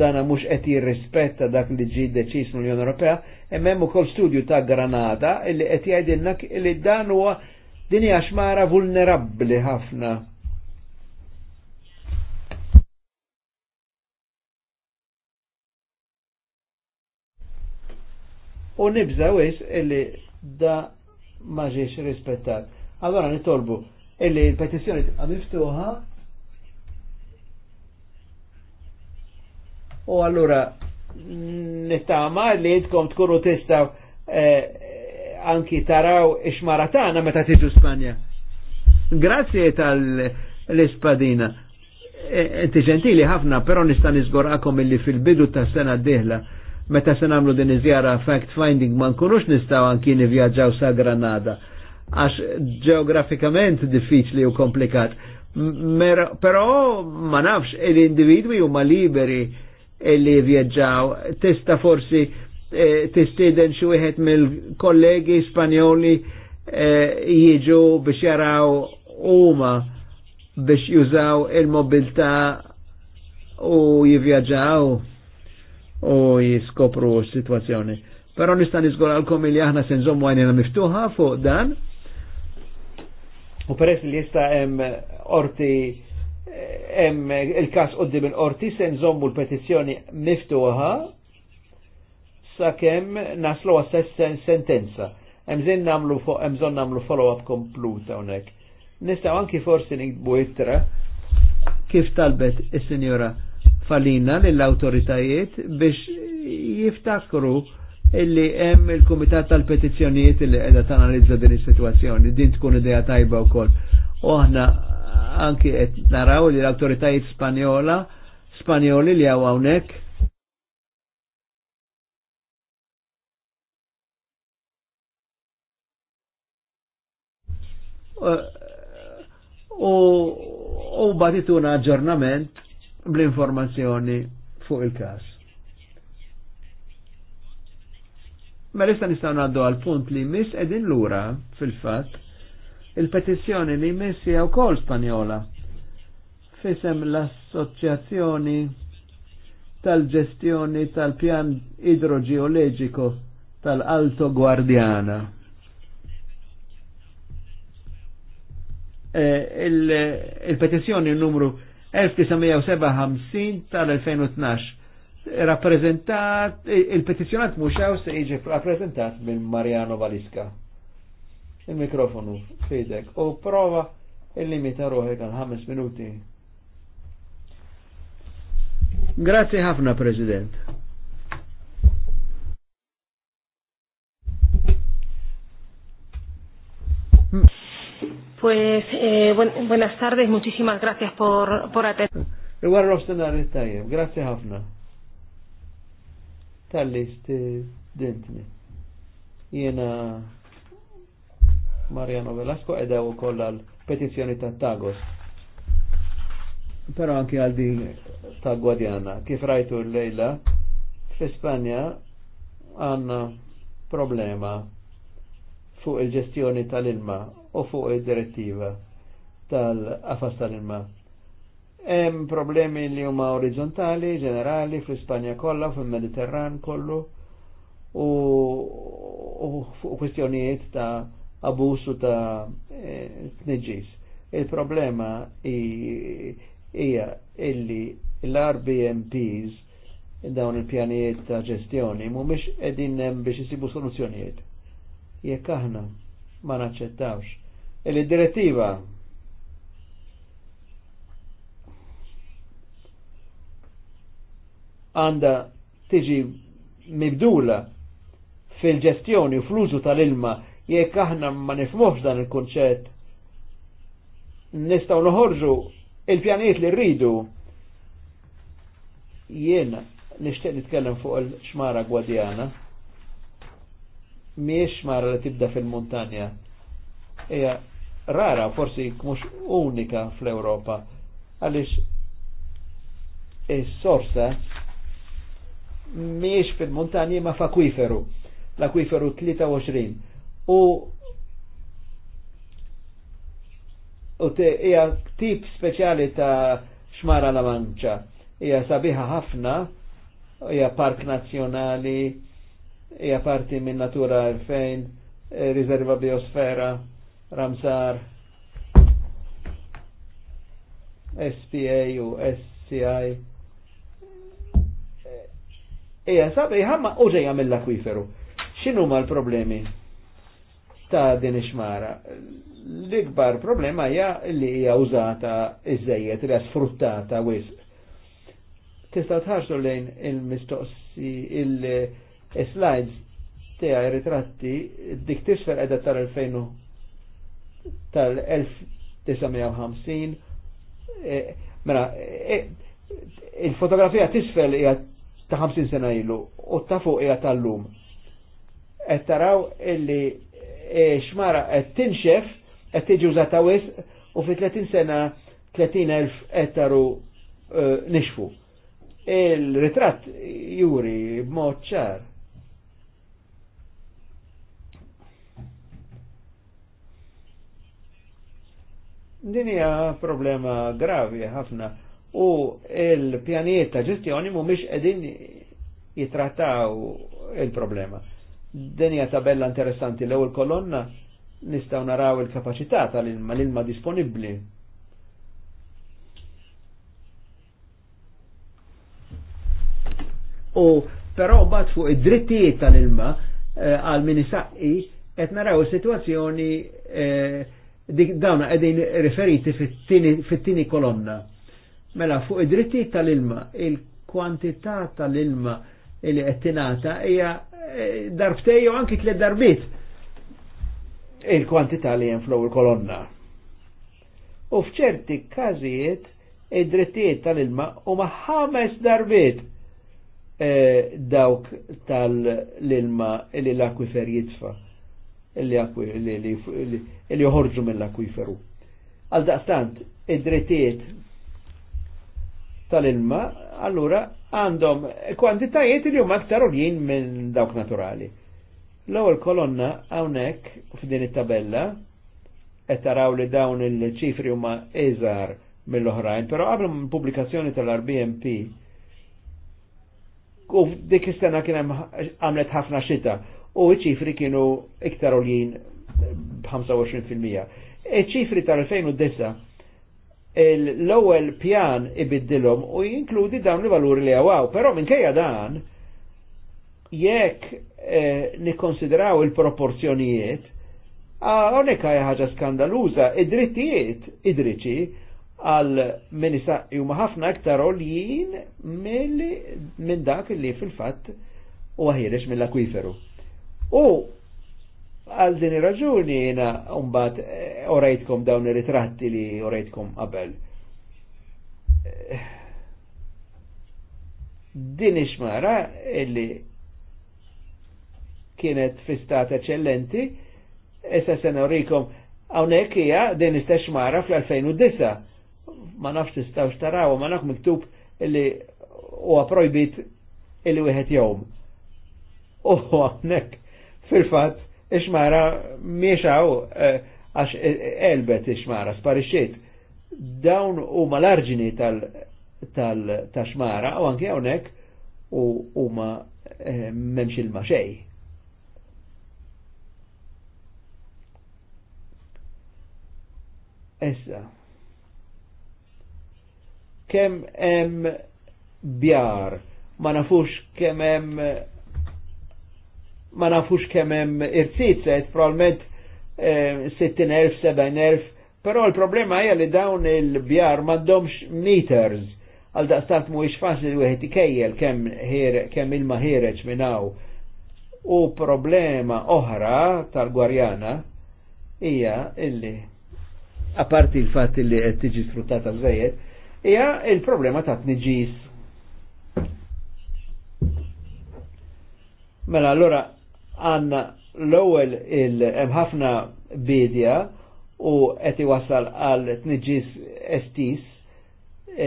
dana mux qed jirrispetta dak li ġi deċis l-Unjoni Ewropea, hemm hemm ukoll studju ta' Granada illi qed jgħidilnak li dan huwa Din hija xmara vulnerabbli ħafna. U nibżaw wis illi da maġiex rispettat. Allora nitolbu illi l-petizjoni tibqa' miftuħa u allura nittama li jitkom tkunu tistaw eh, anki taraw ixmaratana meta tiġu Spanja. Grazie tal-Ispadina. E, inti ġentili ħafna, però nista' niżgorakom illi fil-bidu ta' sena d-dihla meta se nagħmlu din iżjara fact finding ma nkunux nistgħu anki nivvjaġġaw sa Granada għax ġeografikament diffiċli u komplikat. Però ma nafx l-individwi huma liberi illi vjaġġaw tista' forsi Eh, tistieden xi wieħed mill-kollegi Spanjoli eh, jiġu biex jaraw huma biex jużaw il-mobilità u jivjaġaw u jiskopru s-sitwazzjoni. Però nista' niżguralkom li aħna se nżommu għajnina miftuħa fuq dan. U peress li jista' hemm orti hemm il-każ qoddim il-qorti se nżommu l-petizzjoni miftuħa sa' kem naslu għas sentenza. Emżin namlu, emżon namlu follow-up kompluta unek. Nistaw anki forsi nikbu ittra kif talbet il-senjora Falina l-autoritajiet biex jiftakru illi hemm il-Kumitat tal-Petizzjonijiet illi qiegħda tanalizza din is-sitwazzjoni, din tkun idea tajba wkoll. U aħna anki qed naraw li l-awtoritajiet Spanjola Spanjoli li hawn hawnhekk u u batituna aġġornament bl-informazzjoni fuq il-kas. Ma mela issa nistaw għaddu għal punt li miss edin lura fil-fat il-petizzjoni li miss hija wkoll Spanjola fisem l-Assoċjazzjoni tal-ġestjoni tal-pjan idroġeoloġiku tal-Alto Guardiana. Eh, il-petizjoni numru 1957 tal-2012 rappresentat, eh, il-petizjonat muxaw se iġi rappresentat minn Mariano Valiska. Il-mikrofonu fidek u prova il-limita ruħek għal 5 minuti. Grazie ħafna, President. Pues eh, buen, buenas tardes, muchísimas gracias por, por atender. Igual e Il-war gracias Afna. Tal liste ħafna. Y en a Mariano Velasco he dado con la petición de Tagos. Pero anki al din ta' Guadjana. Kif rajtu l-lejla, fl-Ispanja għanna problema fu il-ġestjoni tal-ilma u fuq id-direttiva tal-qafas tal-ilma. Hemm problemi li huma orizzontali, ġenerali, fl-Ispanja kollha, fil-Mediterran kollu, u, fuq kwistjonijiet ta' abusu u ta' e, tniġis. Il-problema hija illi l-RBMPs dawn il-pjanijiet ta' ġestjoni mhumiex qegħdin hemm biex isibu soluzzjonijiet. Jekk aħna ma naċċettawx. E Il-direttiva għanda tiġi mibdula fil-ġestjoni u fl-użu tal-ilma jekk aħna ma nifmux dan il-konċett nistaw noħorġu il-pjanijiet li rridu jiena nishtiq nitkellem fuq il-xmara gwadjana miex marra li tibda fil-montanja. Eja, rara, forsi mux unika fl-Europa, għalix il-sorsa miex fil-montanja ma f'akwiferu, l-akwiferu 23. U u hija tip speċjali ta' xmara la manċa. Hija sabiħa ħafna, hija park nazzjonali, hija parti minn natura fejn eh, riserva biosfera, Ramsar, SPA u SCI. Eh, Ija, sabi, ħamma uġeja mill-akwiferu. Xinu ma l-problemi ta' din ixmara? L-ikbar problema hija li hija użata iżejjed, li sfruttata wisq. Tista' tħarsu lejn il-mistoqsi, il-, -mistoqsi, il mistoqsi Is-slides tiegħi ritratti dik tisfel qiegħda tal-2000 tal-1950 e, mela e, il-fotografija tisfel hija ta' 50 sena ilu u ta' fuq hija tal-lum. Qed taraw illi e, xmara qed tinxef qed tiġi użata wisq u fi 30 sena 30.000 taru nixfu. Il-ritratt juri b'mod ċar Din hija problema gravi ħafna u il-pjanijiet ta' ġestjoni mhumiex qegħdin jitrattaw il-problema. Din hija tabella interessanti l-ewwel kolonna nistgħu naraw il-kapaċità tal-ilma l-ilma disponibbli U però bat fuq id-drittijiet tal-ilma eh, għal eh, minisaqqi qed naraw is-sitwazzjoni eh, dawna qegħdin riferiti fit-tieni kolonna. Mela fuq id-drittijiet tal-ilma, il-kwantità tal-ilma li qed tingħata hija eh, darbtej u anki tliet darbit il-kwantità li hemm flow il-kolonna. U f'ċerti każijiet id-drittijiet tal-ilma huma ħames darbiet eh, dawk tal-ilma li l-akwifer jitfa' li joħorġu mill-akwiferu. Għal daqstant, id-drittijiet tal-ilma, allura għandhom kwantitajiet li huma aktar jien minn dawk naturali. L-ewwel kolonna hawnhekk f'din it-tabella qed taraw li dawn il-ċifri huma iżgħar mill-oħrajn, però qabel pubblikazzjoni tal-RBMP u dik is-sena kien hemm għamlet ħafna xita u ċifri kienu iktar oljien b-25%. E ċifri tal-2009 l-ewwel pjan ibiddilhom u jinkludi dawn il-valuri li għawaw, però minkejja dan jekk eh, nikkonsidraw il-proporzjonijiet, hawnhekk hija ħaġa skandaluża, id-drittijiet id idriċi għal minisa huma ħafna iktar oljin minn dak li fil-fatt u għahirex mill-akwiferu. U għal din ir-raġuni jiena mbagħad eh, orajtkom dawn ir-ritratti li orajtkom qabel. Din ixmara illi kienet fi stat eccellenti, issa sen orikom hawnhekk hija din istess xmara fl-2009. Ma nafx tistgħux xtaraw, ma nafx miktub illi huwa għaprojbit illi wieħed jom. U hawnhekk fil-fat ixmara miexaw eh, għax eh, eh, elbet ixmara, sparixiet. Dawn u mal-arġini tal-taxmara u anke hawnhekk u ma memx il xej. Issa. Kem em bjar, ma nafux kem em ma nafux kemm hemm irtizet, probablement eh, 60.000, 70.000, però l-problema hija li dawn il-bjar m'għandhomx meters għal daqstant mhuwiex faċli wieħed ikejjel kemm kemm ilma ħireġ minn hawn. U problema oħra tal-Gwarjana hija illi aparti l-fatt illi li qed tiġi sfruttata żejjed, hija il-problema ta' tniġis Mela, allora għanna l-ewwel il ħafna bidja u qed wasal għal tniġis estis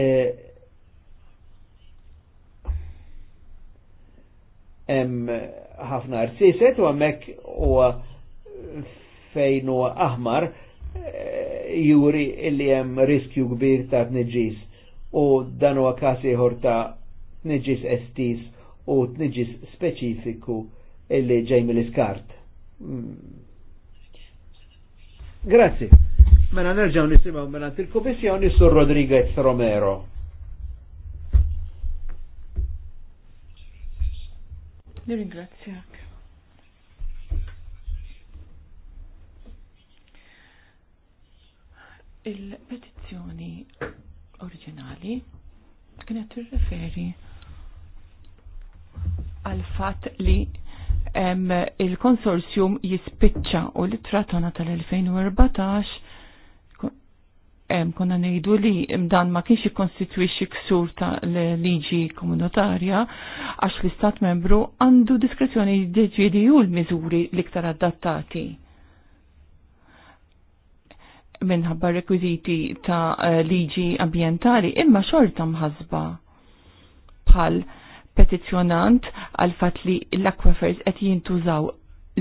e, hemm ħafna rsiset u għamek u fejn u aħmar e, juri illi hemm riskju kbir ta' t-nġis u dan huwa każ ieħor ta' tniġis estis u tniġis speċifiku illi ġej mill-iskart. Mm. grazie Mela nerġaw nisimaw mela il-Komissjoni sur Rodriguez Romero. Nirringrazzjak. Il-petizzjoni oriġinali kienet tirreferi għal fat li il konsorsium jispiċċa u l-tratana tal-2014 konna nejdu li dan ma kienx ikkonstitwixxi ksur ta' liġi komunitarja għax l-istat membru għandu diskrezzjoni jiddeċidi hu l-miżuri l-iktar adattati minħabba rekwiziti ta' eh, liġi ambientali imma xorta mħasba bħal petizjonant għal fat li l-aquifers qed jintużaw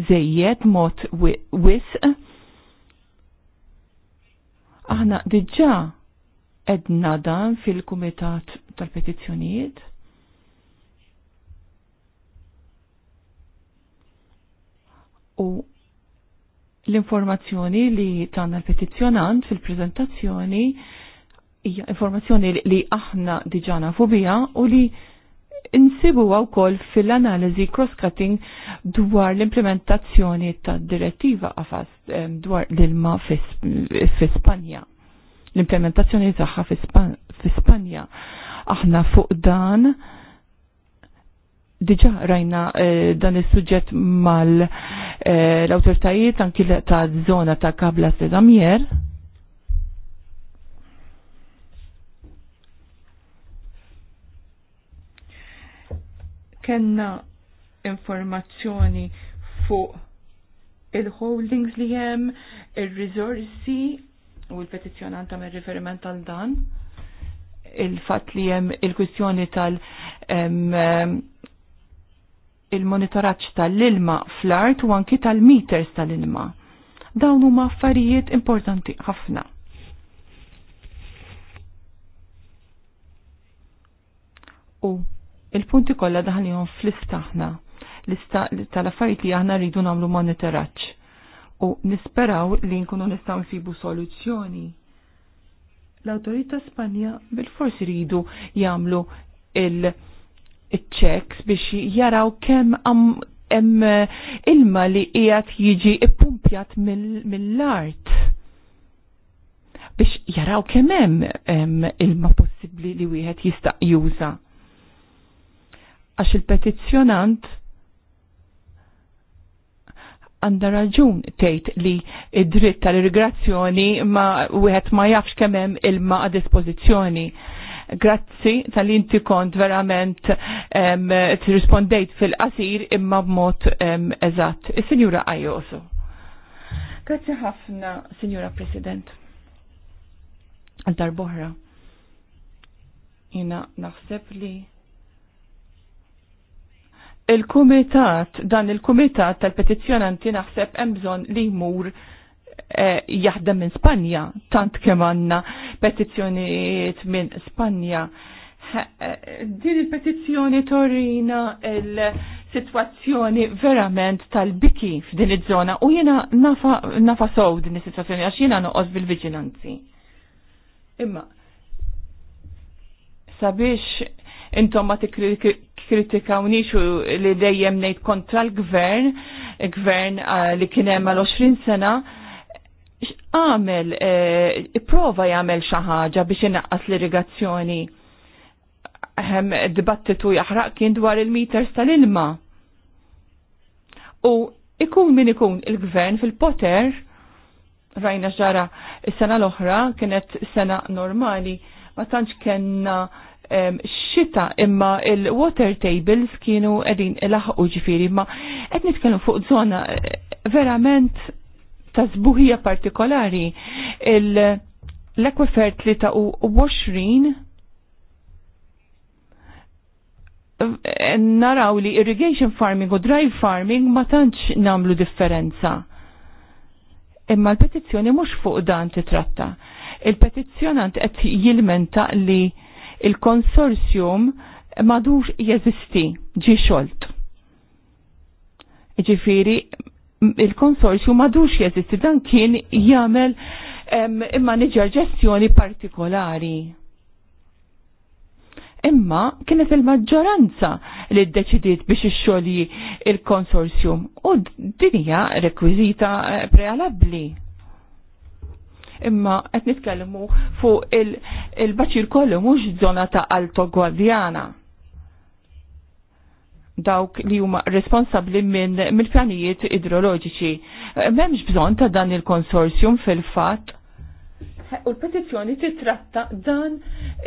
żejjed mod wisq. Aħna diġà edna dan fil-Kumitat tal-Petizzjonijiet. U l-informazzjoni li tagħna l-petizzjonant fil-preżentazzjoni hija informazzjoni li aħna diġà nafu biha u li insibu wkoll fil-analiżi cross-cutting dwar l-implementazzjoni tad direttiva għafas dwar l-ilma fi Spanja. L-implementazzjoni tagħha fi Spanja. Aħna fuq dan diġa rajna eh, dan is-suġġett mal eh, l-awtoritajiet anki ta' zona ta' kabla sedamier Kenna informazzjoni fuq il-holdings li jem, il-rizorsi u l-petizjonant għamil riferiment għal dan, il-fat li jem il-kwistjoni tal- il-monitoraċ tal-ilma fl-art u anki tal-meters tal-ilma. Dawn huma affarijiet importanti ħafna. U il-punti kollha daħlihom fl istaħna l lista tal-affarijiet li aħna rridu nagħmlu monitoraġġ u nisperaw li nkunu nistgħu nsibu soluzzjoni. L-awtorità Spanja bil-forsi rridu jagħmlu il-checks biex jaraw kemm hemm eh, ilma li qiegħed jiġi ippumpjat mill-art biex jaraw kemm hemm ilma possibbli li wieħed jista' juża għax il-petizzjonant għanda raġun tgħid li id-dritt tal-irrigrazzjoni ma wieħed ma jafx kemm hemm ilma a dispożizzjoni. Grazzi tal-inti kont verament tirrispondejt fil-qasir imma b'mod eżatt. Is-Sinjura Ajoso. Grazzi ħafna, Sinjura President. Għal darbohra. Jina naħseb li il-kumitat, dan il-kumitat tal-petizjonanti naħseb hemm bżonn li jmur eh, jaħdem minn Spanja, tant kemm għandna petizzjonijiet minn Spanja. Eh, din il-petizzjoni torina il-situazzjoni verament tal-biki f'din iż-żona u jiena nafa, nafa sow din is-sitwazzjoni għax jiena noqos bil vigilanzi Imma sabiex intom ma tikkritikawniex u li dejjem ngħid kontra l-gvern, gvern uh, li kien hemm għal 20 sena, għamel, eh, prova jagħmel xi ħaġa biex jnaqqas l-irrigazzjoni. Hemm dibattitu jaħraq kien dwar il-meters tal-ilma. U ikun min ikun il-gvern fil-poter, rajna ġara s-sena l-oħra, kienet sena normali, ma tantx kenna xita imma il-water tables kienu edin laħqu ġifiri ma qed nitkellmu fuq zona eh, verament ta' zbuħija partikolari l-ekwifer 23 eh, naraw li irrigation farming u dry farming ma tantx namlu differenza. Imma l-petizzjoni mhux fuq dan titratta. Il-petizzjonant qed jilmenta li il-konsorzjum madux jeżisti ġi xolt. Ġifiri, il-konsorzju madux jeżisti dan kien jagħmel imma niġer ġestjoni partikolari. Imma kienet il-maġġoranza li ddeċidiet biex ix il-konsorzjum u dinja rekwiżita eh, prealabbli imma qed nitkellmu fuq il-baċir kollu mhux żona ta' Alto Gwadjana dawk li huma responsabbli minn mill pjanijiet idroloġiċi. M'hemmx bżonn ta' dan il-konsorzjum fil-fatt. U l-petizzjoni titratta dan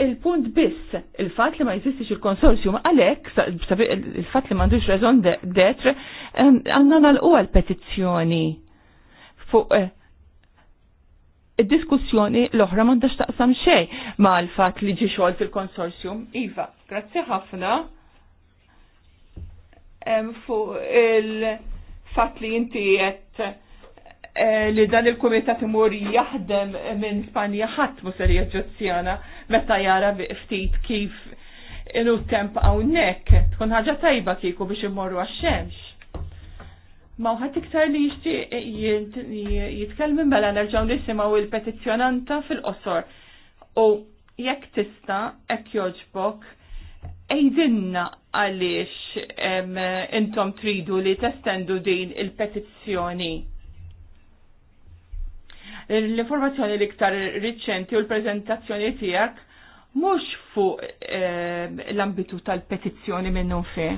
il-punt biss, il-fatt li ma jizistix il-konsorzjum, għalhekk il-fatt li m'għandux reżon detr, għandna u għal-petizzjoni fuq eh, id-diskussjoni l-oħra ndax taqsam xejn ma' l-fatt li ġi xogħol fil-konsorzjum. Iva, grazzi ħafna fuq il fat li inti qed eh, li dan il-kumitat imur jaħdem minn Spanja ħadd muserija ġuzzjana meta jara bi ftit kif inu temp hawnhekk tkun ħaġa tajba kieku biex imorru għax-xemx ma iktar li jishti jitkelmi mela nerġaw nisimaw il-petizjonanta fil-qosor. U jekk tista, jekk joġbok, ejdinna għaliex intom tridu li testendu din il-petizzjoni. L-informazzjoni l-iktar riċenti u l-prezentazzjoni tijak mux fuq l-ambitu tal-petizzjoni minnu fe.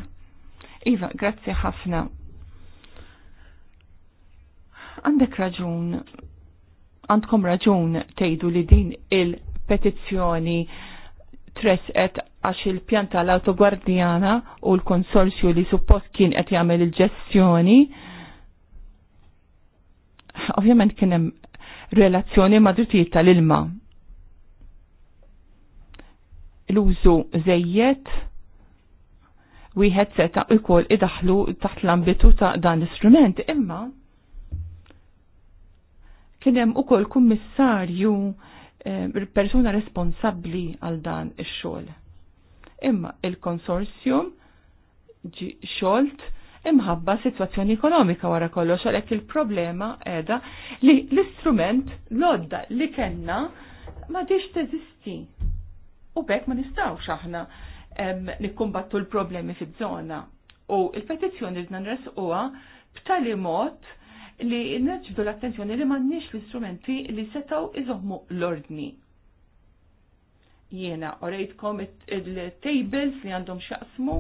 Iva, grazzi ħafna. Għandek raġun, għandkom raġun tgħidu li din il-petizzjoni tresqet għax il-pjan tal autogwardijana u l-konsorzju li suppost kien qed jagħmel il-ġestjoni. Ovvjament kien hemm relazzjoni ma' drittijiet tal-ilma. L-użu żejjed wieħed seta' ukoll idaħlu taħt l-ambitu ta' dan l-istrument imma Kienem u kol kummissarju eh, persuna responsabli għal dan ix-xogħol. Imma il-konsorzjum xolt imħabba situazzjoni ekonomika wara kollox għalhekk il-problema qiegħda li l-istrument l-odda li kellna ma diġ teżisti. U bekk ma nistgħux aħna nikkumbattu l-problemi fiż-żona. U il-petizzjoni li nresquha b'tali mod li nerġbdu l-attenzjoni li m'għandniex l-istrumenti li setgħu iżommu l-ordni. Jiena orejtkom il-tables li għandhom xaqsmu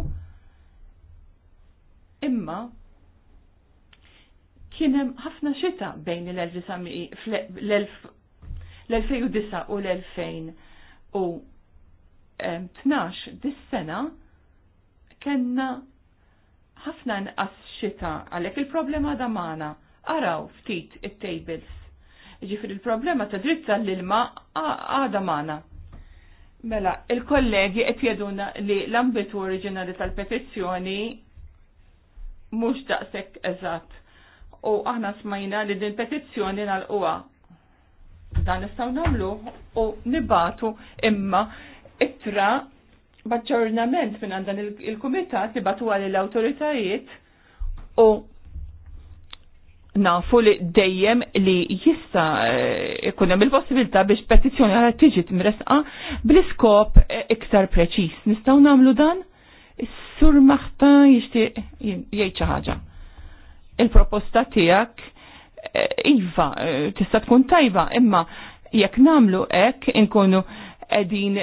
imma kienem ħafna xita bejn l-2009 u l 12 dis-sena kenna ħafna nqas xita għalek il-problema da maħna Araw ftit it-tables. Ġifir il-problema ta' dritt tal-ilma għada mana. Mela, il-kollegi qed jeduna li l-ambitu oriġinali tal-petizzjoni mhux daqshekk eżatt. U aħna smajna li din petizzjoni nagħlquha. Dan nistgħu nagħmlu u nibatu imma ittra b'aġġornament minn għandan il-kumitat nibatu għal l-awtoritajiet u nafu li dejjem li jista eh, ikun hemm il-possibilità biex petizjoni għal tiġi mresqa bl-iskop eh, iktar preċis. Nistgħu nagħmlu dan? Is-sur maħta jixtieq jgħid xi ħaġa. Il-proposta tiegħek eh, iva tista' tkun tajba, imma jekk nagħmlu hekk inkunu qegħdin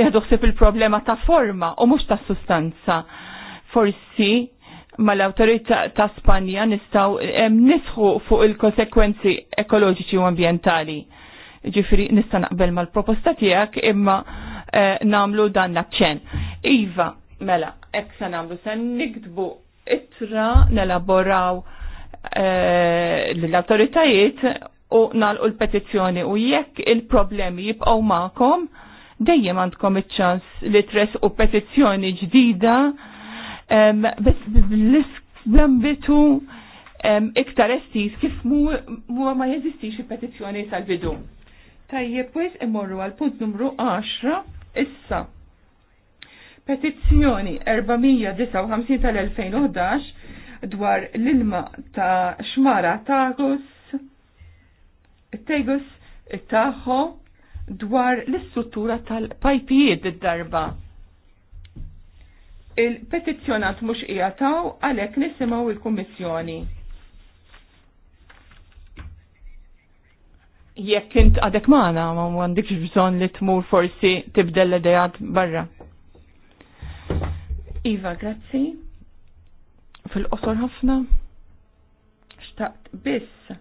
neħduħsib il-problema ta' forma u mhux ta' sustanza. Forsi mal autorita ta' Spanja nistaw nisħu fuq il-konsekwenzi ekoloġiċi u ambientali. Ġifiri nista' naqbel mal-proposta tiegħek imma eh, namlu dan l Iva, mela, hekk se namlu se nikdbu ittra nelaboraw eh, l-autoritajiet u nalqu l-petizzjoni u jekk il-problemi jibqgħu ma'kom, dejjem għandkom iċ-ċans li tres u petizzjoni ġdida l-ambitu iktar estis kif mu ma jeżistix il-petizzjoni tal-bidu. Tajjeb, wis imorru għal punt numru 10 issa. Petizzjoni 459 tal-2011 dwar l-ilma ta' xmara tagus, tegus it-taħo, dwar l-istruttura tal-pajpijiet id-darba il-petizzjonat mux ijataw għalek nisimaw il-Kommissjoni. Jekk kint għadek maħna, ma għandik bżon li tmur forsi tibdel l-dejat barra. Iva, grazzi. Fil-qosor ħafna. Xtaqt biss.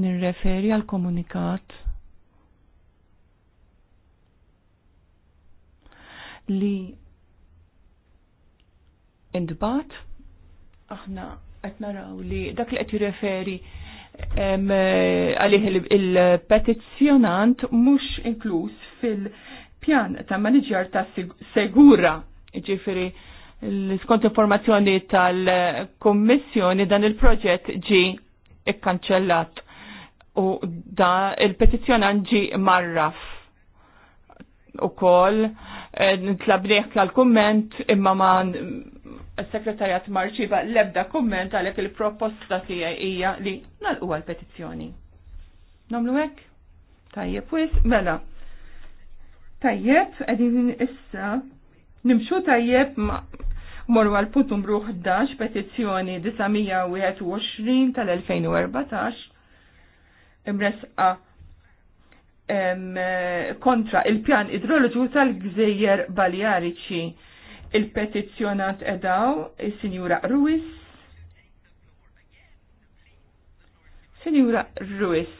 Nirreferi għal komunikat. Li indbat, aħna qed naraw li dak li qed referi għalih il-petizzjonant mhux inkluż fil-pjan ta' maniġjar ta' segura, ġifiri skont informazzjoni tal-Kommissjoni dan il-proġett ġi ikkanċellat u da il-petizzjonant ġi marraf u kol, eh, nitlabniħ tal komment imma ma s-sekretarjat marċiba lebda komment għalek il-proposta tiegħi hija li nal-u għal-petizzjoni. Nomlu hekk? Tajjeb wis, mela. Tajjeb, qegħdin issa nimxu tajjeb morru għal punt numru 11 petizzjoni 921 tal-2014 imresqa kontra il-pjan idroloġu tal-gżejjer baljariċi il-petizjonat edaw, il-Sinjura Ruiz. Sinjura Ruiz,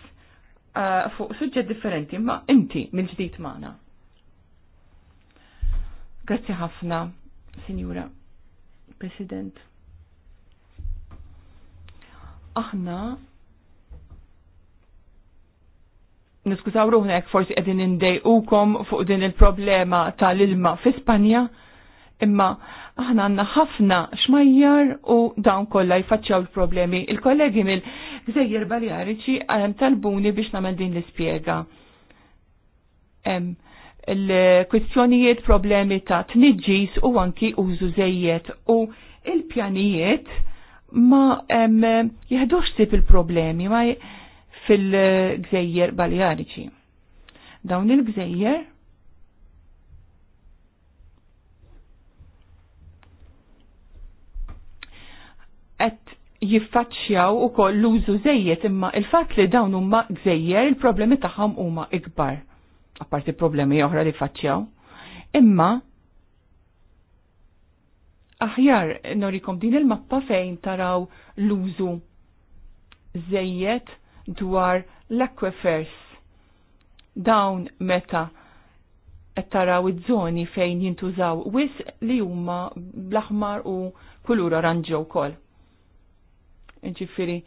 uh, fuq suġġet differenti, ma inti mill-ġdijt maħna. Grazie ħafna, Sinjura President. Aħna niskużaw ruħna jek forsi qegħdin kom fuq din il-problema tal-ilma fi Spanja Imma aħna għanna ħafna xmajjar u dawn kollha jfaċċaw l-problemi. Il-kollegi mill-Gżejjer Baljariċi għem talbuni biex nagħmel din l-ispjega. Ehm, il-kwistjonijiet problemi ta' tniġġis u anki użu żejjed u il-pjanijiet ma ehm, jihdux sib il-problemi ma fil-Gżejjer Baljariċi. Dawn il-Gżejjer jiffaċċjaw ukoll l-użu żejjed imma il-fatt li dawn huma gżejjer il-problemi tagħhom huma ikbar. Apparti problemi oħra li faċċjaw. Imma aħjar norikom din il-mappa fejn taraw l-użu żejjed dwar l-aquifers. Dawn meta qed taraw iż-żoni fejn jintużaw wis li huma bl-aħmar u kulur oranġew koll ġifiri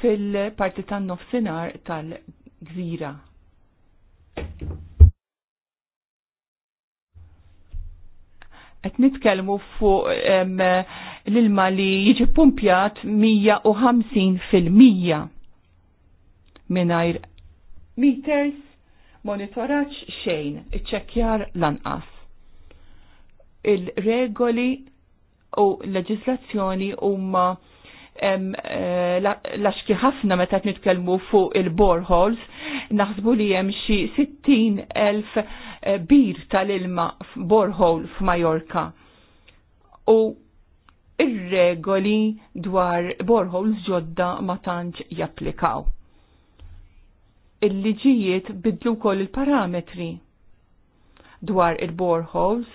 fil-parti tan nofsinar tal-gżira. Qed nitkellmu fuq l-ilma li jiġi pumpjat 150 fil-mija mingħajr meters monitoraċ xejn, iċċekkjar lanqas. Il-regoli u leġislazzjoni huma eh, laxki ħafna meta nitkellmu fuq il-boreholes, naħsbu li hemm xi 60,000 eh, bir tal-ilma borehole f'Majorka. U ir-regoli dwar boreholes ġodda ma tantx japplikaw. Il-liġijiet bidlu kol il-parametri dwar il-boreholes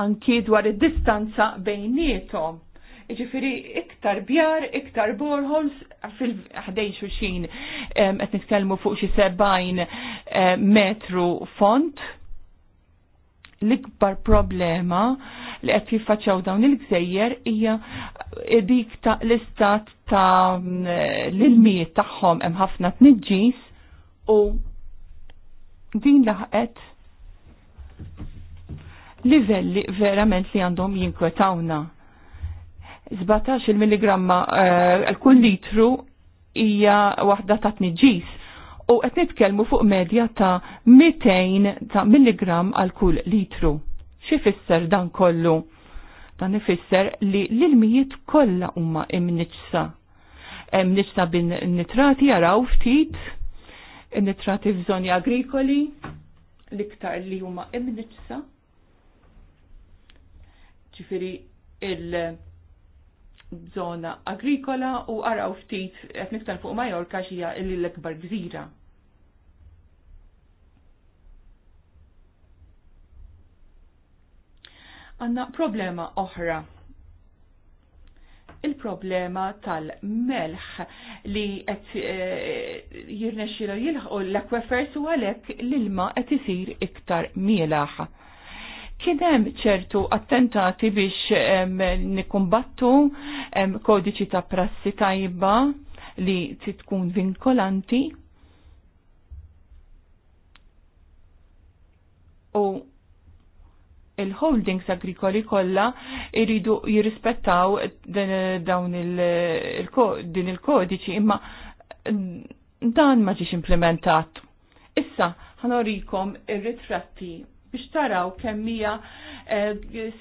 anki dwar id-distanza bejnietom. Iġifiri iktar bjar, iktar borhols, fil-ħdejn xuxin, għet nitkelmu fuq xi 70 metru font. L-ikbar problema li qed jiffaċċaw dawn il-gżejjer hija dik ta' l-istat ta' l-ilmijiet tagħhom hemm ħafna tniġġis u din laħqet livelli verament li għandhom jinkwetawna. 17 mg eh, għal-kull litru hija waħda ta' tniġis u qed nitkellmu fuq medja ta' 200 ta' milligram għal kull litru. Xi fisser dan kollu? Dan ifisser li l-ilmijiet kollha huma imniġsa. Imniġsa bin nitrati jaraw ftit, nitrati f'żoni agrikoli, l-iktar li huma imniċsa ġifiri il-żona agrikola u araw ftit qed niftan fuq Majorka xija l ekbar gżira. Għanna problema oħra il-problema tal-melħ li qed eh, jirnexxilu jilħu l-akwefers u għalhekk l-ilma qed isir iktar mielaħ. Kien hemm ċertu attentati biex nikumbattu kodiċi ta' prassi tajba li tkun vinkolanti. U il-holdings agrikoli kollha iridu jirrispettaw dawn din il-kodiċi imma dan ma ġiex implementat. Issa ħanorikom ir-ritratti biex taraw kemm hija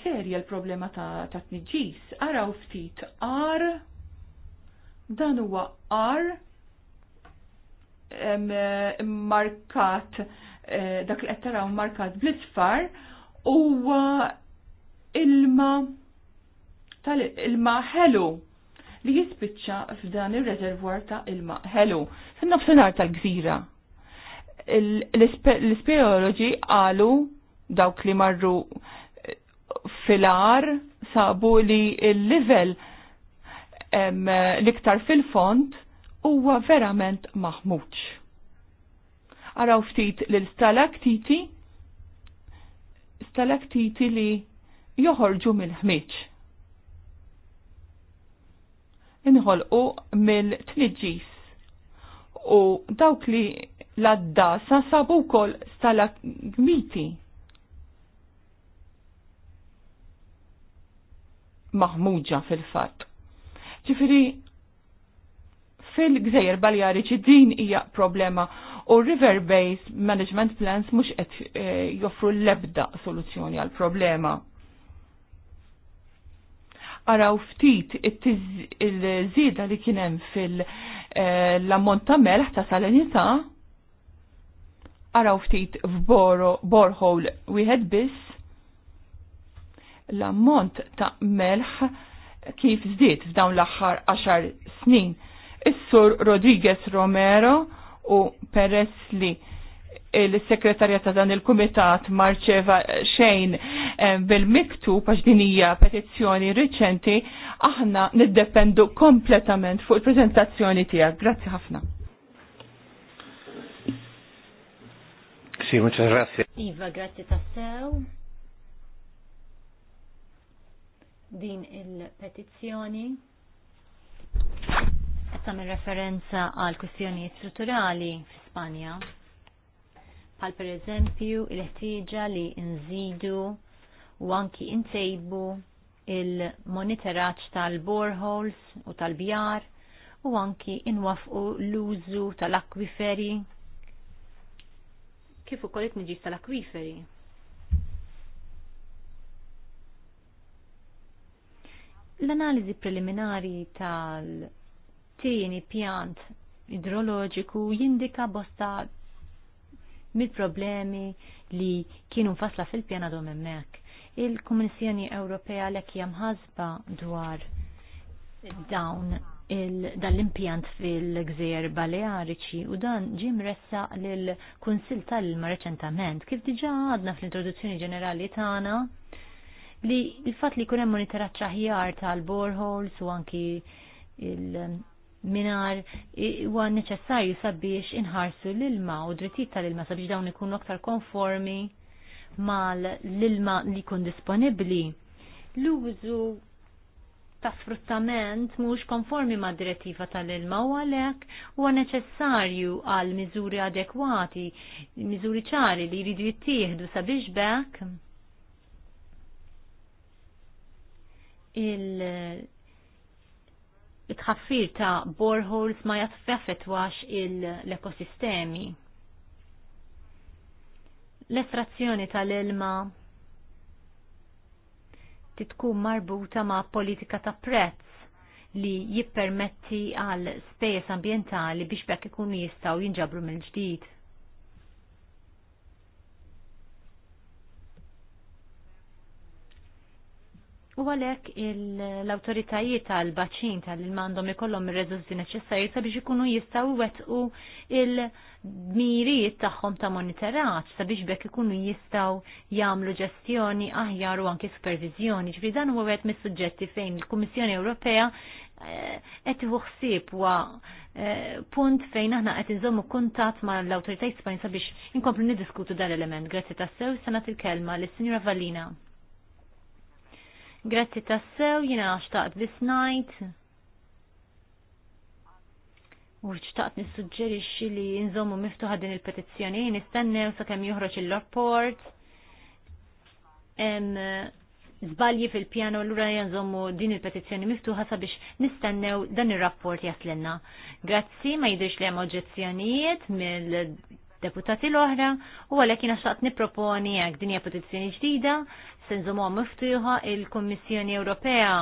serja l-problema ta' tniġis. Araw ftit ar dan huwa R, markat dak li qed taraw markat bl-isfar huwa ilma tal-ilma ħelu li jispiċċa f'dan ir reservoir ta' ilma ħelu. Fin-nofsinhar tal-gżira l speologi qalu dawk li marru filar sabu li il-level liktar fil-font huwa verament maħmuċ. Araw ftit l-stalaktiti, stalaktiti li joħorġu mill-ħmiċ. Inħolqu mill tliġis u dawk li l-addasa sabu kol stalagmiti maħmuġa fil-fat. ċifiri, fil-gżejjer baljariċi din hija problema u river Base management plans mhux qed eh, joffru l-ebda soluzzjoni għal problema. Araw ftit il-żieda li kien hemm fil-ammont eh, ta' melħ ta' salinità araw ftit f'borhole wieħed biss l-ammont ta' melħ kif zdiet f'dawn l-aħħar 10 snin. Is-sur Rodriguez Romero u peress li il-sekretarja ta' dan il-Kumitat Marceva xejn eh, bil-miktub għax din hija petizzjoni riċenti, aħna niddependu kompletament fuq il-preżentazzjoni tijak. Grazzi ħafna. Sì, muchas grazie. Iva, grazie tassew. din il-petizzjoni qed il referenza għal kustjoni strutturali fi Spanja. Bħal pereżempju il-ħtieġa li nżidu u anki intejbu il monitoraċ tal borholes u tal-bjar u anki inwafqu l-użu tal-akwiferi kif ukoll it tal-akwiferi. L-analizi preliminari tal-tieni pjant idroloġiku jindika bosta mill-problemi li kienu fasla fil-pjana dom emmek. il komissjoni Ewropea l mħazba dwar dawn dal-impjant fil-gżir baleariċi u dan ġim ressa l-Kunsil tal-Ilma reċentament kif diġa għadna fl-introduzzjoni ġenerali tagħna li il-fat li kunem monitora aħjar tal-boreholes u anki il-minar huwa neċessarju sabiex inħarsu l-ilma u drittijiet tal-ilma sabiex dawn ikunu aktar konformi mal l-ilma li kun disponibli. L-użu ta' sfruttament mhux konformi ma' direttiva tal-ilma u għalhekk huwa neċessarju għal miżuri adekwati, miżuri ċari li jridu jittieħdu sabiex bekk il- it-ħaffir ta' boreholes ma jaffetwax l-ekosistemi. L-estrazzjoni tal-ilma titkun marbuta ma' politika ta' prezz li jippermetti għal spejjeż ambientali biex bekk ikunu jistaw jinġabru mill-ġdid. u għalhekk l-awtoritajiet tal-baċin tal-mandom ikollhom ir-reżorsi neċessarji sabiex ikunu jistgħu wetqu il-mirijiet tagħhom ta' monitoraġġ sabiex bekk ikunu jistgħu jagħmlu ġestjoni aħjar u anke supervizjoni. Ġifieri dan huwa wieħed mis-suġġetti fejn il-Kummissjoni Ewropea eh, qed ħsieb wa eh, punt fejn aħna qed inżommu kuntatt ma' l-awtoritajiet Spanja sabiex inkomplu niddiskutu dan l-element. Grazzi tassew, sanat il-kelma lis sinjura Vallina. Grazzi tassew, jina xtaqt bisnajt. U xtaqt nissuġġerixxi li nżommu miftuħa din il-petizzjoni, nistennew sakemm joħroġ il-rapport. Zbalji eh, fil-pjano l-ura janżommu din il-petizzjoni miftuħa sabiex nistennew dan il-rapport jaslenna. Grazzi, ma jidrix li hemm oġġezzjonijiet mill deputati l-oħra u għalek jina xaqt niproponi għak dinja petizzjoni ġdida senżomhom miftuħa il-Kummissjoni Ewropea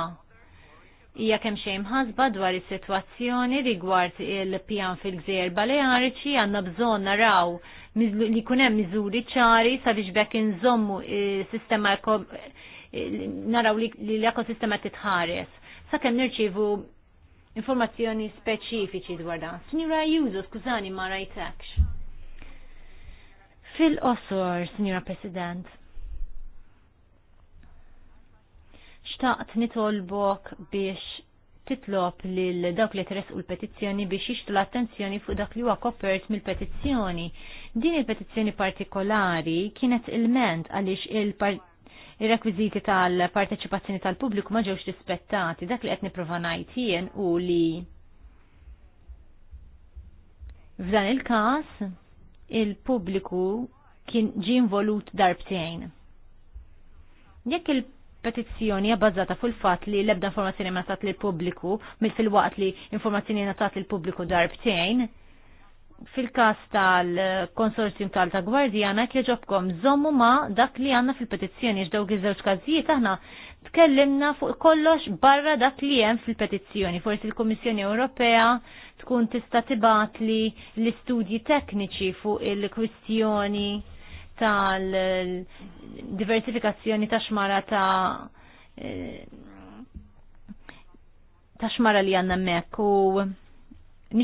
hija kemm xejn ħasba dwar is-sitwazzjoni rigward il-pjan fil-Gżejjer Baleariċi għandna bżonn naraw li jkun hemm miżuri ċari sabiex bekk inżommu eh, sistema eh, naraw li l-ekosistema titħares. Sakemm nirċievu informazzjoni speċifiċi dwar dan. Sinjura Juzo, skużani ma rajtekx. Fil-qosor, Sinjura President, xtaqt nitolbok biex titlob lil dawk li teres u l-petizzjoni biex jixtu l-attenzjoni fuq dak li huwa kopert mill-petizzjoni. Din il-petizzjoni partikolari kienet il-ment għaliex il-rekwiziti tal-parteċipazzjoni tal-pubbliku ma ġewx rispettati dak li qed nipprova ngħid jien u li f'dan il-każ il-pubbliku kien ġin involut darbtejn. Jekk il petizzjoni bbażata fuq il-fatt li l-ebda informazzjoni ma tat lill-pubbliku mill fil-waqt li informazzjoni natat lill-pubbliku darbtejn. Fil-każ tal-konsorzjum tal-ta' Gwardjana kieġobkom żommu ma' dak li għandna fil-petizzjoni ġdaw iż-żewġ każijiet aħna tkellimna fuq kollox barra dak li hemm fil-petizzjoni. Forsi l-Kummissjoni Ewropea tkun tista' tibat li l-istudji tekniċi fuq il-kwistjoni tal-diversifikazzjoni ta' xmara ta' eh, ta' xmara li għanna mekk u